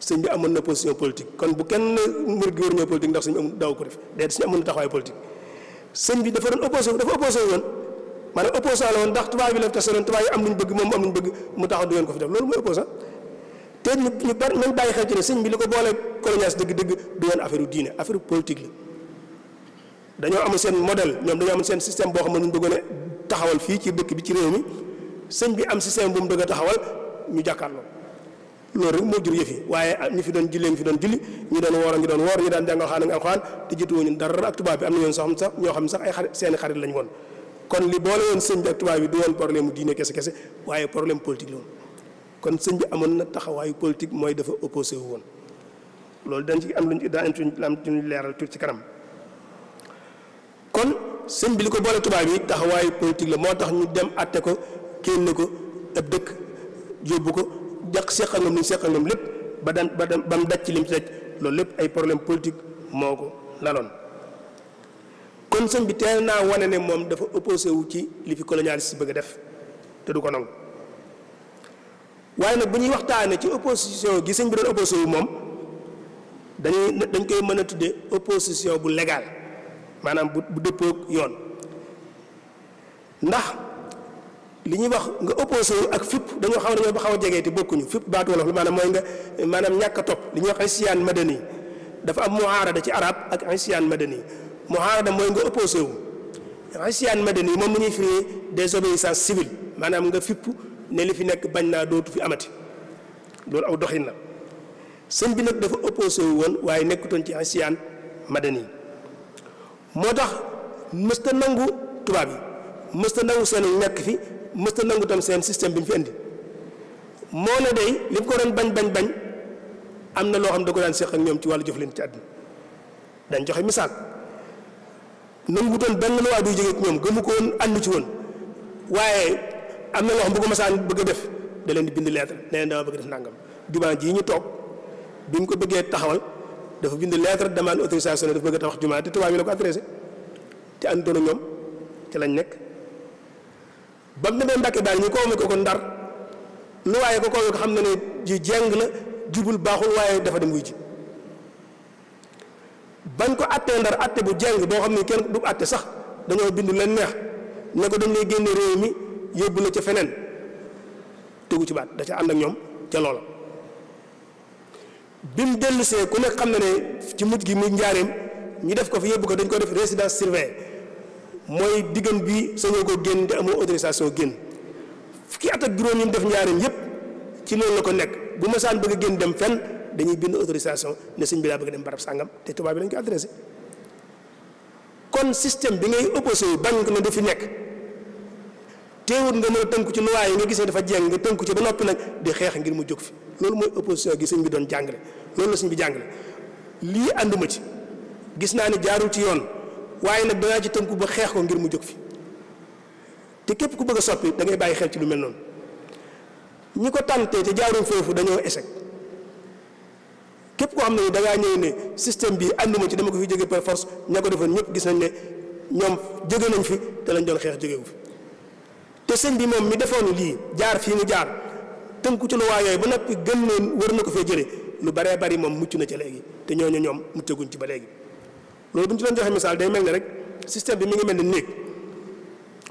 sëñ bi amoon na position politique kon bu kenn murid gi war ñëw politique ndax sëñ bi amul daaw ko def déedéet sëñ amoon na taxawaay politique sëñ bi dafa doon opposé dafa opposé woon maanaam opposant la woon ndax tubaab yi la tase loon te ñu ñu bàyyi xel ci ne sëñ bi li ko boole colonialiste dëgg-dëgg du woon affaire diine affaire politique la dañoo amoon seen modèle ñoom dañoo amoon seen système boo xam ne ñu bëggoon a taxawal fii ci dëkk bi ci réew mi sëñ bi am système bu mu bëgg a ñu jàkkaarloo loolu rek moo jur yëf yi waaye ñi fi doon julli ngi fi doon julli ñi doon woor a ngi doon woor ñi daan jàngal xaan a ngi alxaan te jituwuñu dara ak tubaab bi am na ñoon sax sax ñoo xam sax ay xarit seeni xarit lañ woon kon li boole woon sëñ bi ak tubaab bi du woon problème diine kese kese waaye problème politique la kon sëñ bi amoon na taxawaayu politique mooy dafa opposé wu woon loolu dañ ci am luñ daa am luñ leeral tuuti ci kanam kon sëñ bi li ko boole tubaab yi taxawaayu politique la moo tax ñu dem atte ko génne ko ab dëkk yóbbu ko jaq seqal ñoom li seqal ñoom lépp ba daan ba daan ba mu daj ci lim ci daj loolu lépp ay problème politique moo ko laloon kon sëñ bi teel naa wane ne moom dafa opposé wu ci li fi si bëgg a def te du ko nangu waaye nag bu ñuy waxtaanee ci opposition gi sëñ bi doon opposé wu moom dañuy dañ koy mën a tuddee opposition bu legal maanaam bu bu dëppoog yoon ndax li ñuy wax nga opposé ak fipp dañoo xaw dañoo ba xaw a jege te bokkuñu fipp baatu wolof la maanaam mooy nga maanaam ñàkk a topp li ñuy wax isyaan madani dafa am muhaarada ci arab ak isyaan madani muhaarada mooy nga wu isyaan madani moom mu ñuy firi désobéissance civile maanaam nga fipp ne li fi nekk bañ naa dootu fi amati loolu aw doxin la sëñ bi nag dafa opposé wu woon waaye nekkutoon ci isyaan madani moo tax mësta nangu tubaab yi mësta nangu seen ñàkk fi mësta nangu tam seen système bi mu fi indi moo ne day li mu ko doon bañ bañ bañ am na loo xam da ko daan séq ak ñoom ci wàllu leen ci àddina dañ joxe misaal nanguwutoon benn loi buy jógee ci ñoom gëmu ko woon ànd ci woon waaye am na loo bu ko masaan bëgg def da leen di bind lettre ne leen dama bëgg def nangam jumaa ji ñu toog bi mu ko bëggee taxawal dafa bind lettre demande autorisation dafa bëgg a taxaw jumaa te tubaab yi la ko adressé te àndoon ak ñoom ci lañ nekk. ba mu demee Mbàkke daal ñu koome ko ko ndar lu waaye ko koome ko xam na ne ji jeng la jubul baaxul waaye dafa dem wuy ji bañ ko attee ndar atte bu jeng boo xam ne kenn du atte sax dañoo bind leen neex ne ko dem lay génne réew mi yóbbu la ca feneen tegu ci baat da ca ànd ak ñoom ca loola bi mu dellusee ku nekk xam ne ne ci mujj gi muy njaareem ñu def ko fi yóbbu ko dañ ko def résidence surveillée mooy diggant bi sañoo ko génn te amoo autorisation génn fukki at ak juróom yi mu def njaareem yépp ci loolu la ko nekk bu ma saan bëgg a génn dem fenn dañuy bind autorisation ne sëñ bi daa bëgg dem barab sàngam te tubaab bi lañ ko adressé kon système bi ngay opposé wu banque na dafi nekk teewut nga mën tënku ci loi yi nga gisee dafa jeng nga tënku ci ba noppi nag di xeex ngir mu jóg fi loolu mooy opposition gi sëñ bi doon jàngale loolu la sëñ bi jàngale lii ànduma ci gis naa ne jaarul ci yoon waaye nag danaa ci tënku ba xeex ko ngir mu jóg fi te képp ku bëgg a soppi dangay bàyyi xel ci lu mel noonu ñi ko tànnte te jaaruñ foofu dañoo échec képp koo xam ne da ngaa ñëw ne système bi ànduma ci dama ko fi jóge force ña ko defoon ñëpp gis nañ ne ñoom jóge nañ fi te lañ doon xeex jógewu fi te sëñ bi moom mi defoon lii jaar fii mu jaar tënku ci lu waa yooyu ba noppi gën leen war na ko fee jëlee lu baree bari moom mucc na ci léegi te ñooñu ñoom muccaguñ ci ba léegi. loolu bu ñu ci doon joxe misaal day mel na rek système bi mi ngi mel ni néeg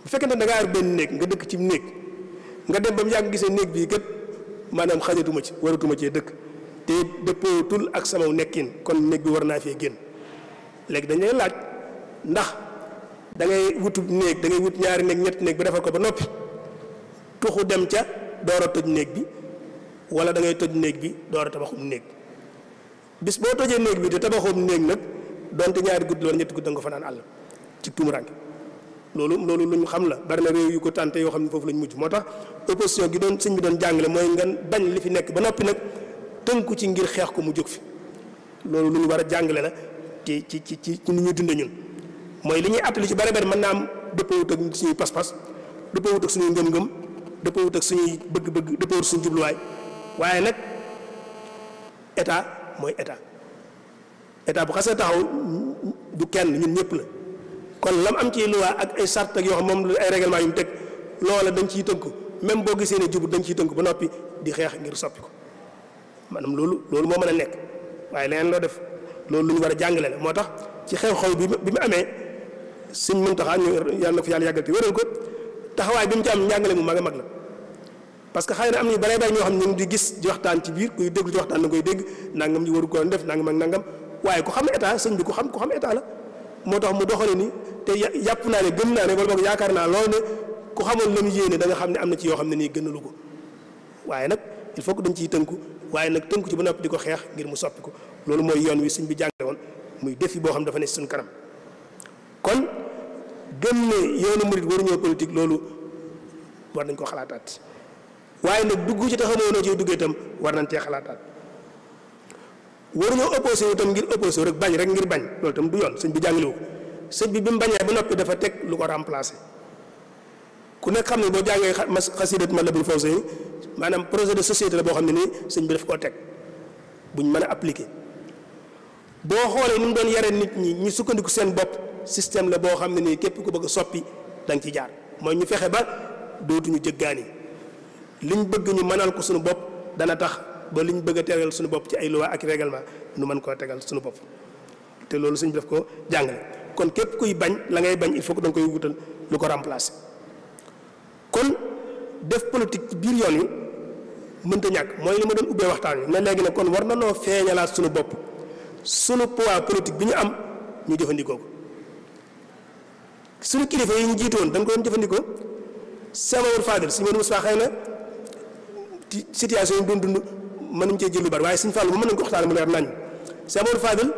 bu fekkente ne da ngaa benn néeg nga dëkk ci mu néeg nga dem ba mu yàgg gisee néeg bi kat maanaam xajatuma ci waratuma cee dëkk te dëppootul ak sama nekkin kon néeg bi war naa fee génn léegi dañ lay laaj ndax dangay ngay wutu néeg dangay wut ñaari néeg ñetti néeg bi defar ko ba noppi tuxu dem ca door toj néeg bi wala dangay ngay toj néeg bi door a tabaxum néeg bis boo tojee néeg bi te tabaxum néeg donte ñaari guddi loolu ñetti guddi nga fa naan àll ci tumuranke loolu loolu lu ñu xam la bari na réew yu ko tànte yoo xam ne foofu la ñu mujj moo tax opposition gi doon sëñ bi doon jàngale mooy nga bañ li fi nekk ba noppi nag tënku ci ngir xeex ko mu jóg fi loolu lu ñu war a jàngale la ci ci ci ci ni ñuy dunde mooy li ñuy àttali ci bari bari mën naa am dëppoowut ak suñuy pas-pas dëppoowut ak suñuy ngëm-ngëm dëppoowut ak suñuy bëgg-bëgg dëppoowut suñu jubluwaay waaye nag état mooy état état bu xasee taxaw du kenn ñun ñëpp la kon lam am ci loi ak ay sart ak yoo xam moom ay règlement yu mu teg loola dañ ciy tënk même boo gisee ne jubut dañ ciy tënk ba noppi di xeex ngir soppi ko maanaam loolu loolu moo mën a nekk waaye leneen loo def loolu lu ñu war a jàngale la moo tax ci xew-xew bi bi mu amee Sëñ Muntaxa ñu yàlla na ko yàlla yàggal te wéral ko taxawaay bi mu ci am njàngale mu mag a mag la parce que xëy na am nañu bare bare ñoo xam ne ngi di gis di waxtaan ci biir kuy na koy dégg nangam ñu waru ko def nangam ak nangam waaye ku xam état sëñ bi ku xam ku xam état la moo tax mu doxale ni te yàpp naa ne gëm naa ne wala boog yaakaar naa loolu ne ku xamal la mu yéene danga xam ne am na ci yoo xam ne nii gënalu ko waaye nag il faut que dañ ciy tënku waaye nag tënku ci ba noppi di ko xeex ngir mu soppi ko loolu mooy yoon wi sëñ bi jàngale woon muy défi boo xam dafa ne suñ kanam kon gëm ne yoonu murit waruñoo politique loolu war nañ ko xalaataat waaye nag dugg ci te xamoo noo ciy duggee itam war nañ cee xalaataat waruñoo opposé wu tam ngir opposé wu rek bañ rek ngir bañ loolu tam du yoon sëñ bi jàngalewu ko sëñ bi bi mu bañee ba noppi dafa teg lu ko remplacé ku nekk xam ne boo jàngee xasidat Matlabul Fawzayni maanaam projet de société la boo xam ne nii sëñ bi daf koo teg buñ mën a appliqué boo xoolee ni mu doon yare nit ñi ñu sukkandiku seen bopp système la boo xam ne nii képp ku bëgg a soppi da nga ci jaar mooy ñu fexe ba dootuñu jëggaani liñ bëgg ñu mënal ko suñu bopp dana tax ba li ñu bëgg a tegal suñu bopp ci ay loi ak règlement nu man koo tegal suñu bopp te loolu suñ def ko jàngale kon képp kuy bañ la ngay bañ il faut que koy wutal lu ko remplacer kon def politique ci biir yoon wi mënta ñàkk mooy li ma doon ubbee waxtaan wi ne léegi nag kon war na noo feeñalaat suñu bopp suñu poids politique bi ñu am ñu jëfandikoo ko suñu kilifa yi ñu jiitu woon dañ ko jëfandikoo Cheikh Mamadou Fadel si Mamadou Moustapha xëy na ci situation yi dund mënuñ cee jël lu bari waaye Sëñ Fallu bu mën nañ ko waxtaane mu leer nañ Sëñ Amadu Fadil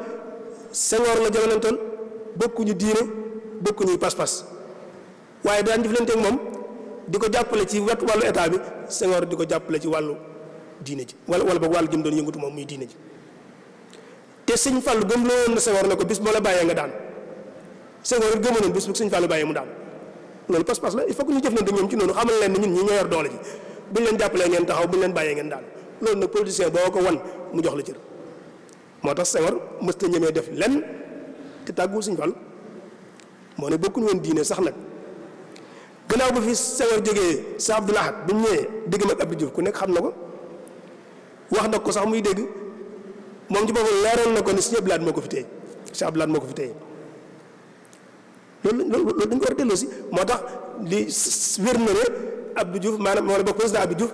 Senghor la jamonoontoon bokkuñu diine bokkuñuy pas-pas waaye daan jëflanteeg moom di ko jàppale ci wet wàllu état bi Senghor di ko jàppale ci wàllu diine ji wala wala boog wàllu jëm doon yëngatu moom muy diine ji te Sëñ Fallu gëm loo woon na Senghor ne ko bis boo la bàyyee nga daan Senghor it gëmoon bis bu Sëñ Fallu bàyyee mu daan loolu pas-pas la il faut que ñu jëflante ñoom ci noonu xamal leen ne ñun ñi ñoo daan loolu nag politicien boo ko wan mu jox la cër moo tax Senghor mës na ñemee def lenn te tàggu Sëñ Fall moo ne bokkuñu woon diine sax nag gannaaw ba fi Senghor jógee sa Abdou Lahad bu ñëwee dégg nag Abdou ku nekk xam na ko wax nag ko sax muy dégg moom ci boppam leeral na ko ne Sëñ Abdou Lahad moo ko fi téye Sëñ Abdou moo ko fi tey loolu loolu loolu ko war a delloo moo tax li wér na ne Abdou Diouf maanaam moo ne bokk président Abdou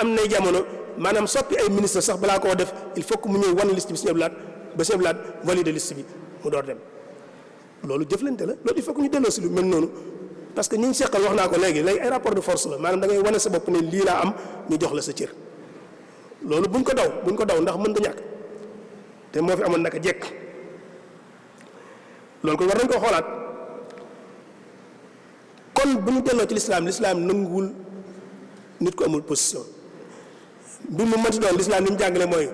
am nay jamono. maanaam soppi ay ministre sax balaa koo def il faut que mu ñëw wan liste bi Sëñ Abdou Lahad ba Sëñ Abdou Lahad valide liste bi mu door dem loolu jëflante la loolu il faut que ñu delloo si lu mel parce que ñi ñu seqal wax naa ko léegi léegi ay rapport de force la maanaam da ngay wane am ñu jox la sa cër loolu buñ ko daw buñ ko daw ndax mën nga ñàkk te moo fi amoon naka jekk loolu ko war nañ ko xoolaat kon bu ñu delloo ci lislaam lislaam nanguwul nit ko amul position mbir mu mënti doon lislaam li mu jàngale mooy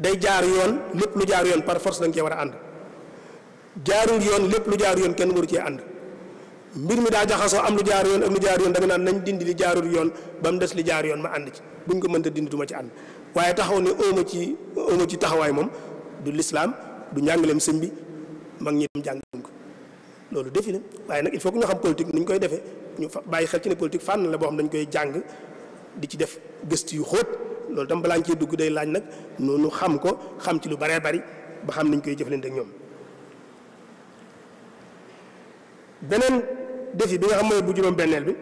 day jaar yoon lépp lu jaar yoon par force da nga war a ànd jaarul yoon lépp lu jaar yoon kenn waru cee ànd mbir mi daa jaxasoo am lu jaar yoon ak lu jaar yoon da nga naan nañ dindi li jaarul yoon ba mu des li jaar yoon ma ànd ci buñ ko mënta dindi duma ci ànd waaye taxaw ne ooma ci ooma ci taxawaay moom du lislaam du njàngaleem sëñ bi mag ñi dem jàngaleem ko loolu defi na waaye nag il faut que ñu xam politique ni ñu koy defee ñu bàyyi xel ci ne politique fànn la boo xam koy jàng di ci def gëstu yu xóot loolu tam balaa ñu cee dugg day laaj nag noonu xam ko xam ci lu baree bari ba xam ne nañ koy jëflante ak ñoom beneen défi bi nga xam mooy bu juróom-benneel bi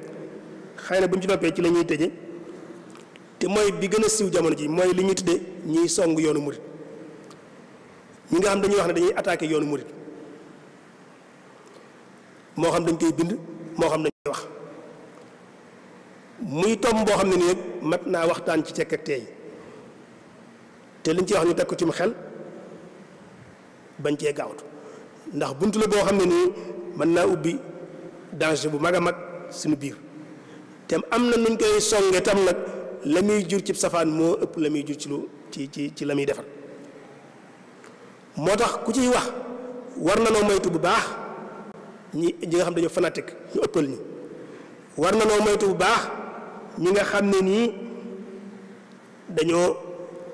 xëy na bu ñu ci noppee ci lañuy tëje te mooy bi gën a siiw jamono ji mooy li ñuy tuddee ñiy song yoonu murit ñi nga xam dañuy wax ne dañuy attaqué yoonu murit moo xam dañ koy bind moo xam dañ wax muy tom boo xam ne nii mat naa waxtaan ci tekk ak teey te liñ ci wax ñu takk ko ci mu xel bañ cee gaawtu ndax bunt la boo xam ne nii mën naa ubbi danger bu mag a mag suñu biir te am na nuñ koy songe tam nag la muy jur ci safaan moo ëpp la muy jur ci lu ci ci ci la muy defal moo tax ku ciy wax war na loo moytu bu baax ñi ñi nga xam dañoo fanatique ñu ëppal ñu war na noo moytu bu baax ñi nga xam ne nii dañoo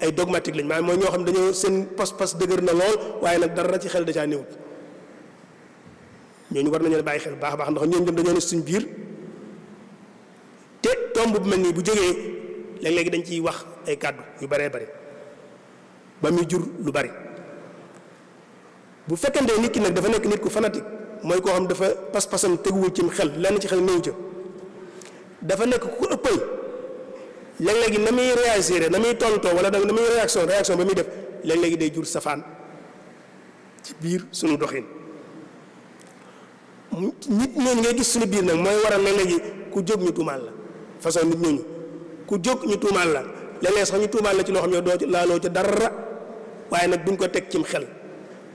ay dogmatique lañ maanaam mooy ñoo xam ne dañoo seen pas-pas dëgër na lool waaye nag dara ci xel da caa néewut ñooñu war nañu bàyyi xel baax baax ndax ñooñu dem dañoo ne suñ biir te tomb bu mel nii bu jógee léeg-léegi dañ ciy wax ay kàddu yu baree bari ba muy jur lu bari bu fekkante nit ki nag dafa nekk nit ku fanatique mooy koo xam dafa pas-pasam teguwul cim xel lenn ci xel néew ca dafa nekk ku ko ëppal léeg-léegi na muy réagir na muy tontoo wala na muy réaction réaction ba muy def léeg-léegi day jur safaan ci biir suñu doxin nit ñooñu ngay gis suñu biir nag mooy waral léeg-léegi ku jóg ñu tuumaal la façon nit ñooñu ku jóg ñu tuumaal la léeg-léeg sax ñu tuumaal la ci loo xam ne doo ci laaloo ci dara waaye nag duñ ko teg cim xel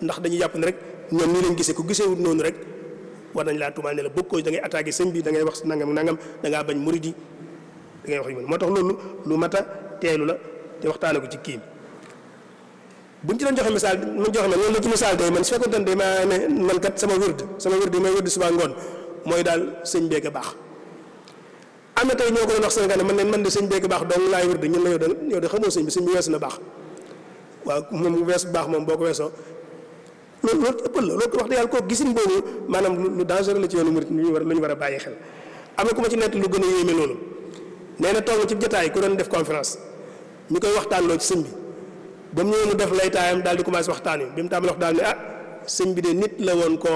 ndax dañuy yàpp ne rek ñoom nii lañ gisee ku gisee wut noonu rek. war nañ laa tuumaal ne la bokkoo da ngay attaqué sëñ bi da ngay wax nangam nangam da ngaa bañ muridi da ngay wax yu moo tax loolu lu mat a teelu la te waxtaane ko ci kii buñ ci doon joxe misaal ma joxe ma loolu la ci misaal tey man su fekkoon tan day kat sama wërd sama wërd may wërd suba ngoon mooy daal sëñ beeg a baax am na tey ñoo ko doon wax Sénégal man leen man de sëñ beeg baax dong laay wërd ñun la yow da yow da xamoo sëñ bi sëñ bi weesu na baax waaw moom weesu baax moom boo ko weesoo loolu loolu ëppal la loolu wax dëgg yàlla kooku gisin boobu maanaam lu dangereux la ci yoonu murit lu ñu war lu ñu war a bàyyi xel am na ku ci nett a yéeme noonu nee ku doon def conférence ñu koy waxtaan loo ci sëñ bi ba mu ñëwee mu def lay taayam daal di commencé waxtaan yi bi mu tàmbalee wax daal ne ah sëñ bi de nit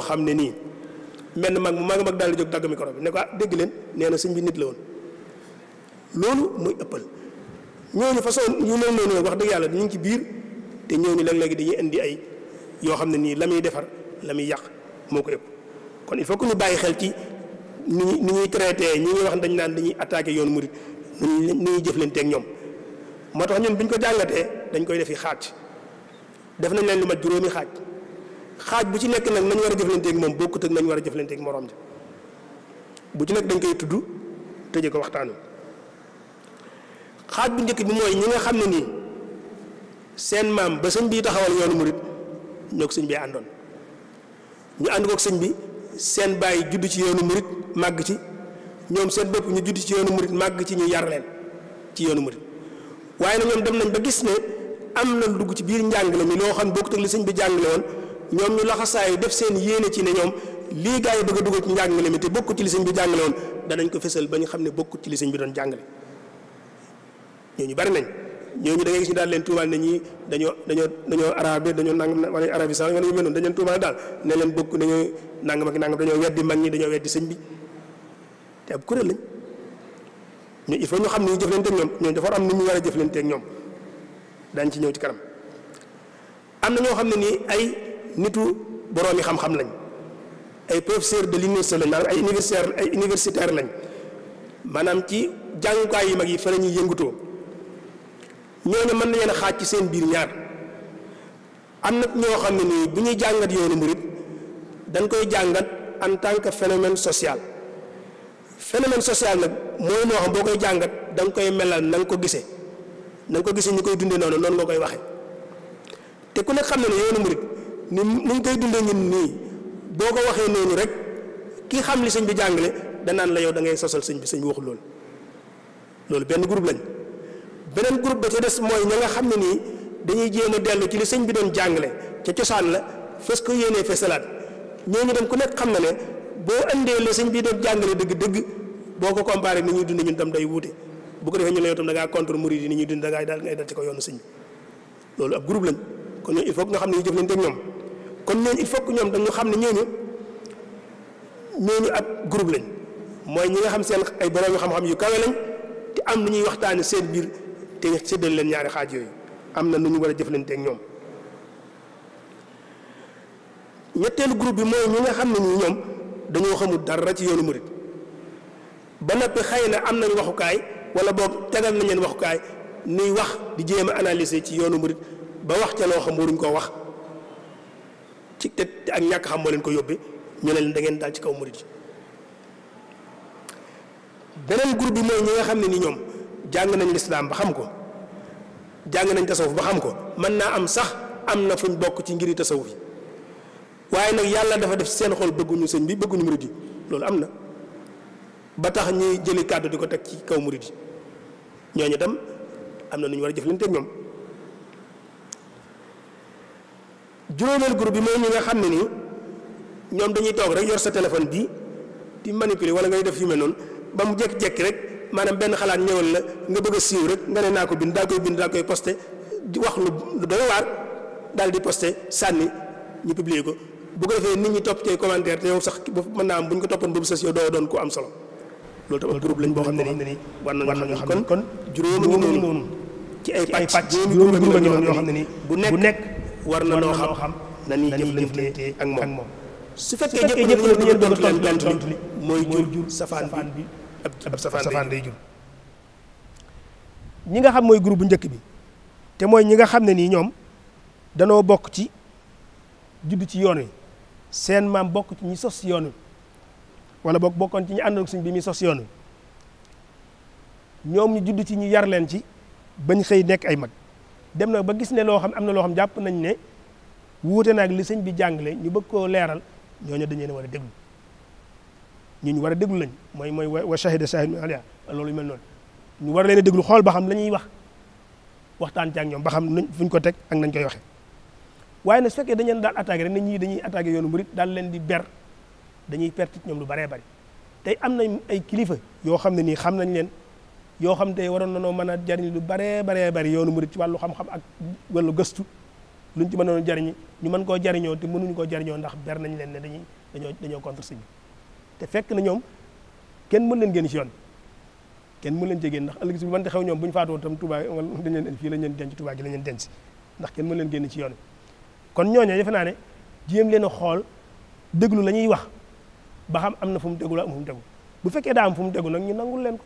xam ne nii menn mag mu mag mag daal di jóg dagg micro bi ne ko ah leen nee na sëñ bi nit la woon loolu mooy ëppal ñooñu façon yu mel noonu wax dëgg yàlla ñu ngi ci biir te ñooñu léeg-léegi dañuy indi ay yoo xam ne nii la muy defar la muy yàq moo ko ëpp kon il faut que ñu bàyyi xel ci ni ñuy ni ñuy traité ñi ñuy wax ne dañu naan ñuy attaqué yoonu murit nu ñuy nu ñuy jëflanteeg ñoom moo tax ñun bu ñu ko jàngatee dañ koy defi xaaj def nañ leen lu mat juróomi xaaj xaaj bu ci nekk nag nañ war a jëflanteeg moom bokkut ak nañ war a jëflanteeg morom ja bu ci nekk dañ koy tudd tëje ko waxtaanu xaaj bu njëkk bi mooy ñu nga xam ne nii seen maam ba sëñ bii taxawal yoonu murit ñoo ko sëñ bi àndoon ñu ànd kook sëñ bi seen bàyyi judd ci yoonu murit màgg ci ñoom seen bopp ñu judd ci yoonu murit màgg ci ñu yar leen ci yoonu murit waaye nag ñoom dem nañ ba gis ne am na lu dugg ci biir njàngale mi loo xam bokkut ak li sëñ bi jàngale woon ñoom ñu laxasaayu def seen yéene ci ne ñoom lii gaa yi bëgg a dugg ci njàngale mi te bokkut ci li sëñ bi jàngale woon danañ ko fësal ba ñu xam ne bokkut ci li sëñ bi doon jàngale ñooñu bari nañ ñooñu da ngay gis ñu daal leen tuumaal ne ñi dañoo dañoo dañoo arabe dañoo nangam wala arabe sax wala ñu mel noonu dañu leen tuumaal daal ne leen bokk dañoo nangam ak nangam dañoo weddi mag ñi dañoo weddi sëñ bi te ab kuréel lañ ñu il faut ñu xam ne ñu jëflante ak ñoom ñoom dafa am ni ñu war a jëflante ak ñoom daañu ci ñëw ci kanam am na ñoo xam ne nii ay nitu boroomi xam-xam lañ ay professeur de l'université lañ daal ay universitaire ay universitaire lañ manaam ci jàngukaay yu mag yi fa la ñuy yëngutoo ñoo ne man mën na leen xaaj ci seen biir ñaar am na ñoo xam ne nii bu ñuy jàngat yoonu murit danga koy jàngat en tant que phénomène social phénomène social nag mooy moo xam boo koy jàngat danga koy melal na nga ko gisee na ko gisee ñu koy dundee noonu noonu nga koy waxee te ku ne xam ne ne yoonu murit ni mu ngi koy dundee ñun nii boo ko waxee noonu rek ki xam li sëñ bi jàngale danaan la yow da ngay sosal sëñ bi sëñ bi waxul loolu loolu benn groupe lañ. beneen groupe ba ca des mooy ña nga xam ne nii dañuy jéem dellu ci li sëñ bi doon jàngale ca cosaan la fës ko yéenee fesalaat ñooñu dem ku nekk xam na ne boo andee la sëñ bi doon dëgg-dëgg boo ko comparé ni ñuy dund ñun tam day wuute bu ko defee ñu ne yow tam da ngaa contre ñuy dund da ngaa daal ngay dal ci ko yoonu sëñ bi loolu ab groupe lañ kon ñooñu il faut nga xam ne ñu jëflante ak ñoom kon ñooñu il faut que ñoom dañu xam ne ñooñu ñooñu ab group lañ mooy ñi nga xam seen ay borom yu xam-xam yu kawe te am lu ñuy waxtaane seen biir te séddal leen ñaari xaaj yooyu am na nu ñu war a jëflante ñoom ñetteelu group bi mooy ñi nga xam ne ñi ñoom dañoo xamul dara ci yoonu murit ba noppi xëy na am nañ waxukaay wala boog tegal nañ leen waxukaay nuy wax di jéem a ci yoonu murit ba wax ca loo xam waruñ koo wax ci te ak ñàkk xam moo leen ko yóbbe ñu ne leen da daal ci kaw murit beneen groupe bi mooy ñi nga xam ne ni ñoom jàng nañu lislaam ba xam ko jàng nañ tasawuf ba xam ko mën naa am sax am na fuñ bokk ci ngiri tasawuf yi waaye nag yàlla dafa def seen xool bëgguñu sëñ bi bëgguñu murid yi loolu am na ba tax ñuy jëli kàddu di ko teg ci kaw murid yi ñooñu dem am na nu ñu war a jëflanteeg ñoom juróomeel groupe bi mooy ñi nga xam ne nii ñoom dañuy toog rek yor sa téléphone bii di manipuler wala ngay def yu mel noonu ba mu jékki-jékki rek maanaam benn xalaat ñëwal la nga bëgg a siiw rek nga ne naa ko bind daa koy bind daa koy posté di wax lu doy waar daal di posté sànni ñu publier ko bu ko defee nit ñi topp tey commentaire te yow sax mën naa am bu ñu ko toppoon ba mu sës doo doon ko am solo loolu tam groupe lañ boo xam ne nii war nañu xam ne kon juróomi ngi noonu ci ay pàcc juróomi groupe ngi noonu yoo xam ne nii bu nekk war na noo xam na ñuy jëflante ak moom su fekkee ñëpp ñëpp dañu doon tontu li mooy jur safaan bi ab safaan day ñi nga xam mooy groupe njëkk bi te mooy ñi nga xam ne nii ñoom danoo bokk ci judd ci yoon wi seen maam bokk ci ñi sos yoon wi wala bokk bokkoon ci ñi àndoon suñ bi muy sos yoon wi ñoom ñu judd ci ñu yar leen ci bañ xëy nekk ay mag dem na ba gis ne loo xam am na loo xam jàpp nañ ne wuute naag li sëñ bi jàngale ñu bëgg koo leeral ñooñu dañu leen war a déglu ñu ñu war a déglu lañ mooy mooy wa shahida shahid min ahliha loolu mel noonu ñu war leen a xool ba xam la ñuy wax waxtaan ñoom ba xam nuñ fuñ ko teg ak nañ koy waxee waaye nag su fekkee dañ daal attaqué rek dañuy attaqué yoonu murit daal leen di ber dañuy perte ñoom lu baree bari tey am nañ ay kilifa yoo xam ne nii xam nañ leen yoo xam tey waroon nanoo mën a jariñ lu baree baree bari yoonu murit ci wàllu xam ak wàllu gëstu luñ ci mënoon jariñ ñu mën koo jariñoo te mënuñ koo jariñoo ndax ber nañ leen ne dañuy dañoo dañoo contre sëñ bi te fekk na ñoom kenn mën leen génn ci yoon kenn mën leen jegéen ndax ëllëg si man te xew ñoom bu ñu faatoo tam Touba dañ leen fii la leen denc Touba gi la ndax kenn mën leen génn ci yoon kon ñoo defe naa ne jéem leen a xool déglu la ñuy wax ba xam am na fu mu déglu am fu mu déglu bu fekkee daa fu mu déglu nag ñu nangul leen ko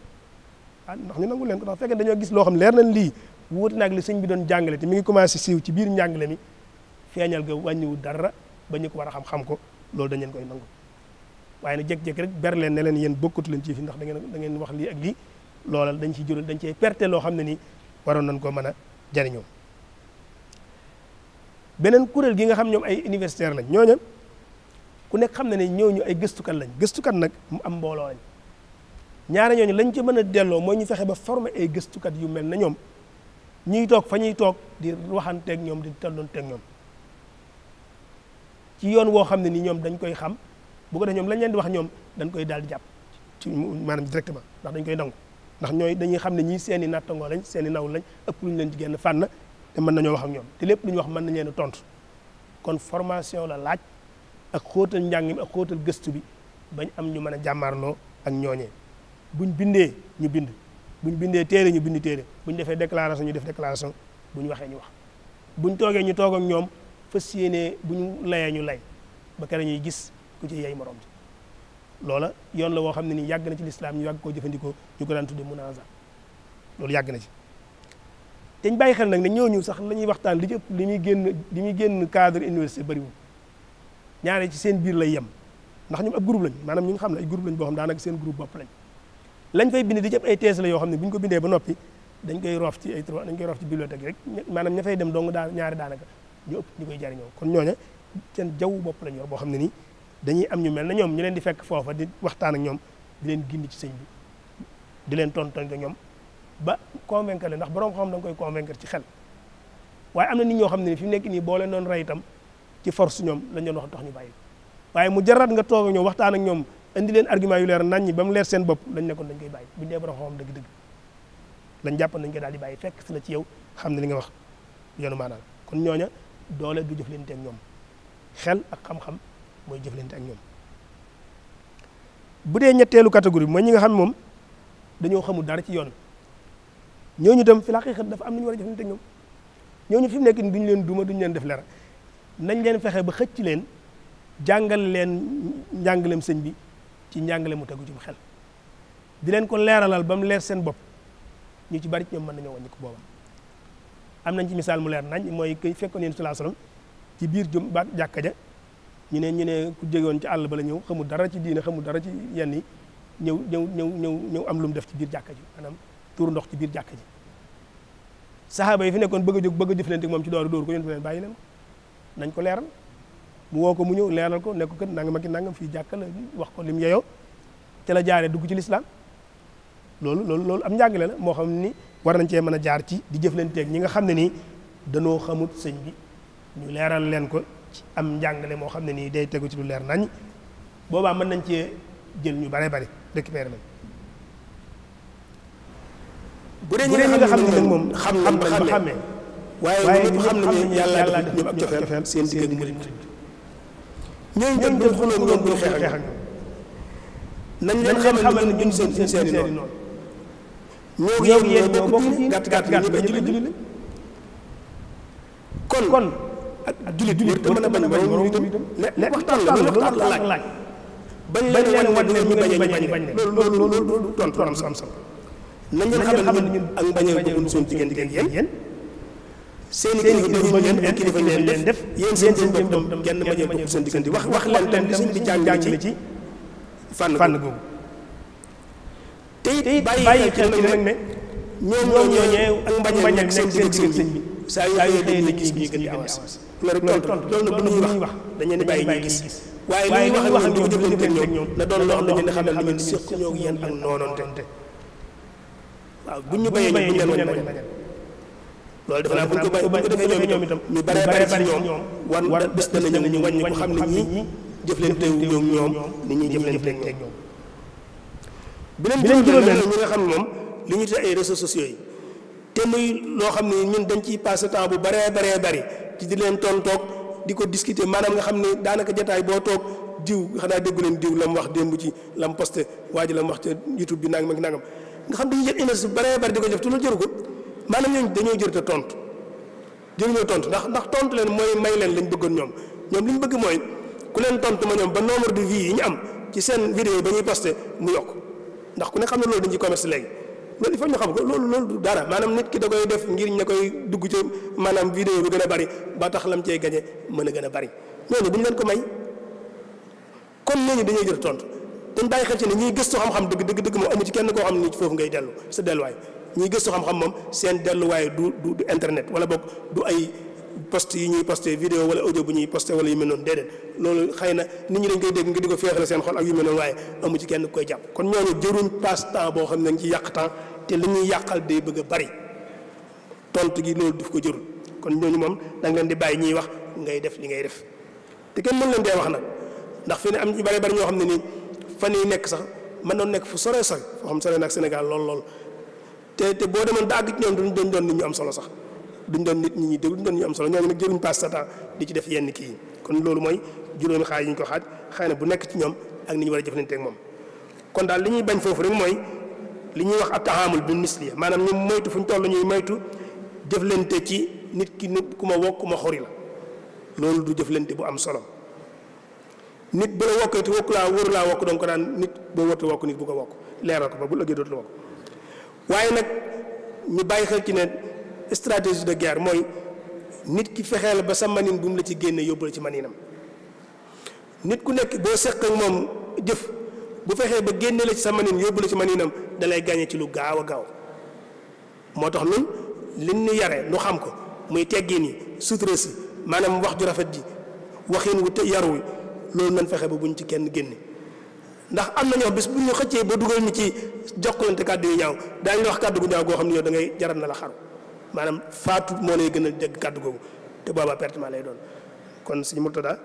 ah ndax ñu nangul leen ko ndax fekkee dañoo gis loo xam leer nañ lii wuute naag li sëñ bi doon jàngale te mi ngi commencé siiw ci biir njàngale mi feeñal ga wàññiwu dara ba ko war a xam-xam ko loolu dañ koy nangul waaye nag jékki-jékki rek ber leen ne leen yéen bokkatu leen ci fi ndax da ngeen da ngeen wax lii ak lii loolal dañ ciy jural dañ cey perte loo xam ne nii waroon nañ ko mën a jariñoo beneen kuréel gi nga xam ñoom ay universitaire lañ ñooña ku nekk xam na ne ñooñu ay gëstukat lañ gëstukat nag mu am mbooloo ñaare ñooñu lañ ci mën a delloo mooy ñu fexe ba forme ay gëstukat yu mel na ñoom ñuy toog fa ñuy toog di waxanteeg ñoom di talloonteeg ñoom ci yoon woo xam ne nii ñoom dañ koy xam bu ko def ñoom lañ leen di wax ñoom dañ koy daal di jàpp ci maanaam directement ndax dañ koy nangu ndax ñooy dañuy xam ne ñii seen i nattangoo lañ seen naw lañ ëpp luñ leen ci genn fànn te mën nañoo wax ak ñoom te lépp lu ñu wax mën nañ leen a tontu kon formation la laaj ak xóotal njàng mi ak xóotal gëstu bi bañ am ñu mën a jàmmaarloo ak ñooñee buñ bindee ñu bind buñ bindee téere ñu bind téere buñ defee déclaration ñu def déclaration buñ waxee ñu wax buñ toogee ñu toog ak ñoom fas yéenee buñ layee ñu lay ba kere ñuy gis ku ci yey morom ci loola yoon la woo xam ne nii yàgg na ci lislaam ñu yàgg koo jëfandikoo ñu ko daan tudde munaaza loolu yàgg na ci dañ bàyyi xel nag ne ñooñu sax la ñuy waxtaan li ci li muy génn li muy génn cadre université bëriwul ñaare ci seen biir lay yem ndax ñoom ab groupe lañ maanaam ñu nga xam ne ay groupe lañ boo xam daanaka seen groupe bopp lañ la yoo xam ne bu ñu ko bindee ba noppi dañ koy roof ci ay dañ koy roof ci bibliothèque rek maanaam ña fay dem dong daa ñaari daanaka ñu ëpp ñu koy jariñoo kon ñooña seen jaww bopp lañ yor boo xam ne ni dañuy am ñu mel na ñoom ñu leen di fekk foofa di waxtaan ak ñoom di leen gindi ci sëñ bi di leen tontoñ ak ñoom ba convaincre leen ndax borom xam da koy convaincre ci xel waaye am na nit ñoo xam ne fi nekk nii boo leen doon rey itam ci force ñoom lañ wax tax ñu bàyyi waaye mu jarat nga toog ak waxtaan ak ñoom indi leen argument yu leer nañ ñi ba mu leer seen bopp lañ nekkoon dañ koy bàyyi buñu dee borom xam dëgg-dëgg jàpp nañ koy daal di bàyyi fekk si na ci yow xam ne li nga wax yoonu maanaam kon ñooña doole du jëf leen teeg ñoom xel ak xam-xam mooy jëflante ak ñoom bu dee ñetteelu categori bi mooy ñi nga xam moom dañoo xamul dara ci yoon ñooñu itam fi laqiiqa dafa am lu ñu war a jëflante ak ñoom ñooñu fi mu nekk nii duñu leen duma duñu leen def dara nañ leen fexe ba xëcc leen jàngal leen njàngaleem sëñ bi ci njàngale mu tegu ci xel di leen ko leeralal ba mu leer seen bopp ñu ci bari ci ñoom mën nañoo wàññi ko booba am nañ ci misaal mu leer nañ mooy kay fekkoon yéen sallallahu alayhi wasallam ci biir jum ba jàkka ja ñu ne ñu ne ku jógewoon ci àll ba la ñëw xamul dara ci diine xamul dara ci yenn yi ñëw ñëw ñëw ñëw ñëw am lu mu def ci biir jàkka ji anam tuur ndox ci biir jàkka ji saxaaba yi fi nekkoon bëgg a jóg bëgg a jëflante moom ci dooru dóor ko yonent leen bàyyi leen nañ ko leeral mu woo ko mu ñëw leeral ko nekk kat nangam ak nangam fii jàkka la wax ko lim yeyoo te la jaaree dugg ci lislaam loolu loolu loolu am njàngale la moo xam ni war nañ cee mën a jaar ci di jëflanteeg ñi nga xam ne ni danoo xamut sëñ gi ñu leeral leen ko am njàngale moo xam ne nii day tegu ci lu leer nañ boobaa mën nañ cee jël ñu bare bari récupéré nañ bu dee ñi nga xam ne nag moom xam nañ ba xàmmee waaye ñëpp xam nañ yàlla def ñoom ab cofeel seen digg ak murit ñooñu tam bu xuloo ñoom bu xeex ak ñoom nañ leen xamal ne duñ seen seeni noonu ñoo ngi yéen ñoo bokk diine gàtt gàtt ñëpp ay jullit jullit kon jullit jullit mën a bañ bañ moroom itam waxtaan la loolu waxtaan la laaj bañ leen wan wan ne ñu bañ bañ bañ loolu loolu loolu tontu am sam sam nañ leen xamal ñun ak mbañeel boobu suñu diggante yéen seen i kilifa dañuy leen ay kilifa leen def yéen seen seen bopp tam kenn mbañeel boobu suñu diggante wax wax leen tam li suñu di jàng ci fànn googu te it bàyyi xel ci nag ne ñoom ñoo ñooñee ak mbañeel ak seen seen seen bi saa yu xëyee dañuy gis ñuy gën di avancé loolu rek tontu loolu nag bu ñuy wax dañ leen di bàyyi ñuy gis waaye li ñuy wax ak ñoom di ko jëflanteeg ñoom na doon loo xam ne dina xamal ni ak noonoonte waaw bu ñu bayee ñu bu ñu leen bañal loolu dafa naa bu ñu ko bàyyi bu ñu ko defee ñoom itam ñu bare bare ci ñoom war bis dana ñëw ñu wàññi ko xam ne ñii jëflante ñoom ñoom ni ñuy jëflanteeg teeg ñoom beneen juróomeel ñi nga xam ne moom li ñu te ay réseaux sociaux yi te muy loo xam ne ñun dañ ciy passé temps bu baree baree bari di leen tontoog di ko discuter maanaam nga xam ne daanaka jataay boo toog diw xanaa déggu leen diw la wax démb ci la mu posté waa ji la wax ca youtube bi nangam ak nangam nga xam dañuy jël énergie bu bëree bëri di ko def te loolu jëru ko maanaam ñooñu dañoo jër te tontu tontu ndax ndax tontu leen mooy may leen lañ bëggoon ñoom ñoom lu ñu bëgg mooy ku leen tontu ma ñoom ba nombre de vues yi ñu am ci seen vidéo ba ñuy posté mu yokk ndax ku ne xam ne loolu dañ ci commerce léegi loolu il faut ñu xam loolu loolu dara maanaam nit ki da koy def ngir ña koy dugg ci maanaam vidéo bi gën a bari ba tax lam cey gañe mën a gën a bari ñooñu duñ leen ko may kon ñooñu dañuy jël tontu dañ bàyyi xel ci xam-xam dëgg dëgg dëgg moom amu ci kenn koo xam ne nii foofu ngay dellu sa delluwaay ñiy gëstu xam-xam moom seen du du du wala boog du ay post yi ñuy posté vidéo wala audio bu ñuy posté wala yu mel noonu nga di ko féexale seen xol ak mel noonu waaye ci kenn koy jàpp kon ñooñu jëruñ passe temps boo xam ne dañ yàq temps te li ñuy yàqal de bëgg a bari tontu gi loolu daf ko jërul kon ñooñu moom da leen di bàyyi ñuy wax ngay def li ngay def te kenn mën leen dee wax nag ndax fi ne am yu bari bari ñoo xam ne nii fan yi nekk sax mën noon nekk fu sore sore foo xam nag Sénégal lool lool te te boo demoon dàgg ci ñoom duñ doon nit ñu am solo sax duñ doon nit ñi ñuy déglu duñ ñu am solo ñooñu nag jëruñ passe sa temps di ci def yenn kii kon loolu mooy juróomi xaaj yi ñu ko xaaj xëy na bu nekk ci ñoom ak ni ñu war a jëflante ak moom kon daal li ñuy bañ foofu rek mooy li ñuy wax ab taxaamul bi misli maanaam ñu moytu fu ñu toll ñuy moytu jëflante ci nit ki nit ku ma wokk ku xori la loolu du jëflante bu am solo nit bu la wokkee te wokk laa wóoru laa wokk donk ko daan nit boo wërta wokk nit bu ko wokk leeral ko ba bu ëggee dootu la wokk waaye nag ñu bàyyi xel ci ne stratégie de guerre mooy nit ki fexee la ba sa manin bu la ci génne yóbbu la ci maninam nit ku nekk boo seq ak moom jëf bu fexee ba génne la ci sa manin yóbbu la ci maninam dalay gàññe ci lu gaaw a gaaw moo tax nun liñ nu yare nu xam ko muy teggin yi sutura si maanaam wax ju rafet ji waxin wu te yar wi loolu nan fexe ba buñ ci kenn génne ndax am na ñoo bis bu ñu xëccee ba dugal ñu ci jokkalante kàddu yu ñaaw daañu la wax kàddu gu ñaaw goo xam ne yow da ngay jaral na la xaru maanaam faatu moo lay gën a dégg kàddu googu te boobaa pertement lay doon kon suñu Murtada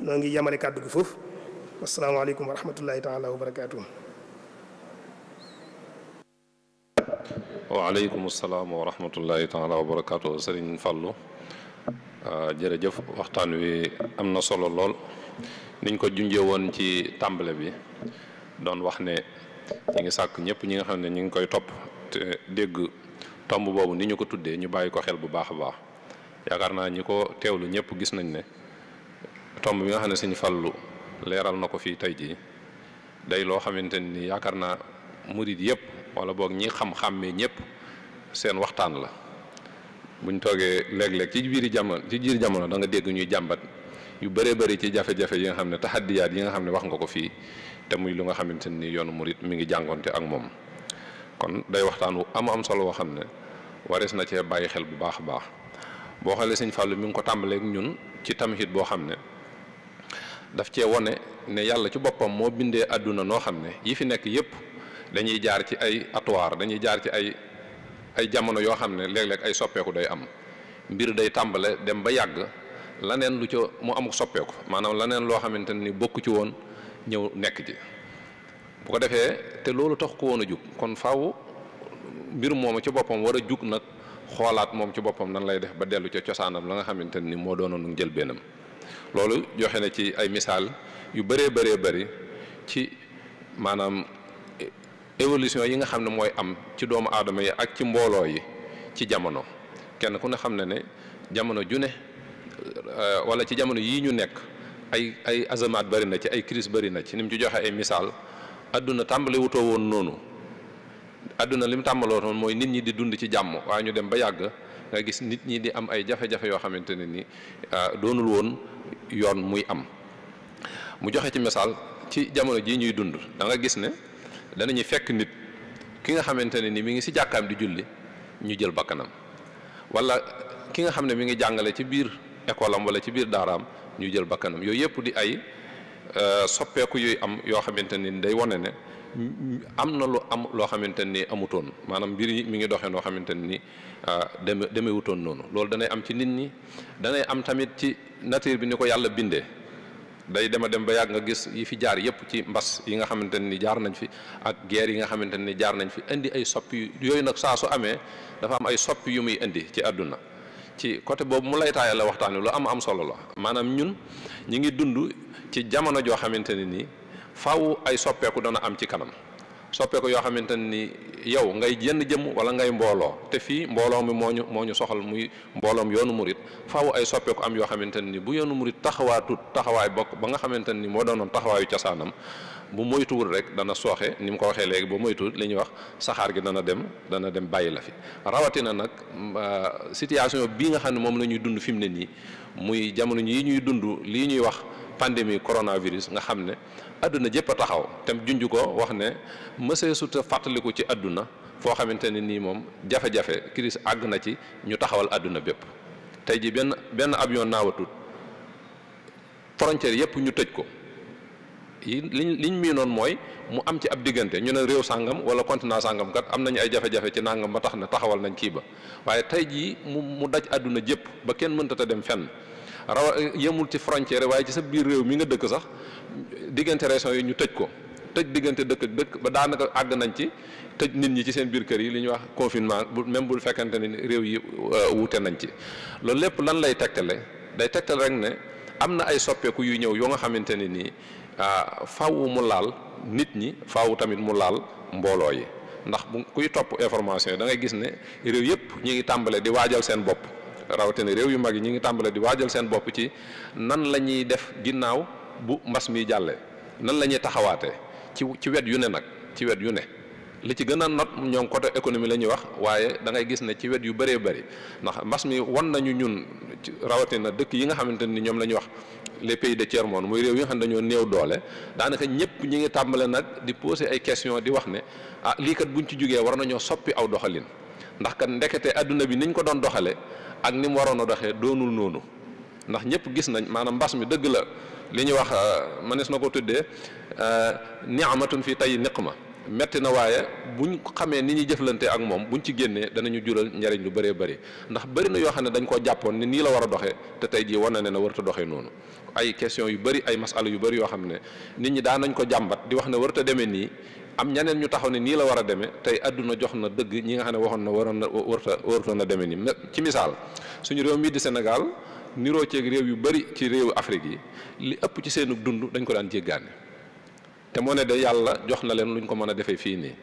noo ngi yamale kàddu gi foofu wasalaamaaleykum wa rahmatullahi taala wa barakaatu. waaleykum salaam wa rahmatullahi taala wa ah, jërëjëf waxtaan wi am na solo lool niñ ko junjee woon ci tàmbale bi doon wax ne ñi ngi sàkk ñépp ñi nga xam ne ñi ngi koy topp te dégg tomb boobu ni ñu ko tuddee ñu bàyyi ko xel bu baax a baax yaakaar naa ñi ko teewlu ñëpp gis nañ ne tomb bi nga xam ne Serigne Fallou. leeral na ko fii tey jii day loo xamante ni yaakaar naa murid yëpp wala boog ñi xam-xàmmee ñëpp seen waxtaan la buñ toogee léeg-léeg ci biir jamono ci biir jamono da nga dégg ñuy jàmbat yu bëree bëri ci jafe-jafe yi nga xam ne taxaddiyaat yi nga xam ne wax nga ko fii te muy lu nga xamante nii yoonu murid mi ngi jàngoonte ak moom kon day waxtaan wu am am solo woo xam ne warees na cee bàyyi xel bu baax a baax boo xoolee sëñ Fallou mi ngi ko tàmbaleek ñun ci tamxit boo xam ne. daf cee wone ne yàlla ci boppam moo bindee àdduna noo xam ne yi fi nekk yépp dañuy jaar ci ay atuwaar dañuy jaar ci ay ay jamono yoo xam ne léeg-léeg ay soppeeku day am mbir day tàmbale dem ba yàgg la laneen lu ca mu amuk soppeeku maanaam laneen loo xamante ni bokku ci woon ñëw nekk ji bu ko defee te loolu tax ko woon a jug kon faw mbir moomu ci boppam war a jug nag xoolaat moom ci boppam nan lay def ba dellu ca cosaanam la nga xamante ni moo doonoon jël bennam loolu joxe na ci ay misaal yu bëree bëree bari ci maanaam évolution yi nga xam ne mooy am ci doomu aadama yi ak ci mbooloo yi ci jamono kenn ku ne xam ne ne jamono ju ne euh, wala ci jamono yii ñu nekk ay ay azamaat bari na ci ay crise bari na ci ni mu ci joxe ay misaal adduna tàmbali woon noonu adduna li mu tàmbaloo woon mooy nit ñi di dund ci jàmm waaye ñu dem ba yàgg nga gis nit ñi di am ay jafe-jafe yoo xamante ne ni euh, doonul woon yoon muy am mu joxe ci misaal ci jamono jii ñuy dund danga gis ne danañu fekk nit ki nga xamante ne ni mi ngi si jàkkaam di julli ñu jël bakkanam wala ki nga xam ne mi ngi jàngale ci biir école am wala ci biir daaraam ñu jël bakkanam yooyu yëpp di ay euh, soppeeku yooyu am yoo xamante ni day wane ne am na lu am loo xamante ni amutoon maanaam mbir mi ngi doxee noo xamante ni ah, deme demewutoon noonu loolu danay am ci nit ñi danay am tamit ci nature bi ni ko yàlla bindee day dema dem ba yàgg nga gis yi fi jaar yépp ci mbas yi nga xamante ni jaar nañ fi ak guerre yi nga xamante ni jaar nañ fi indi ay soppi yooyu nag saa su amee dafa am ay soppi yu muy indi ci àdduna ci côté boobu mu lay taayal la waxtaan lu am am solo la maanaam ñun ñi ngi dund ci jamono joo xamante ni nii faw ay soppeeku dana am ci kanam soppeeku yoo xamante ni yow ngay jenn jëmm wala ngay mbooloo te fii mbooloo mi moo ñu moo ñu soxal muy mbooloom yoonu murit faw ay soppeeku am yoo xamante nii bu yoonu murit taxawaatut taxawaay bokk ba nga xamante ni moo doonoon taxawaayu cosaanam bu moytuwul rek dana sooxe ni mu ko waxee léegi bu moytuwul li ñuy wax saxaar gi dana dem dana dem bàyyi la fi rawatina nag euh, situation bii nga xam ne moom la ñuy dund fi mu ne nii muy jamono yi ñuy dund lii ñuy wax pandémie coronavirus nga xam ne. adduna jëpp a taxaw tam junj ko wax ne mësee suta fàttaliku ci adduna foo xamante ne nii moom jafe-jafe crise àgg na ci ñu taxawal adduna bépp tey ji benn benn avion naawatut frontière yëpp ñu tëj ko yi liñ liñ miinoon mooy mu am ci ab diggante ñu ne réew sàngam wala continent sàngam kat am nañu ay jafe-jafe ci nangam ba tax na taxawal nañ kii ba waaye tey jii mu mu daj àdduna jëpp ba kenn mënta ta dem fenn rawa yemul ci frontière waaye ci sa biir réew mi nga dëkk sax diggante région yi ñu tëj ko tëj diggante dëkk ak dëkk ba daanaka àgg nañ ci tëj nit ñi ci seen biir kër yi li ñuy wax confinement bu même bu fekkante ne réew yi euh, wuute nañ ci loolu lépp lan lay tegtale day tegtale rek ne am na ay soppeeku yu ñëw yoo nga xamante ne nii ah, faaw mu laal nit ñi faaw tamit mu laal mbooloo yi ndax bu kuy topp information yi da gis ne réew yëpp ñu ngi tàmbalee di waajal seen bopp. rawatina réew yu mag yi ñu ngi tàmbale di waajal seen bopp ci nan la ñuy def ginnaaw bu mbas mi jàlle nan la ñuy taxawaatee ci ci wet yu ne nag ci wet yu ne li ci gën a not ñoom côté économie la ñuy wax waaye da ngay gis ne ci wet yu bëree bëri ndax mbas mi wan nañu ñun rawatina dëkk yi nga xamante ni ñoom la ñuy wax les pays de tiers muy réew yi nga xam ne dañoo néew doole daanaka ñëpp ñi ngi tàmbale nag di poser ay question di wax ne ah lii kat buñ ci jógee war nañoo soppi aw doxalin ndax kat ndekete adduna bi niñ ko doon doxale ak ni mu waroon a doxee doonul noonu ndax ñëpp gis nañ maanaam mbas mi dëgg la li ñuy wax euh, mënees na ko tuddee euh, ni'matun fi tey niqma metti na waaye buñ xamee ni ñuy jëflante ak moom buñ ci génnee danañu jural njariñ lu bëree bëri ndax bëri na yoo xam ne dañ ko jàppoon ni nii la war a doxee te tey jii wane ne na warut a doxee noonu ay question yu bëri ay masala yu bari yoo xam ne nit ñi daan nañ ko jàmbat di wax na warta a demee nii am ñaneen ñu taxaw ne nii la war a demee tey àdduna jox na dëgg ñi nga xam ne waxoon na waroon na warta wartoon na demee nii ci misaal suñu réew mii di Sénégal niroo ceeg réew yu bari ci réewu Afrique yi li ëpp ci seenu dund dañ ko daan jéggaane te moo ne de yàlla jox na leen luñ ko mën a defee fii nii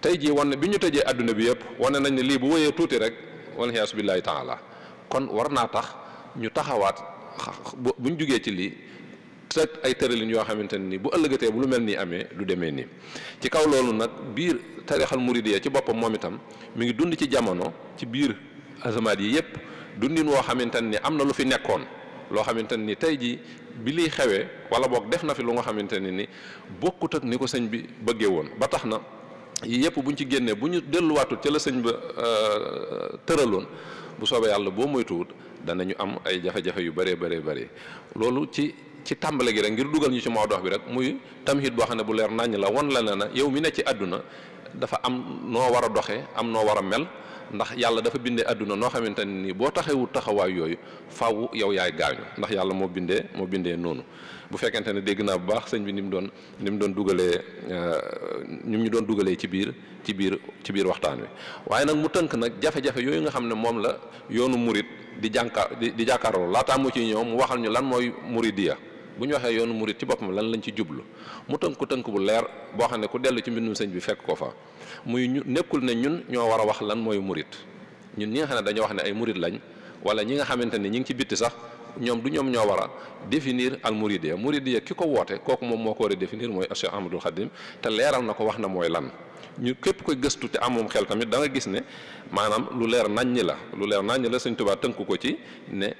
tey jii wane bi ñu tëjee àdduna bi yëpp wane nañ ne lii bu woyee tuuti rek wala yaasu billaahi taala kon war naa tax ñu taxawaat buñ jugee ci lii teg ay tëralin yoo xamante ne ni bu ëllëgatee bu lu mel nii amee du demee nii ci kaw loolu nag biir tarixal muridiya ci boppam moom itam mi ngi dund ci jamono ci biir azamaat yi yépp dundin woo xamante ni am na lu fi nekkoon loo xamante ne ni tey jii bi liy xewee wala boog def na fi lu nga xamante ne ni bokkut ak ni ko sëñ bi bëggee woon ba tax na yii yëpp bu ñu ci génnee bu ñu delluwaatut ci la sëñ ba euh, tëraloon bu soobee yàlla boo moytuwut danañu am ay jafe yu bëree bëree bëri ci tàmbale gi rek ngir dugal ñu ci moo dox bi rek muy tamhid boo xam ne bu leer naññ la won la ne na yow mi ne ci àdduna dafa am noo war a doxee am noo war a mel ndax yàlla dafa bindee àdduna noo xamante ne nii boo taxawul taxawaay yooyu faaw yow yaay gaañu ndax yàlla moo bindee moo bindee noonu bu fekkente ne dégg naa bu baax sañ bi ni mu doon ni mu doon dugalee euh, ni mu ñu doon dugalee ci biir ci biir ci biir waxtaan wi waaye nag mu tënk nag jafe-jafe yooyu nga xam ne moom la yoonu murit di jànka di jàkkaarloo laataa mu ci ñëw mu waxal ñu lan mooy muridiya bu ñu waxee yoonu murit ci boppam lan lañ ci jublu mu tënku tënk bu leer boo xam ne ku dellu ci mbindum sëñ bi fekk ko fa muy ñu nekkul ne ñun ñoo war a wax lan mooy murit ñun ñi nga xam ne dañoo wax ne ay murit lañ wala ñi nga xamante ne ñi ngi ci bitti sax ñoom du ñoom ñoo war a définir al muridiya muridiya ki ko woote kooku moom moo ko war a définir mooy Cheikh Ahmadul Xadim te leeral na ko wax na mooy lan ñu képp koy gëstu te amoom xel tamit da gis ne maanaam lu leer naññi la lu leer naññi la Sëñ Tuubaa tënk ko ci ne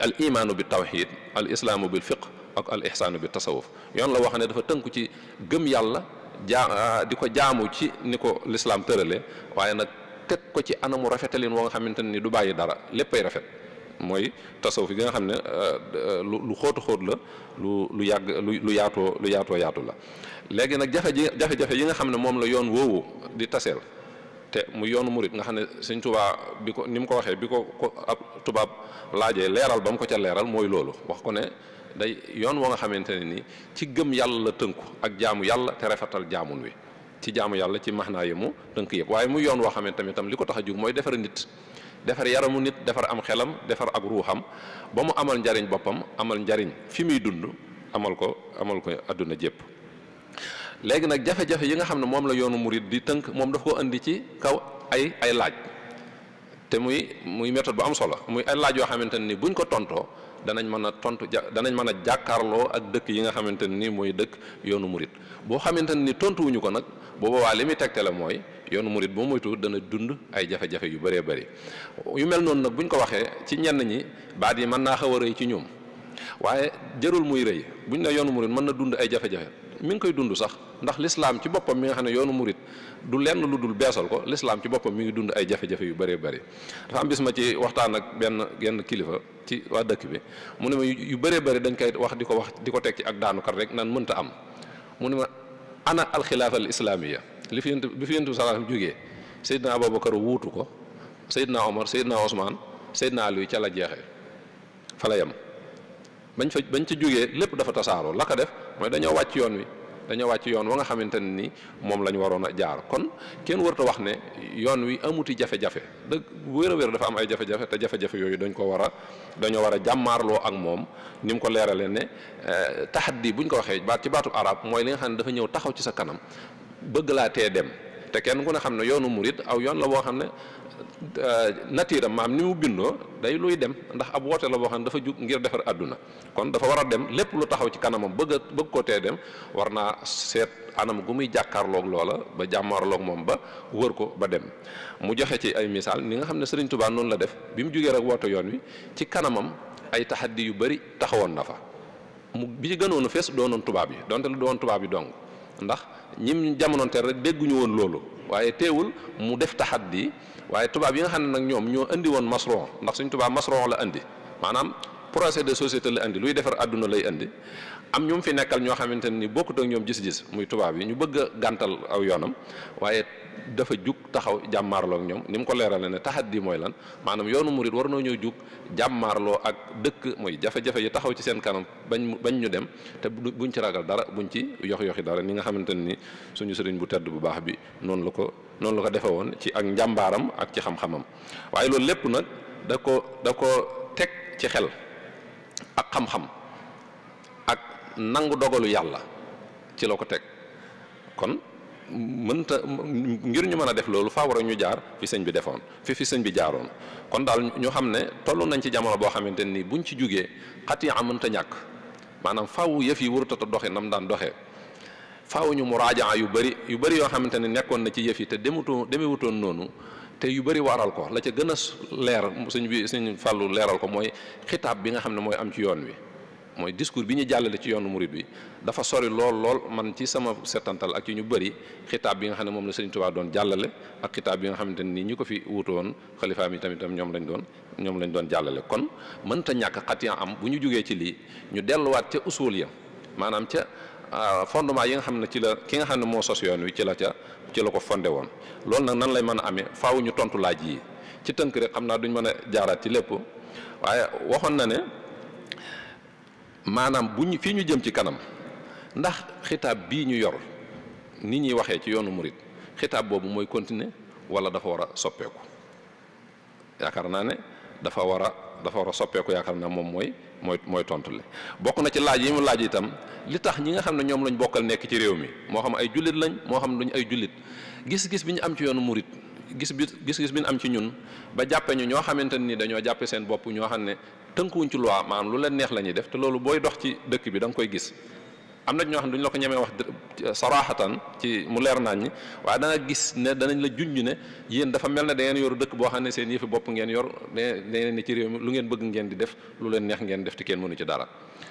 al imaanu bi tawxid al islaamu bi fiq ak al ihsaanu bi tasawuf yoon la wax ne dafa tënku ci gëm yàlla jaa di ko jaamu ci ni ko lislaam tërale waaye nag teg ko ci anamu rafetalin woo nga xamante ni du bàyyi dara léppay rafet mooy tasawuf gi nga xam ne euh, lu lu xóotu xóot la lu lu yàgg lu lu yaatoo lu yaatoo yaatu la léegi nag jafe ji jafe-jafe yi nga xam ne moom la yoon woowu di taseel te mu yoonu murit nga xam ne sëñ Tuubaa bi ko ni mu ko waxee bi ko ko ab tubaab laajee leeral ba mu ko ca leeral mooy loolu wax ko ne day yoon woo nga xamante ne ni ci gëm yàlla la tënku ak jaamu yàlla te rafetal jaamun wi ci jaamu yàlla ci max naa yi mu tënk yëpp waaye mu yoon woo xamante ne tam li ko tax a jóg mooy defar nit defar yaramu nit defar am xelam defar ak ruuxam ba mu amal njariñ boppam amal njariñ fi muy dund amal ko amal ko àdduna jépp léegi nag jafe-jafe yi nga xam ne moom la yoonu murid di tënk moom daf ko indi ci kaw ay ay laaj te muy muy méthode bu am solo muy ay laaj yoo xamante ne ni buñ ko tontoo danañ mën a tontu ja danañ mën a jàkkaarloo ak dëkk yi nga xamante ne nii mooy dëkk yoonu murit boo xamante ne ni tontuwuñu ko nag booba waa li muy la mooy yoonu murit boo moytu dana dund ay jafe-jafe yu bëree bëri yu mel noonu nag bu ñu ko waxee ci ñenn ñi baat yi mën naa xaw a rëy ci ñoom waaye jërul muy rëy buñ ne yoonu murit mën na dund ay jafe-jafe mi ngi koy dund sax ndax lislaam ci boppam mi nga xam ne yoonu murit du lenn lu dul beesal ko lislaam ci boppam mi ngi dund ay jafe-jafe yu bëree bëri dafa am bis ma ci waxtaan ak benn genn kilifa ci waa dëkk bi mu ne ma yu bëree bëri dañ koy wax di ko wax di ko teg ci ak daanukat rek nan mënta am mu ne ma ana alxilaafa al islaamiya li fi yent bi fi yentu salaam jógee Seydina Aboubacar wuutu ko Seydina Omar Seydina Ousmane Seydina Aliou ca la jeexee fa yem bañ fa bañ ca jógee lépp dafa tasaaroo la ko def mooy dañoo wàcc yoon wi dañoo wàcc yoon wa nga xamante ne ni moom lañu waroon a jaar kon kenn warta wax ne yoon wi amuti jafe-jafe dëgg wér a wér dafa am ay jafe-jafe te jafe-jafe yooyu dañ ko war a dañoo war a jàmmaarloo ak moom ni mu ko leeralee ne eh, taxaddi bu ñu ko waxee baat ci baatu arab mooy li nga xam ne dafa ñëw taxaw ci sa kanam bëgg laa tee dem te kenn ku ne xam ne yoonu murit aw yoon la boo xam ne Euh, natiiram maam ni mu bindoo day luy dem ndax ab woote la boo xam ne dafa jug ngir defar àdduna kon dafa war a dem lépp lu taxaw ci kanamam bëgg bëgg ko tee dem war naa seet anam gu muy jàkkaarloog loola ba jàmmaarloog moom ba wër ko ba dem mu joxe ci ay misaal ni nga xam ne Serigne Touba noonu la def bi mu jugee rek woote yoon wi ci kanamam ay taxaddi yu bëri taxawoon na fa mu bi ci gënoon a fees doonoon tubaab yi donte lu doon tubaab yi dong ndax ñim jamonoonte rek dégguñu woon loolu waaye teewul mu def taxaddi waaye tubaab yi nga xam ne nag ñoom ñoo indi woon masron ndax suñ tubaab masron la indi maanaam projet de société la indi luy defar àdduna lay indi am ñoom fi nekkal ñoo xamante ne ni bokkut ak ñoom gis-gis muy tubaab yi ñu bëgg a gàntal aw yoonam waaye dafa jug taxaw jàmmaarloo ñoom ni mu ko leerale ne di mooy lan maanaam yoonu murit war noo ñoo jug jàmmaarloo ak dëkk mooy jafe-jafe yi taxaw ci seen kanam bañ bañ ñu dem te bu buñ ci ragal dara buñ ci yox yoxi dara ni nga xamante ne ni suñu sëriñ bu tedd bu baax bi noonu la ko noonu la ko defe woon ci ak njàmbaaram ak ci xam-xamam waaye loolu lépp nag da ko da teg ci xel ak nangu dogalu yàlla ci la ko teg kon mënta ngir ñu mën a def loolu faa war ñu jaar fi sëñ bi defoon fi fi sëñ bi jaaroon kon daal ñu xam ne toll nañ ci jamono boo xamante nii buñ ci jógee xat yi am mënta ñàkk maanaam faw yëf yi warut a doxe nam daan doxee faw ñu muraajaa yu bari yu bëri yoo xamante ne nekkoon na ci yëf yi te demutoon demewutoon noonu te yu bëri waral ko la ca gën a leer suñ bi suñ fàllu leeral ko mooy xitaab bi nga xam ne mooy am ci yoon wi mooy discours bi ñu jàllale ci yoonu murid bi dafa sori lool lool man ci sama setantal ak yu ñu bëri xitaab bi nga xam ne moom la Sëriñ Tuubaa doon jàllale ak xitaab bi nga xamante ni ñu ko fi wuutu woon xalifaam yi tamitam ñoom lañ doon ñoom lañ doon jàllale kon mënta ñàkk xatiyan am bu ñu jógee ci lii ñu delluwaat ca usul ya maanaam ca euh, fondement yi nga xam ne ci la ki nga xam ne moo sos yoon wi ci la ca ci la ko fonde woon loolu nag nan lay mën a amee faaw ñu tontu laaj yi ci tënk rek xam naa duñ mën a jaaraat ci lépp waaye waxoon na ne maanaam bu ñu fii ñu jëm ci kanam ndax xitaab bii ñu yor ni ñuy waxee ci yoonu murit xitaab boobu mooy continuer wala dafa war a soppeeku yaakaar naa ne dafa war a dafa war a soppeeku yaakaar naa moom mooy mooy mooy tontu li bokk na ci laaj yi mu laaj itam li tax ñi nga xam ne ñoom lañu bokkal nekk ci réew mi moo xam ay jullit lañ moo xam duñ ay jullit gis-gis bi ñu am ci yoonu murit gis bi gis-gis bi ñu am ci ñun ba jàppe ñu ñoo xamante ni dañoo jàppee seen bopp ñoo xam ne tënkuwuñ ci loi maanaam lu leen neex la ñuy def te loolu booy dox ci dëkk bi danga koy gis am na ñoo xam ne duñ la ko ñemee wax saraaxatan ci mu leer naa ñi waaye dana gis ne danañ la junj ne yéen dafa mel ne da ngeen yoru dëkk boo xam ne seen yëfi bopp ngeen yor da ngeen ne ci réew mi lu ngeen bëgg ngeen di def lu leen neex ngeen def te kenn mënu ci dara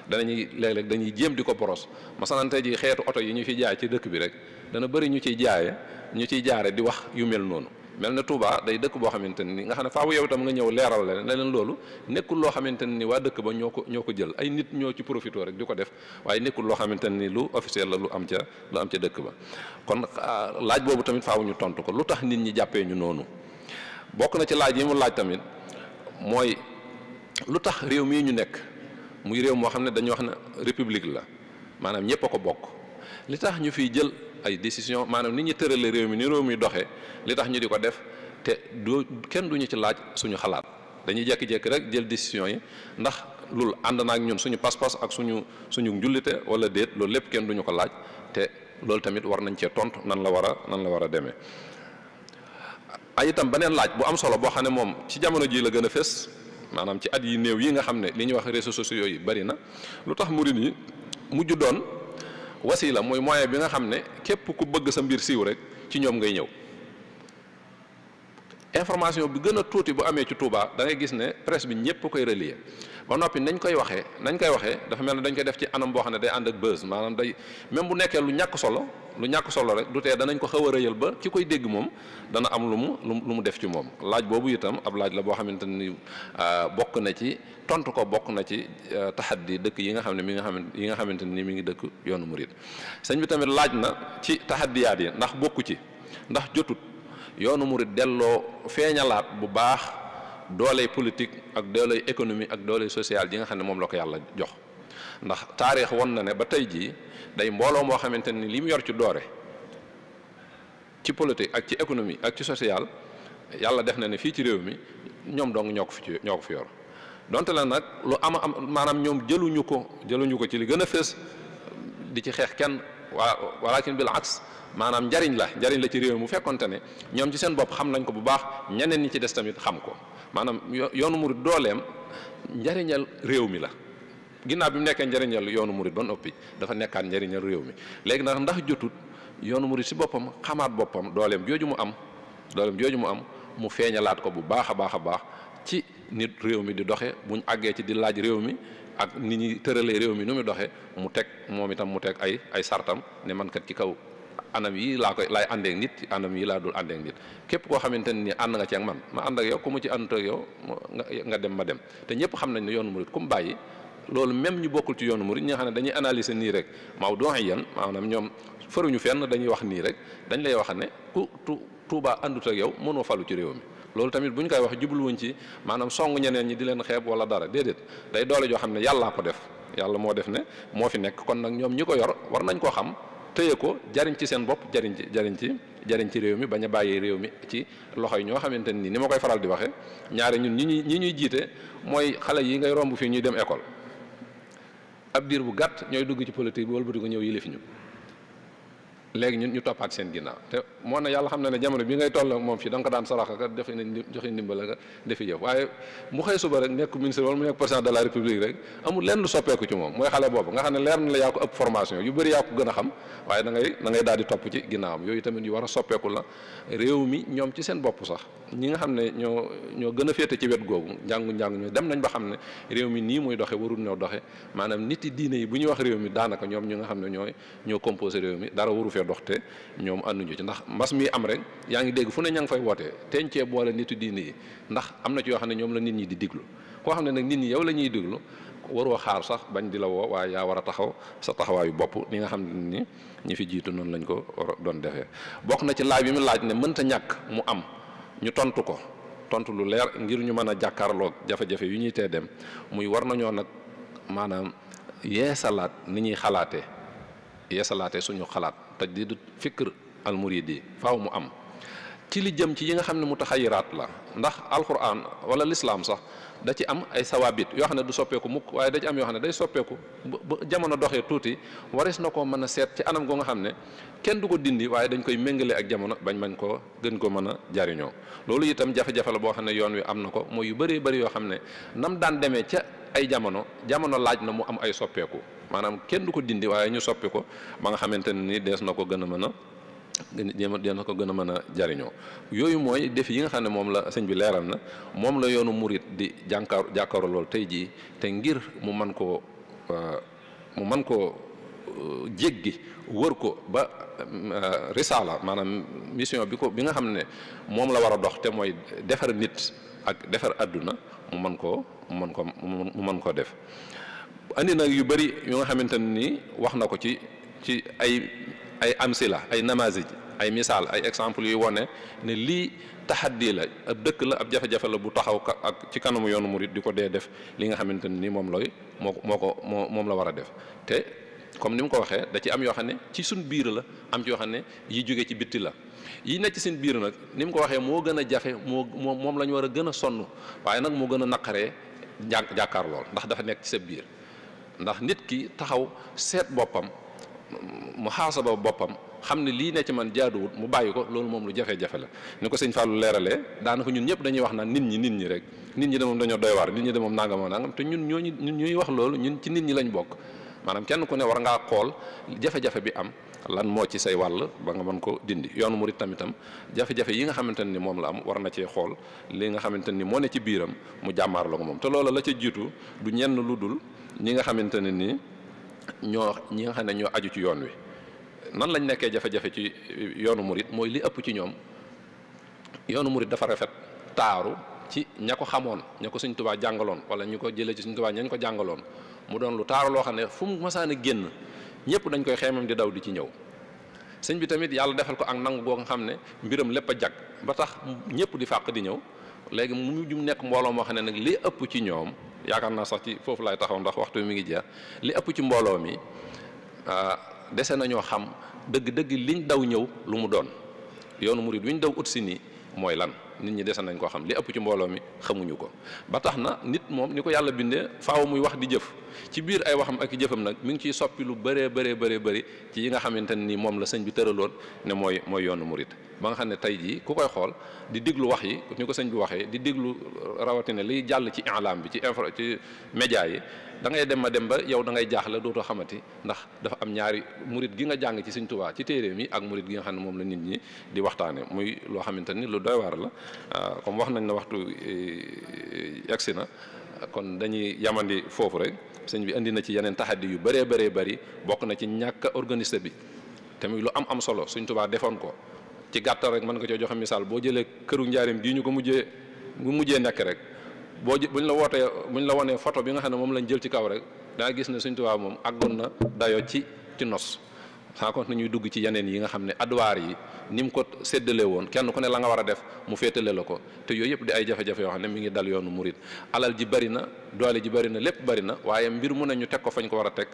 danañuy léeg-léeg dañuy jéem di ko boros masalan tey ji xeetu oto yi ñu fi jaay ci dëkk bi rek dana bëri ñu ciy jaaye ñu ciy jaare di wax yu mel noonu mel na Touba day dëkk boo xamante ne ni nga xam ne faawu yow itam nga ñëw leeral leen ne loolu nekkul loo xamante ne ni waa dëkk ba ñoo ko ñoo ko jël ay nit ñoo ci profité rek di ko def waaye nekkul loo xamante ne ni lu officiel la lu am ca lu am ca dëkk ba kon laaj boobu tamit faawu ñu tontu ko lu tax nit ñi jàppee ñu noonu bokk na ci laaj yi mu laaj tamit mooy lu tax réew mi ñu nekk muy réew moo xam ne dañu wax na république la maanaam ñëpp a ko bokk ay décision maanaam ni ñu tëralee réew mi ni réew mi doxee li tax ñu di ko def te du kenn duñu ci laaj suñu xalaat dañuy jékki-jékki rek jël décision yi ndax loolu ànd na ak ñun suñu pas-pas ak suñu suñu njullite wala déet loolu lépp kenn duñu ko laaj te loolu tamit war nañ cee tontu nan la war a nan la war a demee. ay itam beneen laaj bu am solo boo xam ne moom ci jamono jii la gën a fés maanaam ci at yi néew yi nga xam ne li ñuy wax réseaux sociaux yi bari na lu tax murid yi mujj doon. wasila mooy moyen bi nga xam ne képp ku bëgg sa mbir siw rek ci ñoom ngay ñëw information bi gën tuuti bu amee ci Touba dangay gis ne presse bi ñëpp koy relier ba noppi nañ koy waxee nañ koy waxee dafa mel ne dañ koy def ci anam boo xam ne day ànd ak buzz maanaam day même bu nekkee lu ñàkk solo lu ñàkk solo rek du tee danañ ko xaw a rëyal ba ci koy dégg moom dana am lu mu lu mu def ci moom laaj boobu itam ab laaj la boo xamante ni euh, bokk na ci tontu ko bokk na ci euh, taxaddi dëkk yi nga xam ne mi nga xam yi nga xamante ni mi ngi dëkk yoonu murid sëñ bi tamit laaj na ci taxaddiyaat yi ndax bokku ci ndax jotut yoonu mu delloo feeñalaat bu baax dooley politique ak dooley économie ak dooley sociale ji nga xam ne moom la ko yàlla jox ndax taarix won na ne ba tey jii day mbooloo moo xamante ni li mu yor ci doore ci politique ak ci économie ak ci sociale yàlla def na ne fii ci réew mi ñoom dong ñoo ko fi ñoo ko fi yor donte la nag lu am am maanaam ñoom jëluñu ko jëluñu ko ci li gën a fës di ci xeex kenn waa walakin bil aks maanaam njariñ la njariñ la ci réew mu fekkonte ne ñoom ci seen bopp xam nañ ko bu baax ñeneen ñi ci des tamit xam ko maanaam yoonu murid dooleem njariñal réew mi la ginnaaw bi mu nekkee njariñal yoonu murid ba noppi dafa nekkaat njariñal réew mi léegi nag ndax jotut yoonu murid si boppam xamaat boppam dooleem jooju mu am dooleem jooju mu am mu feeñalaat ko bu baax a baax a baax ci nit réew mi di doxe buñ àggee ci di laaj réew mi ak ni ñuy tëralee réew mi nu muy doxee mu teg moom itam mu teg ay ay sartam ne man kat ci kaw anam yi laa koy laay àndeek nit anam yi laa dul àndeek nit képp koo xamante ne nii ànd nga ci ak man ma ànd ak yow yow nga dem ma dem te ñëpp xam nañ ne yoonu murit ku bàyyi loolu même ñu bokkul ci yoonu murit ñi nga xam ne dañuy analyser nii rek mawdu'an yan maanaam ñoom fëruñu fenn dañuy wax nii rek dañ lay wax ne ku Tuubaa àndut ak yow mënoo falu ci réew mi loolu tamit bu ñu koy wax jubluwuñ ci maanaam song ñeneen ñi di leen xeeb wala dara déedéet day doole joo xam ne yàllaa ko def yàlla moo def ne moo fi nekk kon nag ñoom ñi ko yor war nañ koo xam téye ko jariñ ci seen bopp jariñ ci jariñ ci jariñ ci réew mi bañ a bàyyi réew mi ci loxo yi ñoo xamante ni ni ma koy faral di waxe ñaare ñun ñi ñuy ñuy jiite mooy xale yi ngay romb fii ñuy dem école ab diir bu gàtt ñooy dugg ci politique bi wëlbati ko ñëw yilif ñu léegi ñun ñu toppaat seen ginnaaw te moo ne yàlla xam na ne jamono bi ngay toll ak moom fii da nga ko daan sarax ak defe nañ joxe ndimbal la république rek amul lenn lu soppeeku ci moom mooy nga xam ne leer na la yaa ko ëpp a xam waaye di topp ci ginnaawam yooyu tamit yu war a soppeeku la réew mi ñoom ci seen bopp sax ñi nga xam ne ñoo ñoo gën a ci wet googu njàngu njàngu ñoo dem nañ ba xam ne réew mi nii muy doxe warul ñoo doxe maanaam nit yi diine yi bu ñu wax réew mi daanaka ñoom ñi nga xam ne ñooy ñoo composé réew mi dara waru fee dox te ñoom ànduñu ci ndax mbas mi am rek yaa ngi dégg fu ne ña ngi fay wootee teñ cee boole nitu diine yi ndax am na ci yoo xam ne ñoom la nit ñi di diglu koo xam ne nag nit ñi yow la ñuy diglu waroo xaar sax bañ di la woo waaye yaa war a taxaw sa taxawaayu bopp ni nga xam ne ni ñi fi jiitu noonu lañ ko doon defee bokk na ci laaj bi mu laaj ne mënta ñàkk mu am ñu tontu ko tontu lu leer ngir ñu mën a jàkkaarloog jafe-jafe yu ñuy tee dem muy war nañoo nag maanaam yeesalaat ni ñuy xalaatee yeesalaatee suñu xalaat tajdiidu fikr al muridi faw mu am ci li jëm ci yi nga xam ne mu taxayiraat la ndax alquran wala lislaam sax da ci am ay sawaabit yoo xam ne du soppeeku mukk waaye da ci am yoo xam ne day soppeeku ba jamono doxee tuuti waris na ko mën a seet ci anam goo nga xam ne kenn du ko dindi waaye dañ koy méngale ak jamono bañ bañ koo gën ko mën a jariñoo loolu itam jafe-jafe la boo xam ne yoon wi am na ko mooy yu bëree bëri yoo xam ne nam daan demee ca ay jamono jamono laaj na mu am ay soppeeku maanaam kenn du ko dindi waaye ñu soppi ko ba nga xamante ne ni dees na ko gën a mën a dees na ko gën a mën a jariñoo yooyu mooy def yi nga xam ne moom la sëñ bi leeral na moom la yoonu murit di jànkaar jàkkaaru tey jii te ngir mu man koo mu man koo euh, jéggi wër ko ba euh, risaala maanaam mission bi ko bi nga xam ne moom la war a dox te mooy defar nit ak defar àdduna mu mën koo mu mën koo mu mën koo def andi nag yu bëri yu nga xamante ne nii wax na ko ci ci ay ay amsila ay namazij ay misaal ay exemple yu wone ne lii taxaddi la ab dëkk la ab jafe-jafe la bu taxaw ak ci kanamu yoonu murit di ko dee def li nga xamante ne nii moom looy moo moo ko moo moom la war a def te comme ni mu ko waxee da ci am yoo xam ne ci suñ biir la am ci yoo xam ne yi jóge ci bitti la yi nekk seen biir nag ni mu ko waxee moo gën a jafe moo moom la ñu war a gën a sonn waaye nag moo gën a naqaree jàkk jàkkaar lool ndax dafa nekk set biir ndax nit ki taxaw seet boppam mu xaasaba boppam xam ne lii ne ci man jaaduwut mu bàyyi ko loolu moom lu jafe-jafe la ni ko sëñ Fallou leeralee daanaka ñun ñëpp dañuy wax naan nit ñi nit ñi rek nit ñi de moom dañoo doy waar nit ñi de moom nangam te ñun ñooñu ñun ñuy wax loolu ñun ci nit ñi lañu bokk maanaam kenn ku ne war ngaa xool jafe bi am lan moo ci say wàll ba nga man ko dindi yoonu murit tamitam jafe-jafe yi nga xamante ne ni moom la am war na cee xool li nga xamante ni moo ne ci biiram mu jàmmaarloo ko moom te loola la ca jiitu du ñenn lu dul ñi nga xamante ne ni ñoo ñi nga xam ne ñoo aju ci yoon wi nan lañ nekkee jafe-jafe ci yoonu murit mooy li ëpp ci ñoom yoonu murit dafa rafet taaru ci ña ko xamoon ña ko Sëñ Tuubaa jàngaloon wala ñu ko jëlee ci Sëñ Tuubaa ñañ ko jàngaloon génn ñëpp dañ koy xeemam di daw di ci ñëw sëñ bi tamit yàlla defal ko ak nangu boo nga xam ne mbiram lépp a jag ba tax ñëpp di fàq di ñëw léegi mu jum nekk mbooloo moo xam ne nag li ëpp ci ñoom yaakaar naa sax ci foofu laay taxaw ndax waxtu mi ngi jeex li ëpp ci mbooloo mi ah, dese nañoo xam dëgg-dëgg liñ daw ñëw lu mu doon yoonu murid wi ñu daw ut si mooy lan. nit ñi dese nañ ko xam li ëpp ci mbooloo mi xamuñu ko ba tax na nit moom ni ko yàlla bindee faaw muy wax di jëf ci biir ay waxam ak jëfam nag mi ngi ciy soppi lu bëree bëree bëree bëri ci yi nga xamante ne ni moom la sëñ bi tëraloon ne mooy mooy yoonu murit ba nga xam ne tey jii ku koy xool di déglu wax yi ñu ko sëñ bi waxee di déglu euh, rawatina liy jàll ci inlam bi ci infra ci média yi da ngay dem ma dem ba yow da ngay jaaxle dootoo xamati ndax dafa am ñaari murit gi nga jàng ci sëñ Tuubaa ci téeréem yi ak murit gi nga xam ne moom la nit ñi di waxtaane muy loo xamante ni lu doy waar la euh, comme wax nañ na waxtu euh, egsi na kon dañuy yamandi foofu rek sëñ bi indi na ci yeneen taxaddi yu bëree bëree bari bokk na ci ñàkk organiser bi te muy lu am am solo sëñ Tuubaa defoon ko ci gàttal rek mën nga coo joxe misaal boo jëlee këru njaarim gii ñu ko mujjee bu mujjee nekk rek boo buñ la wootee buñ la wonee photo bi nga xam ne moom lañ jël ci kaw rek daa gis ne Sëñ Tuubaa moom àggoon na dayoo ci ci nos sans na ñuy dugg ci yeneen yi nga xam ne adwaar yi ni mu ko séddale woon kenn ku ne la nga war a def mu féetale la ko te yooyu yëpp di ay jafe-jafe yoo xam ne mi ngi dal yoonu murit alal ji bari na doole ji bari na lépp bari na waaye mbir mu ne teg ko fañ ko war a teg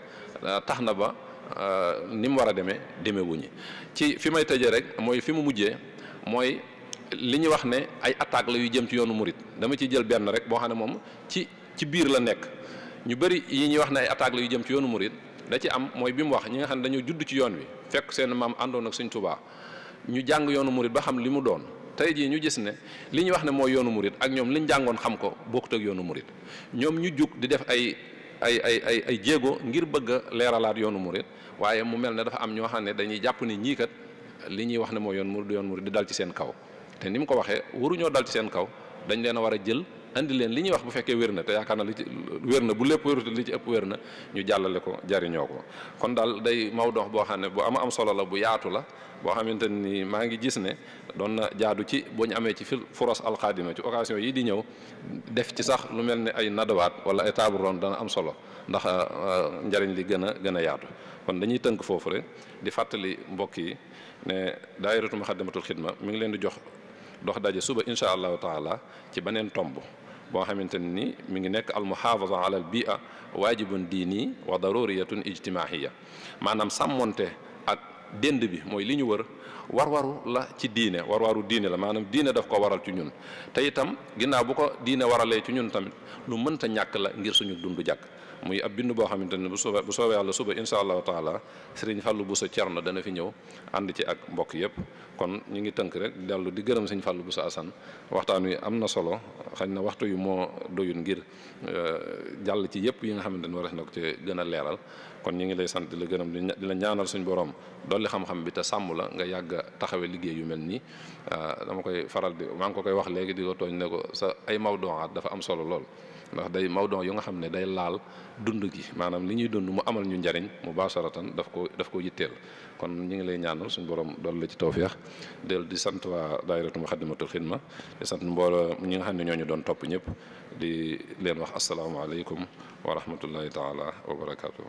tax na ba Euh, ni mu war a demee demee wuñu ci fi may tëjee rek mooy fi mu mujjee mooy li ñu wax ne ay attaque la yu jëm ci yoonu murit dama ci jël benn rek boo xam ne moom ci ci biir la nekk ñu bëri yi ñuy wax ne ay yu jëm ci yoonu murit da ci am mooy bi mu wax ñi nga xam ne dañoo judd ci yoon wi fekk seen maam àndoon ak Sëñ Tuubaa ñu jàng yoonu murit ba xam li mu doon tey jii ñu gis ne li ñu wax ne mooy yoonu murit ak ñoom liñ jàngoon xam ko bokkut ak yoonu murit ñoom ñu jug di def ay ay ay ay ay jéego ngir bëgg leeralaat yoonu mu murit waaye mu mel ne dafa am ñoo xam ne dañuy jàpp ne ñii kat li ñuy wax ne mooy yoon murit du yoon mu murit di dal ci seen kaw te ni mu ko waxee waruñoo dal ci seen kaw dañ leen a war a jël indi leen li ñuy wax bu fekkee wér na te yaakaar na li ci wér na bu lépp wérut li ci ëpp wér na ñu jàllale ko jariñoo ko kon daal day maw dox boo xam ne bu ama am solo la bu yaatu la boo xamante ni maa ngi gis ne doon na jaadu ci boo ñu amee ci fil furos alxaadima ci occasion yi di ñëw def ci sax lu mel ni ay nadawaat wala ay table dana am solo ndax euh, euh, njariñ li gën a gën yaatu kon dañuy tënk foofu rek di fàttali mbokk yi ne daayiratu muxaddamatul xidma mi ngi leen di jox dox daje suba incha allahu taala ci beneen tomb boo xamante ne ni mi ngi nekk al muhafaza ala al bia waajibun diini wa daruriyatun ijtimaiya maanaam sàmmoonte ak dend bi mooy li ñu wër warwaru la ci diine war waru diine la maanaam diine daf ko waral ci ñun te itam ginnaaw bu ko diine waralee ci ñun tamit lu mënta ñàkk la ngir suñu dund jàkk muy ab bind boo xamante ne bu soobee bu soobee yàlla suba incha allahu taala sëriñ Fallou Bousso Thierno dana fi ñëw ànd ci ak mbokk yëpp kon ñu ngi tënk rek dellu di gërëm sëñ bu sa Assane waxtaan wi am na solo xañ na waxtu yu moo doyul ngir euh, jàll ci yëpp yi nga xamante ne war na ko ci gën leeral kon ñu ngi lay sant la gërëm di la ñaanal suñ borom dolli xam-xam bi te sàmm la nga yàgg a liggéey yu mel nii euh, dama koy faral di maa ngi ko koy wax léegi di ko ne ko sa ay mawdoonaat dafa am solo lool ndax day mawdoon yu nga xam ne day laal dund gi maanaam li ñuy dund mu amal ñu njariñ mu baasaratan daf ko daf ko yitteel kon ñu ngi lay ñaanal suñu boroom dool la ci tawféex del di sant waa daayiratu Muxaddamatul Xidma di sant mbooloo ñi nga xam ne ñoo ñu doon topp ñëpp di leen wax asalaamaaleykum wa rahmatullahi taala wa barakaatu.